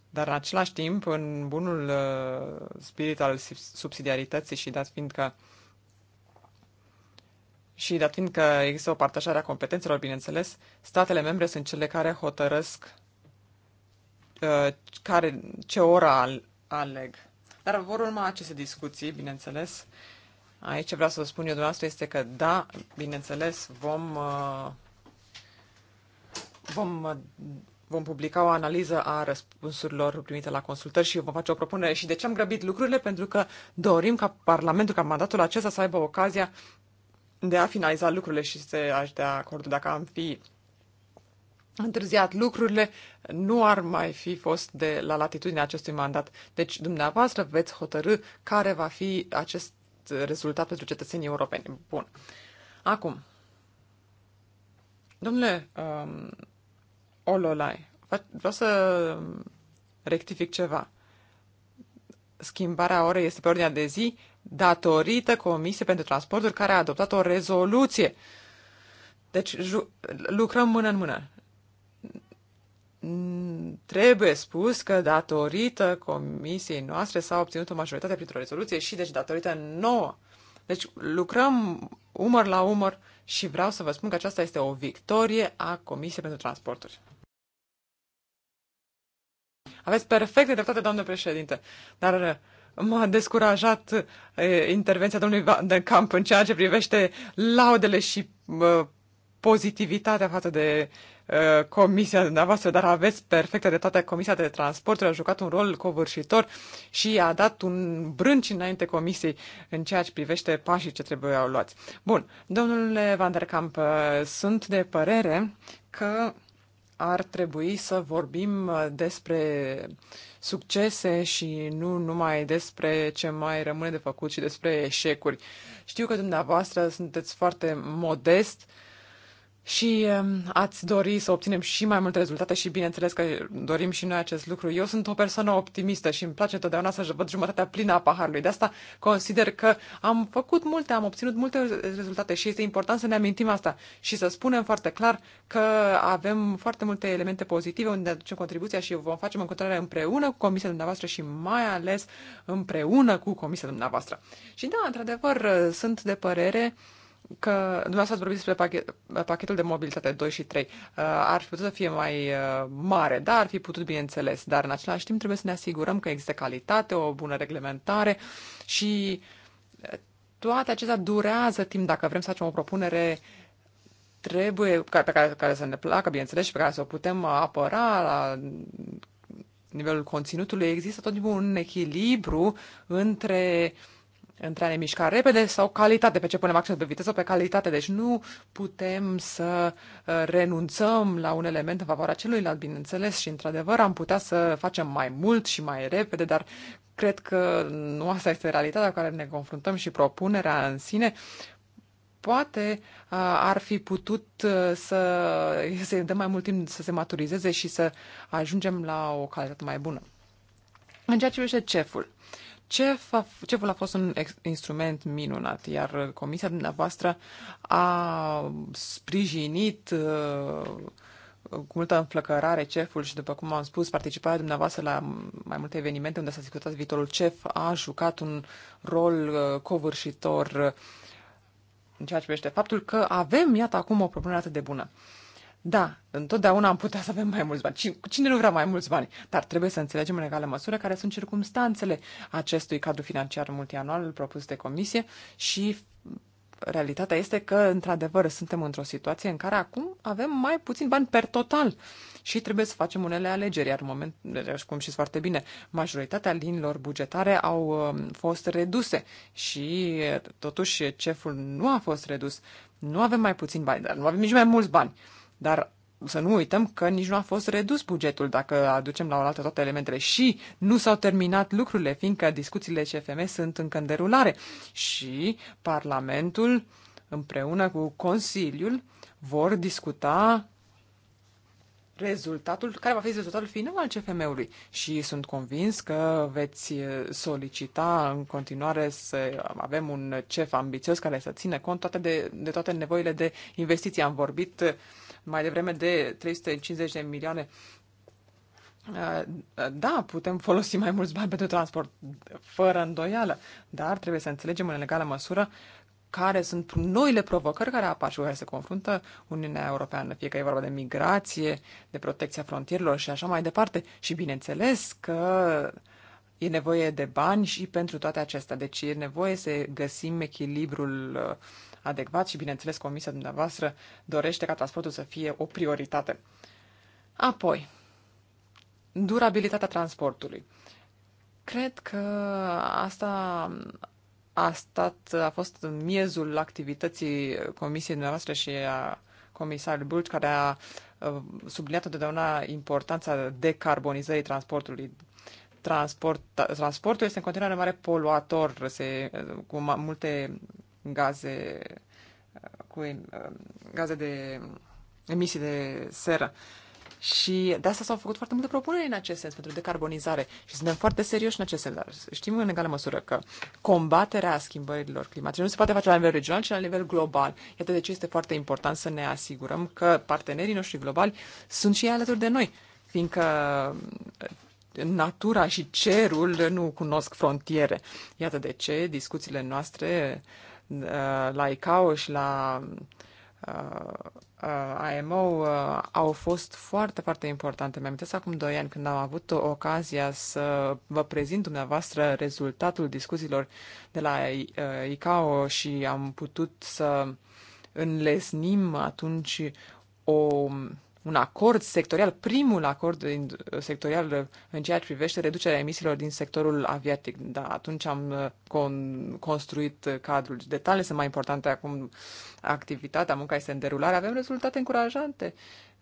dar în același timp, în bunul uh, spirit al subsidiarității și dat fiind că și dat fiind că există o partajare a competențelor, bineînțeles, statele membre sunt cele care hotărăsc uh, care, ce ora aleg. Dar vor urma aceste discuții, bineînțeles. Aici vreau să vă spun eu dumneavoastră este că, da, bineînțeles, vom, uh, vom, uh, vom publica o analiză a răspunsurilor primite la consultări și vom face o propunere. Și de ce am grăbit lucrurile? Pentru că dorim ca Parlamentul, ca mandatul acesta să aibă ocazia de a finaliza lucrurile și să aș de acordul. Dacă am fi întârziat lucrurile, nu ar mai fi fost de la latitudinea acestui mandat. Deci, dumneavoastră veți hotărâ care va fi acest rezultat pentru cetățenii europeni. Bun. Acum, domnule um, Ololai, vreau să rectific ceva. Schimbarea orei este pe ordinea de zi datorită Comisiei pentru Transporturi care a adoptat o rezoluție. Deci lucrăm mână în mână. Mm, trebuie spus că datorită comisiei noastre s-a obținut o majoritate printr-o rezoluție și deci datorită nouă. Deci lucrăm umăr la umăr și vreau să vă spun că aceasta este o victorie a Comisiei pentru Transporturi. Aveți de dreptate, doamnă președinte, dar m-a descurajat e, eh, intervenția domnului Van de Camp în ceea ce privește laudele și pozitivitatea față de uh, comisia dumneavoastră, dar aveți perfectă de toate Comisia de Transporturi a jucat un rol covârșitor și a dat un brânci înainte comisiei în ceea ce privește pașii ce trebuie au luați. Bun, domnule Van der Kamp, uh, sunt de părere că ar trebui să vorbim uh, despre succese și nu numai despre ce mai rămâne de făcut și despre eșecuri. Știu că dumneavoastră sunteți foarte modest uh, și um, ați dori să obținem și mai multe rezultate și bineînțeles că dorim și noi acest lucru. Eu sunt o persoană optimistă și îmi place întotdeauna să văd jumătatea plină a paharului. De asta consider că am făcut multe, am obținut multe rezultate și este important să ne amintim asta și să spunem foarte clar că avem foarte multe elemente pozitive unde ne aducem contribuția și vom face în continuare împreună cu comisia dumneavoastră și mai ales împreună cu comisia dumneavoastră. Și da, într-adevăr, sunt de părere că dumneavoastră ați vorbit despre pachet, pachetul de mobilitate 2 și 3. Uh, ar fi putut să fie mai uh, mare, dar ar fi putut, bineînțeles. Dar, în același timp, trebuie să ne asigurăm că există calitate, o bună reglementare și uh, toate acestea durează timp. Dacă vrem să facem o propunere trebuie, pe care, care să ne placă, bineînțeles, și pe care să o putem apăra la nivelul conținutului, există tot timpul un echilibru între uh, între în mișcare repede sau calitate, pe ce punem accent, pe viteză, pe calitate. Deci nu putem să uh, renunțăm la un element în favoarea celuilalt, bineînțeles, și într-adevăr am putea să facem mai mult și mai repede, dar cred că nu asta este realitatea cu care ne confruntăm și propunerea în sine poate uh, ar fi putut uh, să, se dăm mai mult timp să se maturizeze și să ajungem la o calitate mai bună. În ceea ce privește ceful, CEF CEF-ul a fost un instrument minunat, iar comisia dumneavoastră a sprijinit uh, cu multă înflăcărare CEF-ul și, după cum am spus, participarea dumneavoastră la mai multe evenimente unde s-a discutat viitorul CEF a jucat un rol uh, covârșitor uh, în ceea ce privește faptul că avem, iată, acum o propunere atât de bună. Da, întotdeauna am putea să avem mai mulți bani. Cine nu vrea mai mulți bani? Dar trebuie să înțelegem în egală măsură care sunt circumstanțele acestui cadru financiar multianual propus de comisie și realitatea este că, într-adevăr, suntem într-o situație în care acum avem mai puțin bani per total și trebuie să facem unele alegeri, iar în moment, cum știți foarte bine, majoritatea linilor bugetare au um, fost reduse și, totuși, ceful nu a fost redus. Nu avem mai puțin bani, dar nu avem nici mai mulți bani. Dar să nu uităm că nici nu a fost redus bugetul, dacă aducem la oaltă toate elementele. Și nu s-au terminat lucrurile, fiindcă discuțiile CFM sunt încă în derulare. Și Parlamentul, împreună cu Consiliul, vor discuta rezultatul, care va fi rezultatul final al CFM-ului. Și sunt convins că veți solicita în continuare să avem un CEF ambițios care să țină cont toate de, de toate nevoile de investiții. Am vorbit uh, mai devreme de 350 de milioane. Uh, da, putem folosi mai mulți bani pentru transport, fără îndoială, dar trebuie să înțelegem în legală măsură care sunt noile provocări care apar și cu care se confruntă Uniunea Europeană, fie că e vorba de migrație, de protecția frontierilor și așa mai departe. Și bineînțeles că e nevoie de bani și pentru toate acestea. Deci e nevoie să găsim echilibrul uh, adecvat și, bineînțeles, comisia dumneavoastră dorește ca transportul să fie o prioritate. Apoi, durabilitatea transportului. Cred că asta a stat, a fost miezul activității comisiei dumneavoastră și a comisarului Bulci, care a subliniat întotdeauna importanța decarbonizării transportului. Transport, transportul este în continuare mare poluator, se, cu multe gaze, uh, cu um, gaze de emisii de seră. Și de asta s-au făcut foarte multe propuneri în acest sens, pentru decarbonizare. Și suntem foarte serioși în acest sens. Dar știm în egală măsură că combaterea schimbărilor climatice nu se poate face la nivel regional, ci la nivel global. Iată de ce este foarte important să ne asigurăm că partenerii noștri globali sunt și ei alături de noi, fiindcă uh, natura și cerul nu cunosc frontiere. Iată de ce discuțiile noastre uh, Uh, la ICAO și la IMO uh, uh, au fost foarte, foarte importante. Mi-am acum doi ani când am avut ocazia să vă prezint dumneavoastră rezultatul discuțiilor de la ICAO și am putut să înlesnim atunci o un acord sectorial, primul acord sectorial în ceea ce privește reducerea emisiilor din sectorul aviatic. Da, atunci am uh, con- construit cadrul. Detalii sunt mai importante acum. Activitatea, munca este în derulare. Avem rezultate încurajante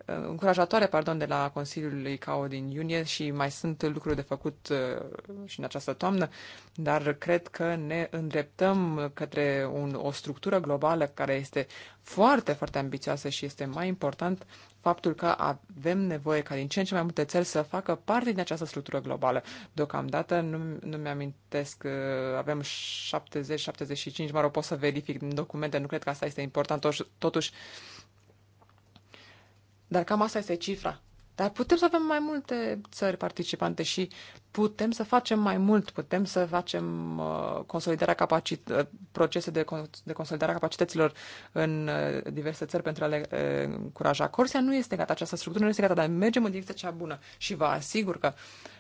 uh, încurajatoare pardon, de la Consiliul ICAO din iunie și mai sunt lucruri de făcut uh, și în această toamnă, dar cred că ne îndreptăm către un, o structură globală care este foarte, foarte ambițioasă și este mai important faptul că avem nevoie ca din ce în ce mai multe țări să facă parte din această structură globală. Deocamdată nu, nu mi-amintesc, uh, avem 70-75, mă rog, pot să verific din documente, nu cred că asta este important, totuși. Dar cam asta este cifra dar putem să avem mai multe țări participante și putem să facem mai mult, putem să facem uh, consolidarea capacit- uh, procese de, cons- de consolidare a capacităților în uh, diverse țări pentru a le uh, încuraja. Corsia nu este gata, această structură nu este gata, dar mergem în direcția cea bună și vă asigur că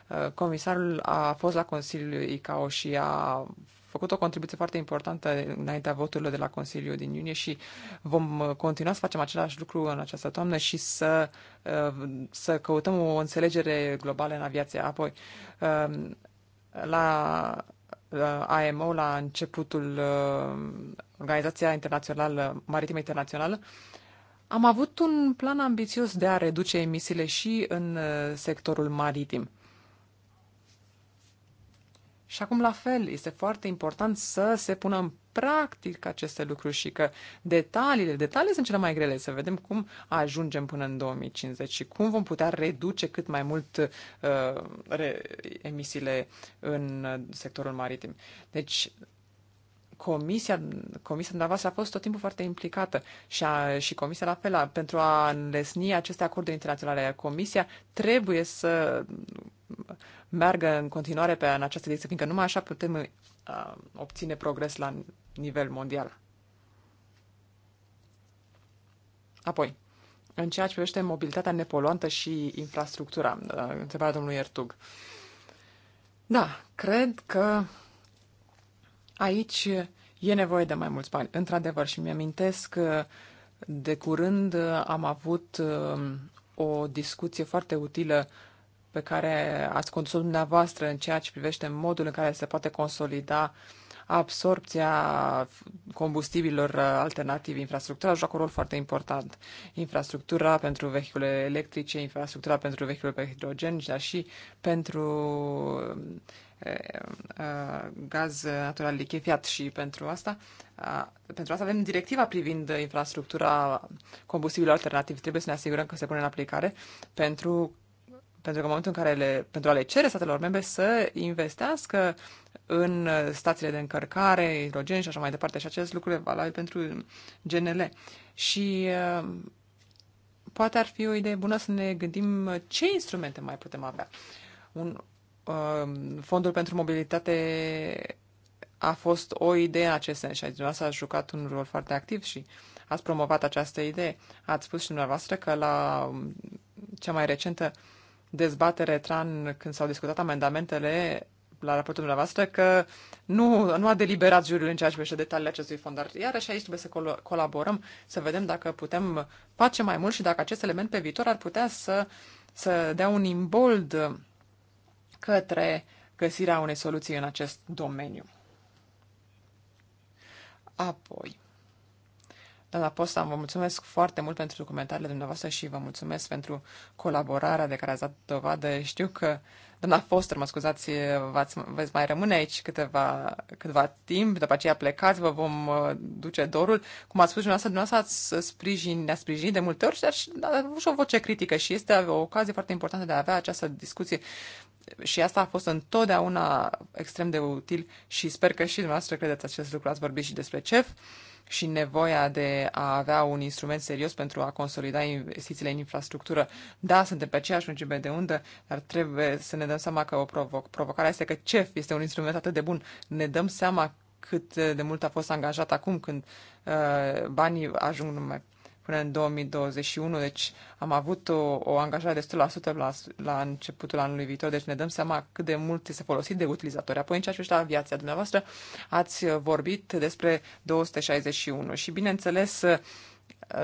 uh, comisarul a fost la Consiliul ICAO și a făcut o contribuție foarte importantă înaintea voturilor de la Consiliul din iunie și vom uh, continua să facem același lucru în această toamnă și să, uh, să căutăm o înțelegere globală în aviație. Apoi, um, la AMO, la începutul uh, Organizația Internațională, Maritimă Internațională, am avut un plan ambițios de a reduce emisiile și în sectorul maritim. Și acum la fel, este foarte important să se pună în practic aceste lucruri și că detaliile, detaliile sunt cele mai grele, să vedem cum ajungem până în 2050 și cum vom putea reduce cât mai mult uh, re, emisiile în sectorul maritim. Deci comisia, comisia dumneavoastră a fost tot timpul foarte implicată și, a, și comisia la fel, pentru a înlesni aceste acorduri internaționale. Comisia trebuie să meargă în continuare pe în această direcție, fiindcă numai așa putem a, uh, obține progres la nivel mondial. Apoi, în ceea ce privește mobilitatea nepoluantă și infrastructura, uh, întrebarea domnului Ertug. Da, cred că Aici e nevoie de mai mulți bani, într-adevăr, și mi-amintesc că uh, de curând uh, am avut uh, o discuție foarte utilă pe care ați condus-o dumneavoastră în ceea ce privește modul în care se poate consolida absorpția combustibilor alternativi. Infrastructura joacă un rol foarte important. Infrastructura pentru vehicule electrice, infrastructura pentru vehicule pe hidrogen, dar și pentru Uh, gaz natural lichefiat și pentru asta, uh, pentru asta avem directiva privind infrastructura combustibilor alternativ Trebuie să ne asigurăm că se pune în aplicare pentru pentru că în momentul în care le, pentru a le cere statelor membre să investească în stațiile de încărcare, hidrogen și așa mai departe. Și acest lucru e valabil pentru GNL. Și uh, poate ar fi o idee bună să ne gândim ce instrumente mai putem avea. Un, Um, fondul pentru mobilitate a fost o idee în acest sens și dumneavoastră ați jucat un rol foarte activ și ați promovat această idee. Ați spus și dumneavoastră că la um, cea mai recentă dezbatere TRAN, când s-au discutat amendamentele la raportul dumneavoastră, că nu, nu a deliberat juriul în ceea ce privește detaliile acestui fond, dar iarăși aici trebuie să col- colaborăm, să vedem dacă putem face mai mult și dacă acest element pe viitor ar putea să, să dea un imbold către găsirea unei soluții în acest domeniu. Apoi, Doamna Posta, vă mulțumesc foarte mult pentru documentarele dumneavoastră și vă mulțumesc pentru colaborarea de care ați dat dovadă. Știu că, doamna Foster, mă scuzați, veți mai rămâne aici câteva, câteva timp, după aceea plecați, vă vom uh, duce dorul. Cum ați spus dumneavoastră, dumneavoastră ați sprijin, ne-a sprijinit de multe ori, dar a avut și o voce critică și este o ocazie foarte importantă de a avea această discuție și asta a fost întotdeauna extrem de util și sper că și dumneavoastră credeți acest lucru. Ați vorbit și despre CEF și nevoia de a avea un instrument serios pentru a consolida investițiile în infrastructură. Da, suntem pe aceeași lungime de undă, dar trebuie să ne dăm seama că o provoc. provocare este că CEF este un instrument atât de bun. Ne dăm seama cât de mult a fost angajat acum când uh, banii ajung numai până în 2021, deci am avut o, o angajare de 100% la, la începutul anului viitor, deci ne dăm seama cât de mult este folosit de utilizatori. Apoi, în ceea ce privește aviația dumneavoastră, ați vorbit despre 261 și, bineînțeles,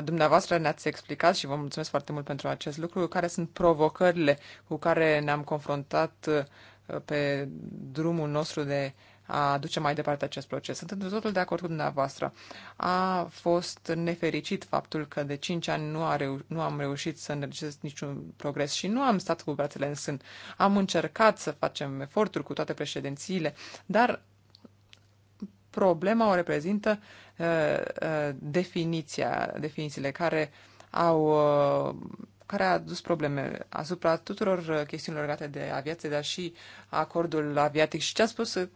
dumneavoastră ne-ați explicat și vă mulțumesc foarte mult pentru acest lucru, care sunt provocările cu care ne-am confruntat uh, pe drumul nostru de a duce mai departe acest proces. Sunt într totul de acord cu dumneavoastră. A fost nefericit faptul că de 5 ani nu, a reu- nu am reușit să înregistrez niciun progres și nu am stat cu brațele în sân. Am încercat să facem eforturi cu toate președințiile, dar problema o reprezintă uh, uh, definiția, definițiile care au uh, care a adus probleme asupra tuturor uh, chestiunilor legate de aviație, dar și acordul aviatic. Și ce a spus uh,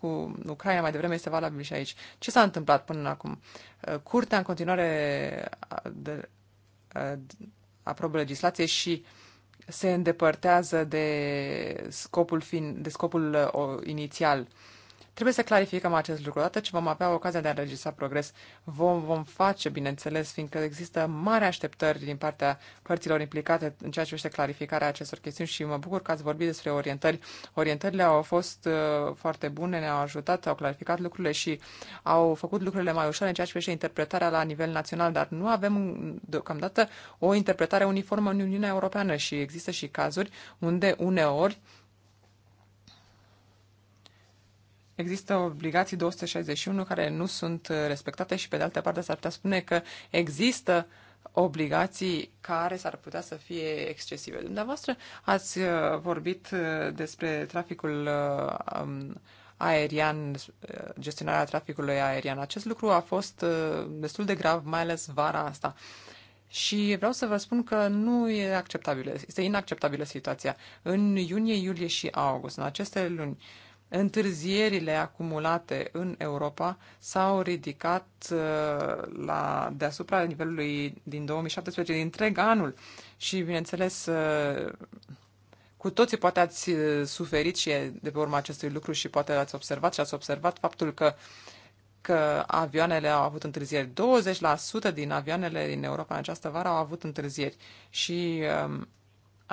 cu Ucraina mai devreme este valabil și aici. Ce s-a întâmplat până acum? Uh, curtea în continuare aprobă legislație și se îndepărtează de scopul, fin, de scopul inițial Trebuie să clarificăm acest lucru. Odată ce vom avea ocazia de a înregistra progres, vom, vom face, bineînțeles, fiindcă există mari așteptări din partea părților implicate în ceea ce privește clarificarea acestor chestiuni și mă bucur că ați vorbit despre orientări. Orientările au fost uh, foarte bune, ne-au ajutat, au clarificat lucrurile și au făcut lucrurile mai ușoare în ceea ce privește interpretarea la nivel național, dar nu avem deocamdată o interpretare uniformă în Uniunea Europeană și există și cazuri unde uneori există obligații 261 care nu sunt uh, respectate și pe de altă parte s-ar putea spune că există obligații care s-ar putea să fie excesive. Dumneavoastră ați uh, vorbit uh, despre traficul um, aerian, gestionarea traficului aerian. Acest lucru a fost destul de grav, mai ales vara asta. Și vreau să vă spun că nu e acceptabilă, este inacceptabilă situația. În iunie, iulie și august, în aceste luni, întârzierile acumulate în Europa s-au ridicat uh, la, deasupra nivelului din 2017, din întreg anul. Și, bineînțeles, uh, cu toții poate ați uh, suferit și de pe urma acestui lucru și poate ați observat și ați observat faptul că că avioanele au avut întârzieri. 20% din avioanele din Europa în această vară au avut întârzieri și um,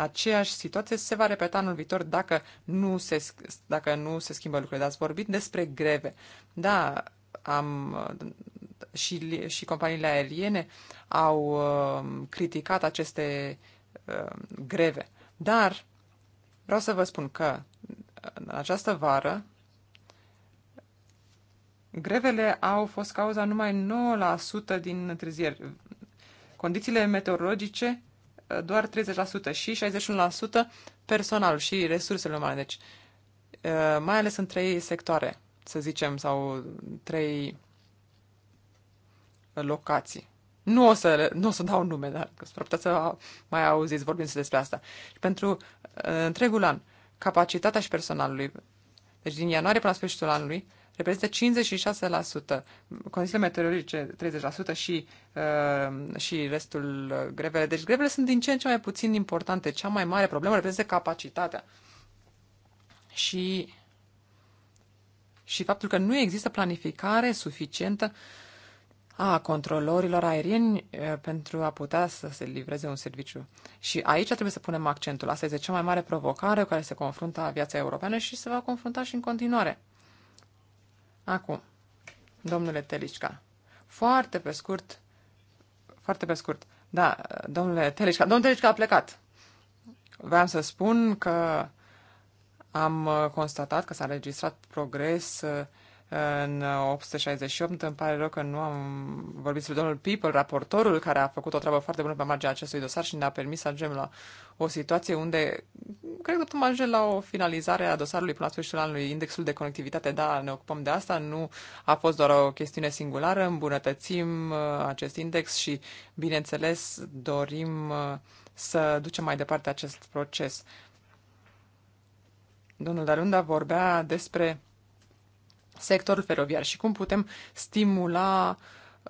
aceeași situație se va repeta anul viitor dacă nu se, dacă nu se schimbă lucrurile. Ați vorbit despre greve. Da, am, și, și companiile aeriene au uh, criticat aceste uh, greve. Dar vreau să vă spun că în această vară grevele au fost cauza numai 9% din întârzieri. Condițiile meteorologice doar 30% și 61% personal și resursele umane. Deci, uh, mai ales în trei sectoare, să zicem, sau trei locații. Nu o să, nu o să dau nume, dar s-ar putea să mai auziți vorbind despre asta. Și pentru uh, întregul an, capacitatea și personalului, deci din ianuarie până la sfârșitul anului, reprezintă 56%, condițiile meteorologice 30% și, uh, și restul uh, grevele. Deci grevele sunt din ce în ce mai puțin importante. Cea mai mare problemă reprezintă capacitatea. Și, și faptul că nu există planificare suficientă a controlorilor aerieni uh, pentru a putea să se livreze un serviciu. Și aici trebuie să punem accentul. Asta este cea mai mare provocare cu care se confruntă aviația europeană și se va confrunta și în continuare. Acum, domnule Telișca, foarte pe scurt, foarte pe scurt, da, domnule Telișca, domnul Telișca a plecat. Vreau să spun că am uh, constatat că s-a registrat progres uh, în 868. Îmi pare rău că nu am vorbit despre domnul People, raportorul care a făcut o treabă foarte bună pe marginea acestui dosar și ne-a permis să ajungem la o situație unde cred că putem ajunge la o finalizare a dosarului până la sfârșitul anului. Indexul de conectivitate, da, ne ocupăm de asta, nu a fost doar o chestiune singulară, îmbunătățim uh, acest index și, bineînțeles, dorim uh, să ducem mai departe acest proces. Domnul Darunda vorbea despre sectorul feroviar și cum putem stimula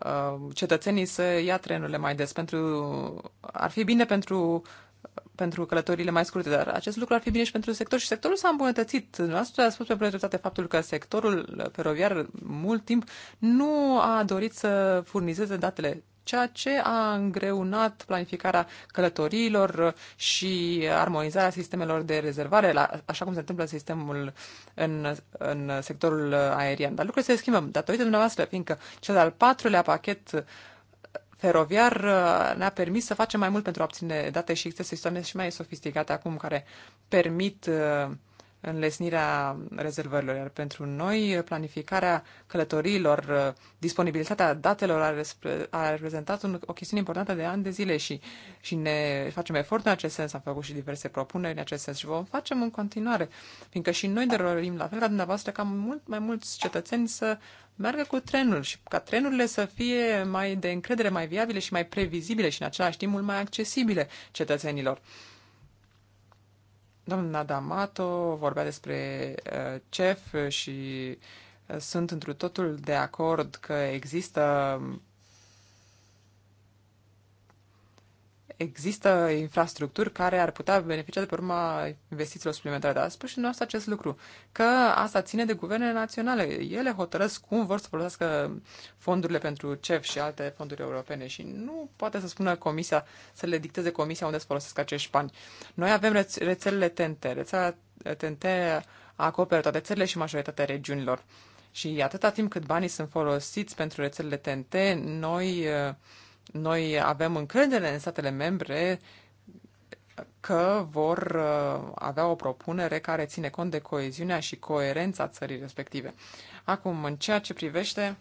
uh, cetățenii să ia trenurile mai des. Pentru, ar fi bine pentru pentru călătorile mai scurte, dar acest lucru ar fi bine și pentru sector și sectorul s-a îmbunătățit. Noastră a spus pe prioritate faptul că sectorul feroviar mult timp nu a dorit să furnizeze datele ceea ce a îngreunat planificarea călătoriilor și armonizarea sistemelor de rezervare, la, așa cum se întâmplă sistemul în, în sectorul aerian. Dar lucrurile se schimbă datorită dumneavoastră, fiindcă cel al patrulea pachet feroviar ne-a permis să facem mai mult pentru a obține date și există sisteme și mai sofisticate acum care permit uh, înlesnirea rezervărilor, iar pentru noi planificarea călătoriilor, disponibilitatea datelor a, reprezentat o chestiune importantă de ani de zile și, și ne facem efort în acest sens, am făcut și diverse propuneri în acest sens și vom facem în continuare, fiindcă și noi dorim la fel ca dumneavoastră ca mult mai mulți cetățeni să meargă cu trenul și ca trenurile să fie mai de încredere, mai viabile și mai previzibile și în același timp mult mai accesibile cetățenilor. Doamna D'Amato vorbea despre uh, CEF și uh, sunt întru totul de acord că există există infrastructuri care ar putea beneficia de pe urma investițiilor suplimentare. Dar a spus și noastră acest lucru, că asta ține de guvernele naționale. Ele hotărăsc cum vor să folosească fondurile pentru CEF și alte fonduri europene și nu poate să spună comisia, să le dicteze comisia unde să folosesc acești bani. Noi avem rețelele TNT. Rețelele TNT acoperă toate țările și majoritatea regiunilor. Și atâta timp cât banii sunt folosiți pentru rețelele TNT, noi uh, noi avem încredere în statele membre că vor uh, avea o propunere care ține cont de coeziunea și coerența țării respective. Acum, în ceea ce privește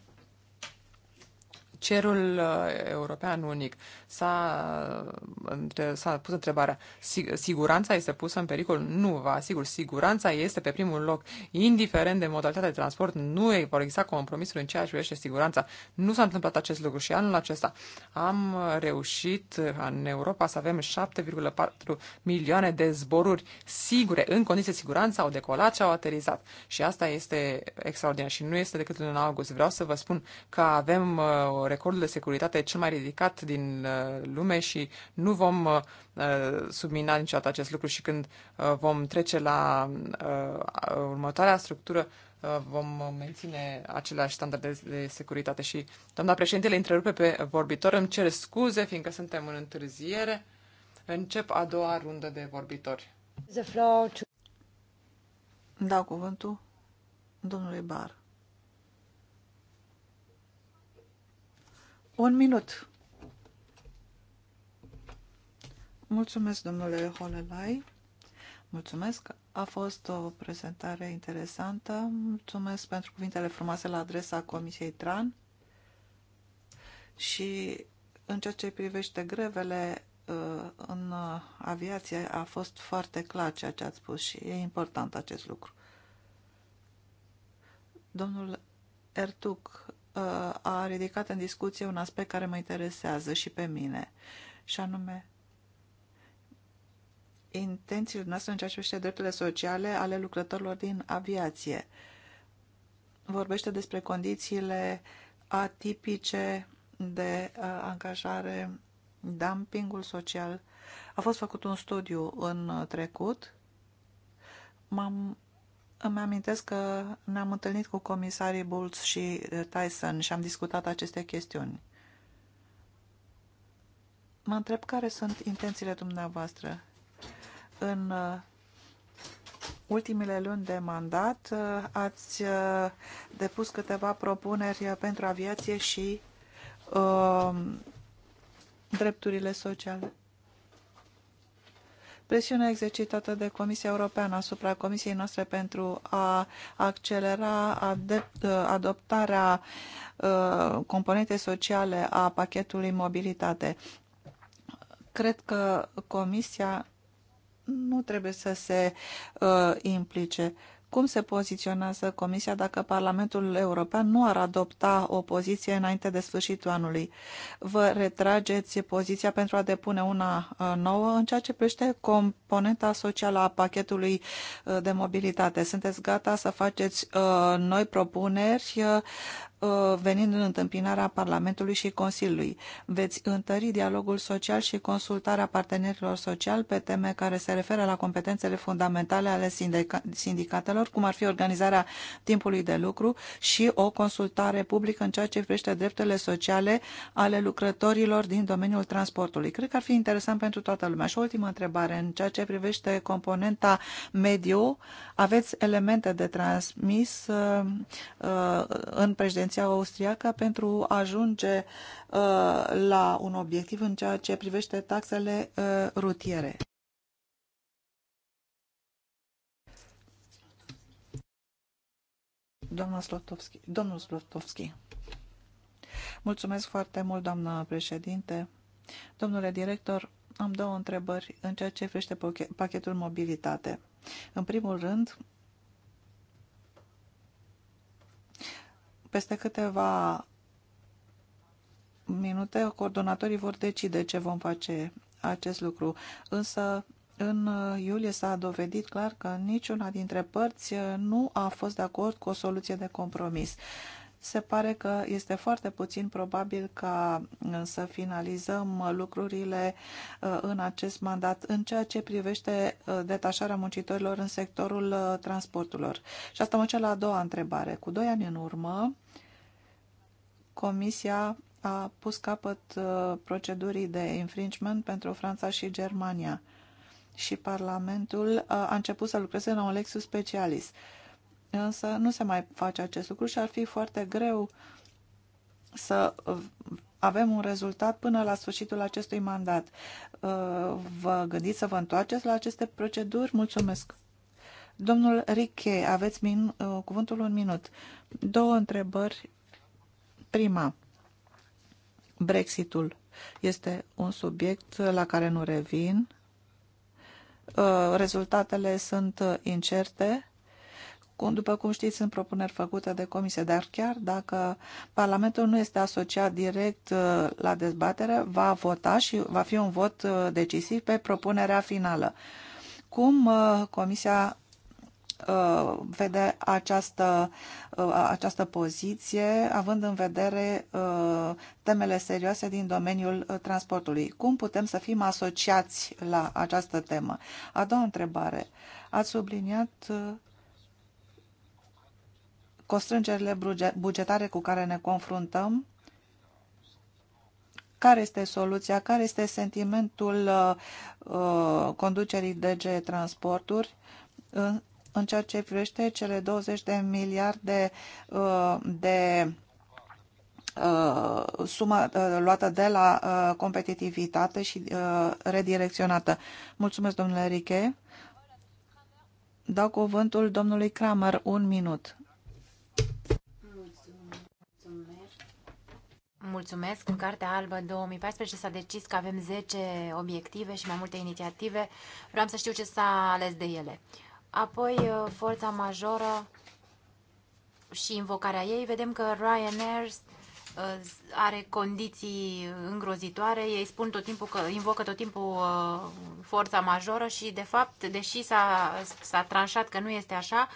cerul uh, european unic. S-a, uh, s-a pus întrebarea, siguranța este pusă în pericol? Nu, vă asigur, siguranța este pe primul loc. Indiferent de modalitatea de transport, nu e vor exista compromisuri în ceea ce privește siguranța. Nu s-a întâmplat acest lucru și anul acesta am uh, reușit în Europa să avem 7,4 milioane de zboruri sigure, în condiții de siguranță, au decolat și au aterizat. Și asta este extraordinar și nu este decât în august. Vreau să vă spun că avem o recordul de securitate cel mai ridicat din uh, lume și nu vom uh, submina niciodată acest lucru și când uh, vom trece la următoarea structură vom menține aceleași standarde de securitate și doamna președintele întrerupe pe vorbitor, îmi cer scuze fiindcă suntem în întârziere. Încep a doua rundă de vorbitori. Dau cuvântul domnului Bar. Un minut. Mulțumesc, domnule Holelai. Mulțumesc. A fost o prezentare interesantă. Mulțumesc pentru cuvintele frumoase la adresa Comisiei TRAN. Și în ceea ce privește grevele uh, în aviație a fost foarte clar ceea ce ați spus și e important acest lucru. Domnul Ertuc a ridicat în discuție un aspect care mă interesează și pe mine, și anume intențiile noastre în ceea ce privește drepturile sociale ale lucrătorilor din aviație. Vorbește despre condițiile atipice de uh, angajare, dumpingul social. A fost făcut un studiu în trecut. M-am îmi amintesc că ne-am întâlnit cu comisarii Bulls și eh, Tyson și am discutat aceste chestiuni. Mă întreb care sunt intențiile dumneavoastră. În eh, ultimile luni de mandat eh, ați depus câteva propuneri pentru aviație și uh, drepturile sociale. Presiunea exercitată de Comisia Europeană asupra Comisiei noastre pentru a accelera adept, uh, adoptarea uh, componentei sociale a pachetului mobilitate. Cred că Comisia nu trebuie să se uh, implice. Uh, cum se poziționează Comisia dacă Parlamentul European nu ar adopta o poziție înainte de sfârșitul anului? Vă retrageți poziția pentru a depune una uh, nouă în ceea ce privește componenta socială a pachetului uh, de mobilitate? Sunteți gata să faceți uh, noi propuneri Uh, venind în întâmpinarea Parlamentului și Consiliului. Veți întări dialogul social și consultarea partenerilor sociali pe teme care se referă la competențele fundamentale ale sindica sindicatelor, cum ar fi organizarea timpului de lucru și o consultare publică în ceea ce privește drepturile sociale ale lucrătorilor din domeniul transportului. Cred că ar fi interesant pentru toată lumea. Și o ultimă întrebare, în ceea ce privește componenta mediu, aveți elemente de transmis uh, uh, în președinție președinția austriacă pentru a ajunge uh, la un obiectiv în ceea ce privește taxele uh, rutiere. Doamna Slotovski, domnul Slotovski. Mulțumesc foarte mult, doamna președinte. Domnule director, am două întrebări în ceea ce privește pachetul mobilitate. În primul rând, Peste câteva minute, coordonatorii vor decide ce vom face acest lucru. Însă, în iulie s-a dovedit clar că niciuna dintre părți nu a fost de acord cu o soluție de compromis se pare că este foarte puțin probabil ca uh, să finalizăm uh, lucrurile uh, în acest mandat în ceea ce privește detașarea muncitorilor în sectorul transporturilor. Și asta mă duce la a doua întrebare. Cu doi ani în urmă, Comisia a pus capăt procedurii de infringement pentru Franța și Germania și Parlamentul a început să lucreze la un Lexus Specialis. Însă nu se mai face acest lucru și ar fi foarte greu să avem un rezultat până la sfârșitul acestui mandat. Uh, vă gândiți să vă întoarceți la aceste proceduri? Mulțumesc! Domnul Riche, aveți min, uh, cuvântul un minut. Două întrebări. Prima, Brexitul este un subiect la care nu revin. Uh, rezultatele sunt incerte după cum știți, sunt propuneri făcute de comisie, dar chiar dacă Parlamentul nu este asociat direct uh, la dezbatere, va vota și va fi un vot uh, decisiv pe propunerea finală. Cum uh, Comisia vede această, această poziție, având în vedere temele serioase din domeniul transportului. Cum putem să fim asociați la această temă? A doua întrebare. Ați subliniat constrângerile bugetare cu care ne confruntăm, care este soluția, care este sentimentul uh, conducerii DG Transporturi în, în ceea ce privește cele 20 de miliarde uh, de uh, sumă uh, luată de la uh, competitivitate și uh, redirecționată. Mulțumesc, domnule Riche. Dau cuvântul domnului Kramer, un minut. Mulțumesc. În Cartea Albă 2014 s-a decis că avem 10 obiective și mai multe inițiative. Vreau să știu ce s-a ales de ele. Apoi, uh, forța majoră și invocarea ei, vedem că Ryanair uh, are condiții îngrozitoare, ei spun tot timpul că invocă tot timpul uh, forța majoră și de fapt, deși s-a, tranșat că nu este așa,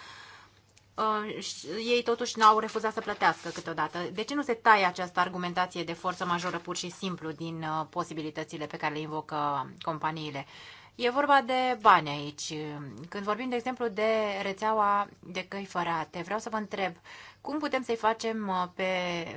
Uh, ei totuși n-au refuzat să plătească câteodată. De ce nu se taie această argumentație de forță majoră pur și simplu din uh, posibilitățile pe care le invocă companiile? E vorba de bani aici. Când vorbim, de exemplu, de rețeaua de căi fărate, vreau să vă întreb cum putem să-i facem uh, pe,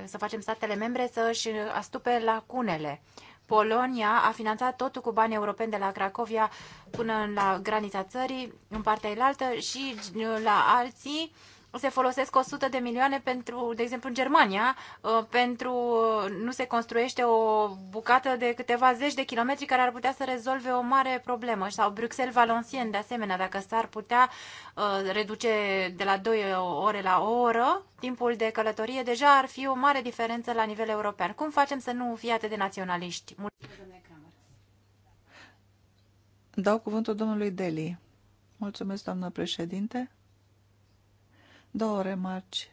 să facem statele membre să-și astupe lacunele Polonia a finanțat totul cu bani europeni de la Cracovia până la granița țării, în partea elaltă, și uh, la alții se folosesc 100 de milioane pentru, de exemplu, în Germania, uh, pentru uh, nu se construiește o bucată de câteva zeci de kilometri care ar putea să rezolve o mare problemă. Sau Bruxelles-Valenciennes, de asemenea, dacă s-ar putea uh, reduce de la 2 ore la o oră timpul de călătorie, deja ar fi o mare diferență la nivel european. Cum facem să nu fie atât de naționaliști? Mulțumesc, Dau cuvântul domnului Deli. Mulțumesc, doamnă președinte. Două remarci.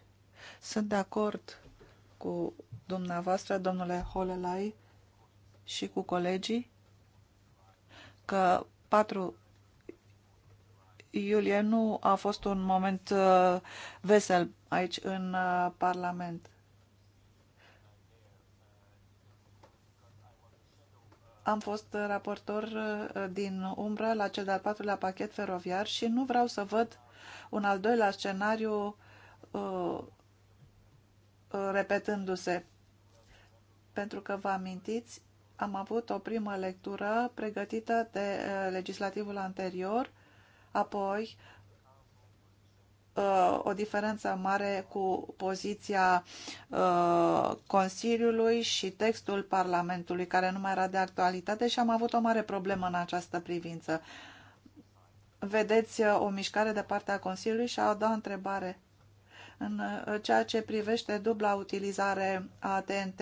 Sunt de acord cu dumneavoastră, domnule Holelai, și cu colegii că 4 iulie nu a fost un moment uh, vesel aici în uh, Parlament. Am fost raportor uh, din umbră la cel de-al patrulea pachet feroviar și nu vreau să văd un al doilea scenariu uh, uh, repetându-se. Pentru că vă amintiți, am avut o primă lectură pregătită de uh, legislativul anterior, apoi o diferență mare cu poziția Consiliului și textul Parlamentului, care nu mai era de actualitate și am avut o mare problemă în această privință vedeți uh, o mișcare de partea Consiliului și a doua întrebare în uh, ceea ce privește dubla utilizare a TNT.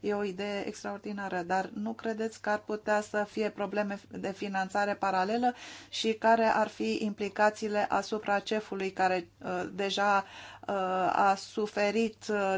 E o idee extraordinară, dar nu credeți că ar putea să fie probleme de finanțare paralelă și care ar fi implicațiile asupra cefului care uh, deja uh, a suferit uh,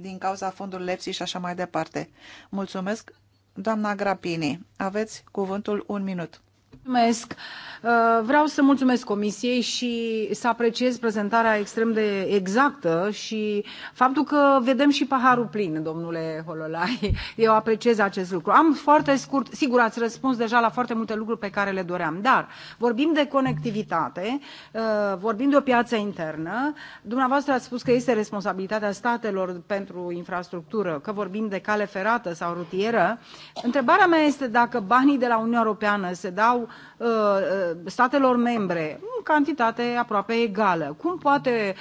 din cauza fondului lepsii și așa mai departe? Mulțumesc. Doamna Grapini, aveți cuvântul un minut. Mulțumesc. Uh, vreau să mulțumesc Comisiei și să apreciez prezentarea extrem de exactă și faptul că vedem și paharul plin, domnule Hololai. Eu apreciez acest lucru. Am foarte scurt, sigur ați răspuns deja la foarte multe lucruri pe care le doream, dar vorbim de conectivitate, uh, vorbim de o piață internă. Dumneavoastră ați spus că este responsabilitatea statelor pentru infrastructură, că vorbim de cale ferată sau rutieră. Întrebarea mea este dacă banii de la Uniunea Europeană se dau Uh, uh, statelor membre în cantitate aproape egală. Cum poate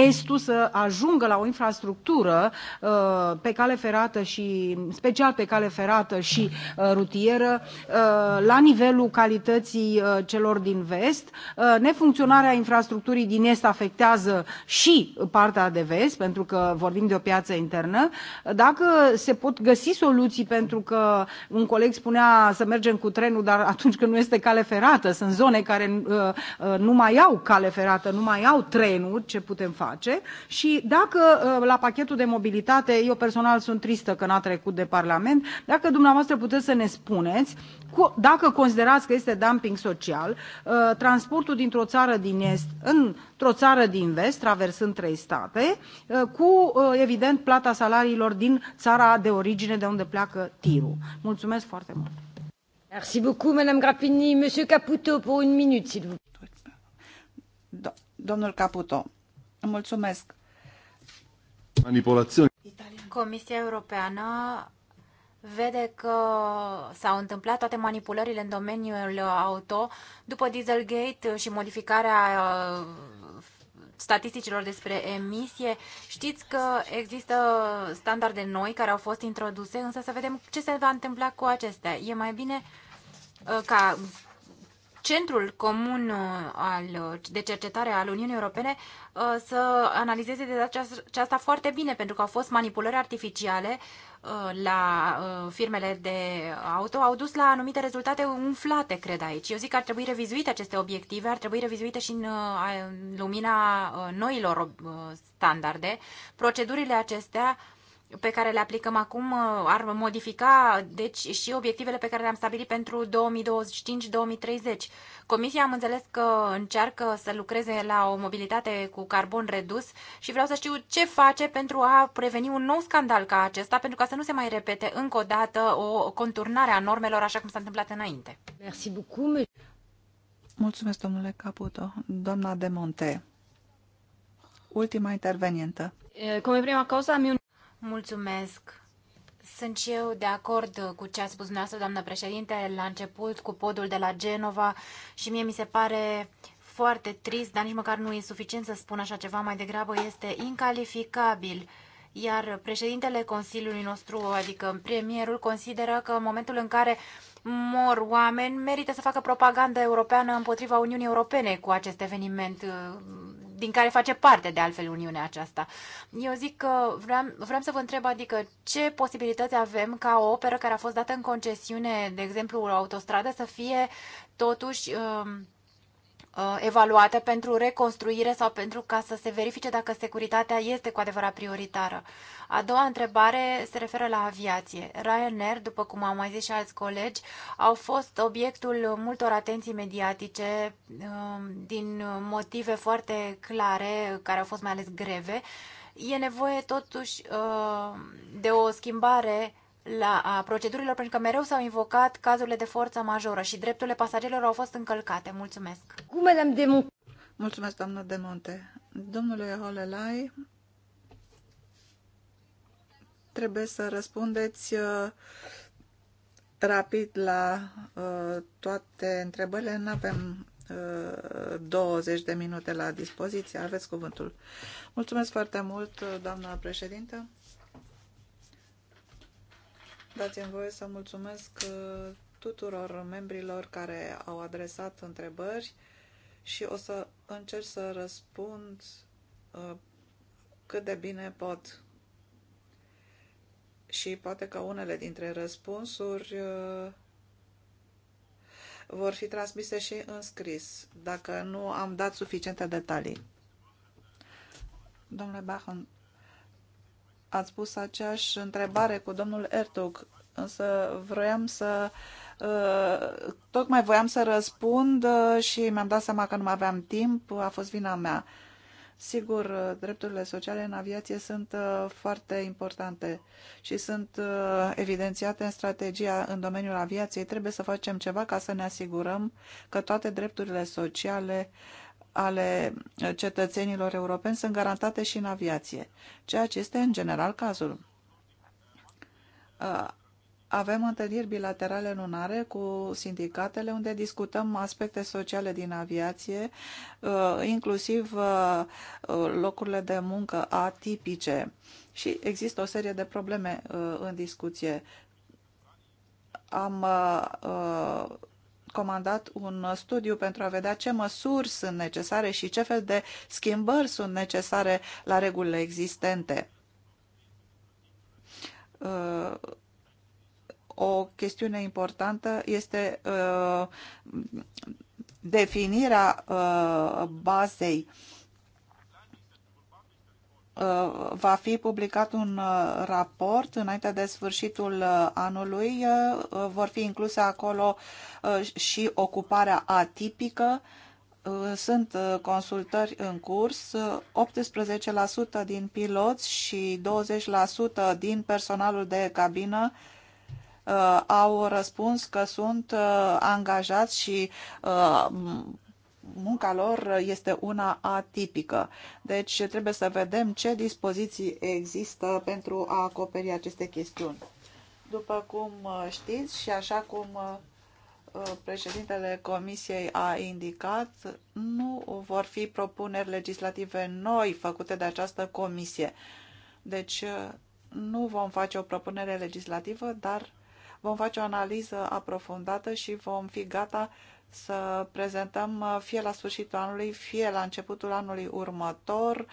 estul să ajungă la o infrastructură uh, pe cale ferată și special pe cale ferată și uh, rutieră uh, la nivelul calității celor din vest. Nefuncționarea infrastructurii din est afectează și partea de vest, pentru că vorbim de o piață internă. Dacă se pot găsi soluții, pentru că un coleg spunea să mergem cu trenul, dar atunci când nu este cale ferată, sunt zone care nu mai au cale ferată, nu mai au trenuri, ce putem face? face și dacă uh, la pachetul de mobilitate, eu personal sunt tristă că n-a trecut de Parlament, dacă dumneavoastră puteți să ne spuneți cu, dacă considerați că este dumping social, uh, transportul dintr-o țară din est într-o țară din vest, traversând trei state, uh, cu, evident, plata salariilor din țara de origine de unde pleacă tirul. Mulțumesc foarte mult! Merci beaucoup, Madame Grappini. Monsieur Caputo, pour une minute, s'il vous plaît. Do Domnul Caputo, Mulțumesc. Manipulațiuni. Comisia Europeană vede că s-au întâmplat toate manipulările în domeniul auto după Dieselgate și modificarea uh, statisticilor despre emisie. Știți că există standarde noi care au fost introduse, însă să vedem ce se va întâmpla cu acestea. E mai bine uh, ca Centrul Comun uh, al, de Cercetare al Uniunii Europene uh, să analizeze de aceasta foarte bine, pentru că au fost manipulări artificiale uh, la firmele de auto, au dus la anumite rezultate umflate, cred aici. Eu zic că ar trebui revizuite aceste obiective, ar trebui revizuite și în lumina noilor standarde. Procedurile acestea pe care le aplicăm acum uh, ar modifica deci, și obiectivele pe care le-am stabilit pentru 2025-2030. Comisia am înțeles că încearcă să lucreze la o mobilitate cu carbon redus și vreau să știu ce face pentru a preveni un nou scandal ca acesta, pentru ca să nu se mai repete încă o dată o conturnare a normelor așa cum s-a întâmplat înainte. Merci beaucoup. Mulțumesc, domnule Caputo. Doamna de Monte, ultima intervenientă. Eh, come prima cosa, mi Mulțumesc. Sunt și eu de acord cu ce a spus dumneavoastră, doamnă președinte, la început cu podul de la Genova și mie mi se pare foarte trist, dar nici măcar nu e suficient să spun așa ceva, mai degrabă este incalificabil. Iar președintele Consiliului nostru, adică premierul, consideră că în momentul în care mor oameni, merită să facă propagandă europeană împotriva Uniunii Europene cu acest eveniment din care face parte de altfel Uniunea aceasta. Eu zic că vreau, vreau să vă întreb, adică ce posibilități avem ca o operă care a fost dată în concesiune, de exemplu o autostradă, să fie totuși Uh, Uh, evaluate pentru reconstruire sau pentru ca să se verifice dacă securitatea este cu adevărat prioritară. A doua întrebare se referă la aviație. Ryanair, după cum au mai zis și alți colegi, au fost obiectul multor atenții mediatice uh, din motive foarte clare, care au fost mai ales greve. E nevoie totuși uh, de o schimbare la a procedurilor, pentru că mereu s-au invocat cazurile de forță majoră și drepturile pasagerilor au fost încălcate. Mulțumesc! Mulțumesc, doamnă Demonte. Domnule Holelai, trebuie să răspundeți uh, rapid la uh, toate întrebările. Nu avem 20 uh, de minute la dispoziție. Aveți cuvântul. Mulțumesc foarte mult, doamna președintă. Dați-mi voie să mulțumesc uh, tuturor membrilor care au adresat întrebări și o să încerc să răspund uh, cât de bine pot. Și poate că unele dintre răspunsuri uh, vor fi transmise și în scris, dacă nu am dat suficiente detalii. Domnule Bachon, ați pus aceeași întrebare cu domnul Ertug, însă vroiam să uh, tocmai voiam să răspund uh, și mi-am dat seama că nu mai aveam timp, a fost vina mea. Sigur, uh, drepturile sociale în aviație sunt foarte importante și sunt evidențiate în strategia în domeniul aviației. Trebuie să facem ceva ca să ne asigurăm că toate drepturile sociale uh, ale cetățenilor europeni sunt garantate și în aviație, ceea ce este în general cazul. Uh, avem întâlniri bilaterale lunare cu sindicatele unde discutăm aspecte sociale din aviație, uh, inclusiv uh, locurile de muncă atipice. Și există o serie de probleme în discuție. Am comandat un studiu pentru a vedea ce măsuri sunt necesare și ce fel de schimbări sunt necesare la regulile existente. Uh, o chestiune importantă este uh, definirea uh, bazei Uh, va fi publicat un uh, raport înainte de sfârșitul uh, anului. Vor fi incluse acolo și ocuparea atipică. Sunt consultări în curs. 18% din piloți și 20% din personalul de cabină au răspuns că sunt angajați și munca lor este una atipică. Deci trebuie să vedem ce dispoziții există pentru a acoperi aceste chestiuni. După cum uh, știți și așa cum uh, uh, președintele Comisiei a indicat, nu vor fi propuneri legislative noi făcute de această comisie. Deci nu vom face o propunere legislativă, dar vom face o analiză aprofundată și vom fi gata să prezentăm uh, fie la sfârșitul anului, fie la începutul anului următor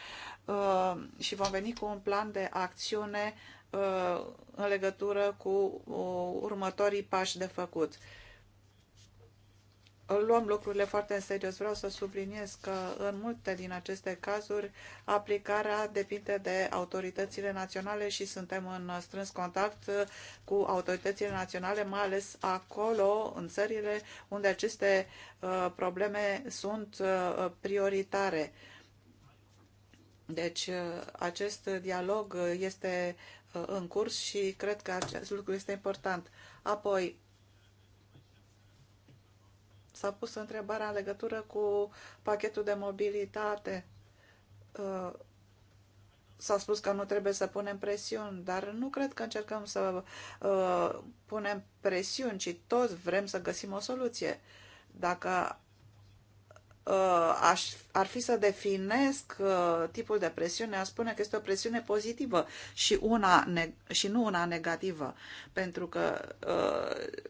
uh, și vom veni cu un plan de acțiune uh, în legătură cu următorii pași de făcut luăm lucrurile foarte în serios. Vreau să subliniez că în multe din aceste cazuri aplicarea depinde de autoritățile naționale și suntem în strâns contact cu autoritățile naționale, mai ales acolo, în țările unde aceste uh, probleme sunt uh, prioritare. Deci uh, acest dialog este în curs și cred că acest lucru este important. Apoi, S-a pus întrebarea în legătură cu pachetul de mobilitate. Uh, s-a spus că nu trebuie să punem presiuni, dar nu cred că încercăm să uh, punem presiuni, ci toți vrem să găsim o soluție. Dacă uh, aș, ar fi să definesc uh, tipul de presiune, a spune că este o presiune pozitivă și, una și nu una negativă, pentru că uh,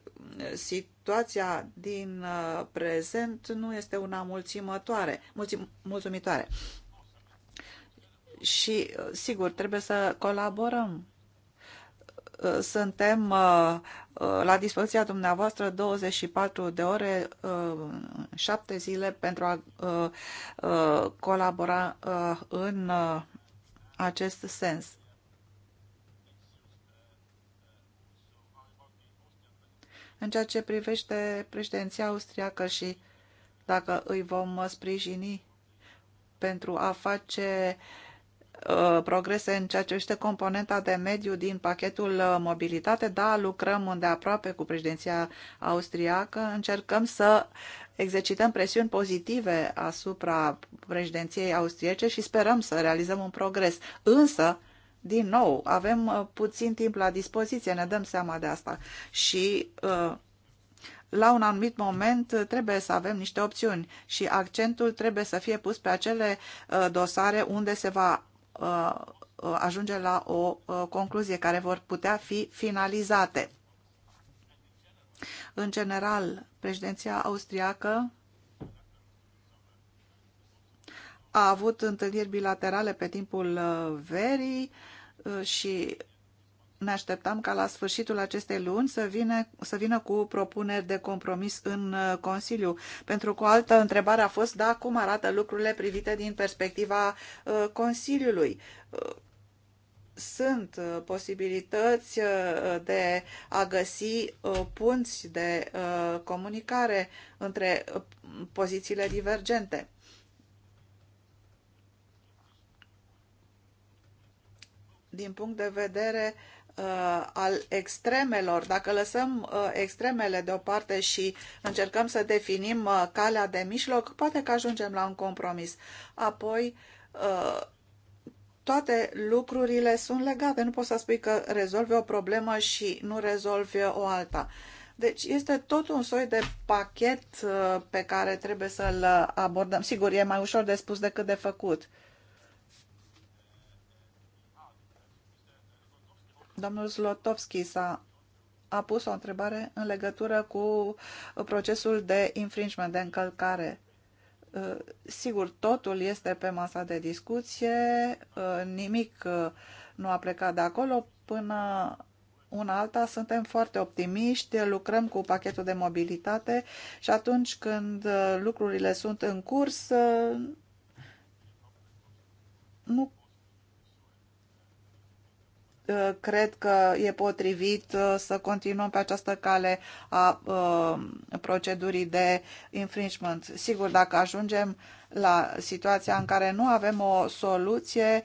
situația din uh, prezent nu este una mulțumitoare. Mulțum, mulțumitoare. Și, uh, sigur, trebuie să colaborăm. Uh, suntem la dispoziția dumneavoastră 24 de ore, 7 zile pentru a colabora în acest sens. În ceea ce privește președinția austriacă și dacă îi vom uh, sprijini pentru a face uh, progrese în ceea ce este componenta de mediu din pachetul uh, mobilitate. Da, lucrăm îndeaproape cu președinția austriacă, încercăm să exercităm presiuni pozitive asupra președinției austriece și sperăm să realizăm un progres. Însă, din nou, avem uh, puțin timp la dispoziție, ne dăm seama de asta. Și uh, la un anumit moment uh, trebuie să avem niște opțiuni și accentul trebuie să fie pus pe acele dosare unde se va ajunge la o concluzie care vor putea fi finalizate. În general, președinția austriacă a avut întâlniri bilaterale pe timpul verii, Uh, și ne așteptăm ca la sfârșitul acestei luni să, vine, să vină cu propuneri de compromis în uh, Consiliu. Pentru că o altă întrebare a fost, da, cum arată lucrurile privite din perspectiva uh, Consiliului sunt posibilități de a găsi punți de comunicare între pozițiile divergente. din punct de vedere uh, al extremelor, dacă lăsăm uh, extremele deoparte și încercăm să definim uh, calea de mijloc, poate că ajungem la un compromis. Apoi, uh, toate lucrurile sunt legate. Nu poți să spui că rezolvi o problemă și nu rezolvi o alta. Deci este tot un soi de pachet uh, pe care trebuie să-l abordăm. Sigur, e mai ușor de spus decât de făcut. Domnul Zlotovski s-a a pus o întrebare în legătură cu procesul de infringement, de încălcare. Uh, sigur, totul este pe masa de discuție, uh, nimic uh, nu a plecat de acolo până una alta, suntem foarte optimiști, lucrăm cu pachetul de mobilitate și atunci când lucrurile sunt în curs, nu Uh, cred că e potrivit uh, să continuăm pe această cale a uh, procedurii de infringement. Sigur, dacă ajungem la situația în care nu avem o soluție,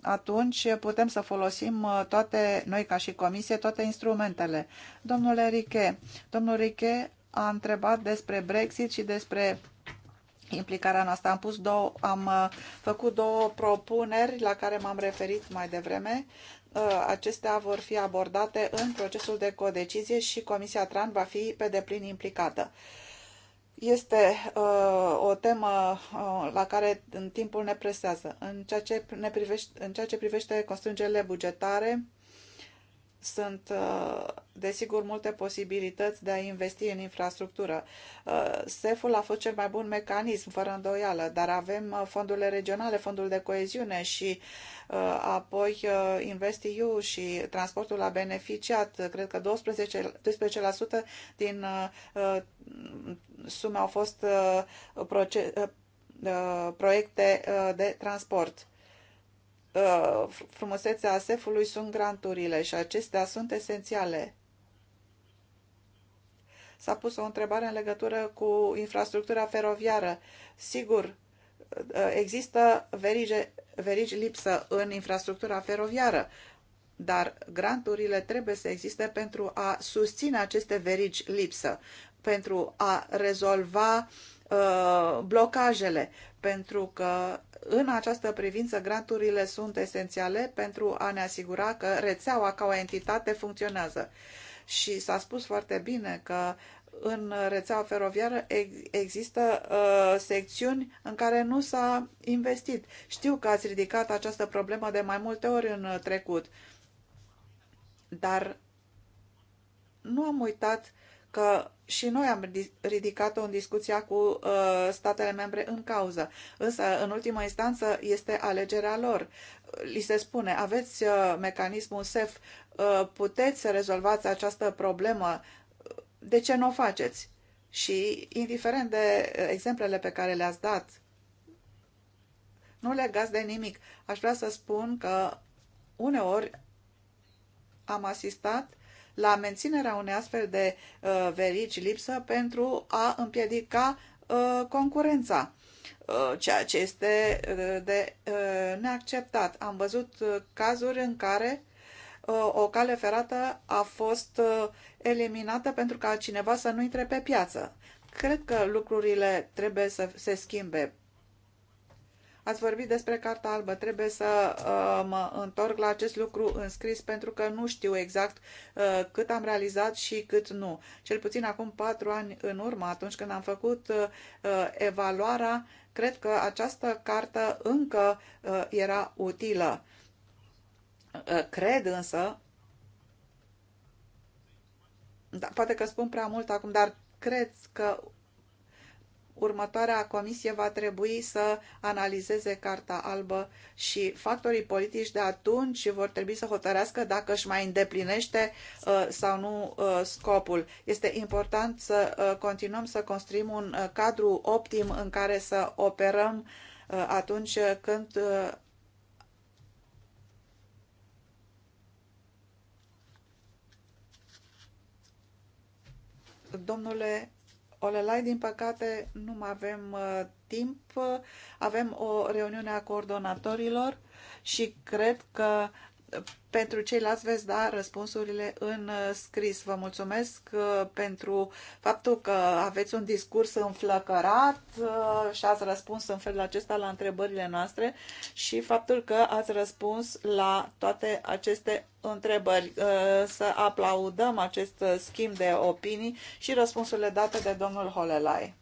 atunci putem să folosim toate, noi ca și comisie, toate instrumentele. Domnule Riche, domnul Riche a întrebat despre Brexit și despre implicarea noastră. Am, pus două, am uh, făcut două propuneri la care m-am referit mai devreme. Uh, acestea vor fi abordate în procesul de codecizie și Comisia Tran va fi pe deplin implicată. Este uh, o temă uh, la care în timpul ne presează. În ceea ce, ne privește, în ceea ce privește constrângerile bugetare, uh, sunt, uh, desigur, multe posibilități de a investi în infrastructură. Uh, SEF-ul a fost cel mai bun mecanism, fără îndoială, dar avem uh, fondurile regionale, fondul de coeziune și apoi InvestEU și transportul a beneficiat, cred că 12, 12% din sume au fost proiecte de transport Uh, frumusețea asefului sunt granturile și acestea sunt esențiale. S-a pus o întrebare în legătură cu infrastructura feroviară. Sigur, uh, există verige, verigi lipsă în infrastructura feroviară, dar granturile trebuie să existe pentru a susține aceste verigi lipsă, pentru a rezolva uh, Uh, blocajele, pentru că în această privință granturile sunt esențiale pentru a ne asigura că rețeaua ca o entitate funcționează. Și s-a spus foarte bine că în rețeaua feroviară există uh, secțiuni în care nu s-a investit. Știu că ați ridicat această problemă de mai multe ori în trecut, dar nu am uitat că și noi am ridicat-o în discuția cu uh, statele membre în cauză. Însă, în ultima instanță, este alegerea lor. Li se spune, aveți uh, mecanismul SEF, uh, puteți să rezolvați această problemă, de ce nu o faceți? Și, indiferent de uh, exemplele pe care le-ați dat, nu legați de nimic. Aș vrea să spun că uneori am asistat la menținerea unei astfel de uh, verici lipsă pentru a împiedica uh, concurența, uh, ceea ce este de neacceptat. Am văzut cazuri în care o cale ferată a fost eliminată pentru ca cineva să nu intre pe piață. Cred că lucrurile trebuie să se schimbe Ați vorbit despre Carta Albă. Trebuie să uh, mă întorc la acest lucru înscris pentru că nu știu exact uh, cât am realizat și cât nu. Cel puțin acum patru ani în urmă, atunci când am făcut uh, evaluarea, cred că această cartă încă uh, era utilă. Uh, cred însă, da, poate că spun prea mult acum, dar cred că următoarea comisie va trebui să analizeze Carta Albă și factorii politici de atunci vor trebui să hotărească dacă își mai îndeplinește uh, sau nu uh, scopul. Este important să uh, continuăm să construim un cadru optim în care să operăm atunci când Domnule Olelai, din păcate nu mai avem uh, timp. Avem o reuniune a coordonatorilor și cred că pentru ceilalți veți da răspunsurile în uh, scris. Vă mulțumesc uh, pentru faptul că aveți un discurs înflăcărat uh, și ați răspuns în felul acesta la întrebările noastre și faptul că ați răspuns la toate aceste întrebări. Să aplaudăm acest schimb de opinii și răspunsurile date de domnul Holelai.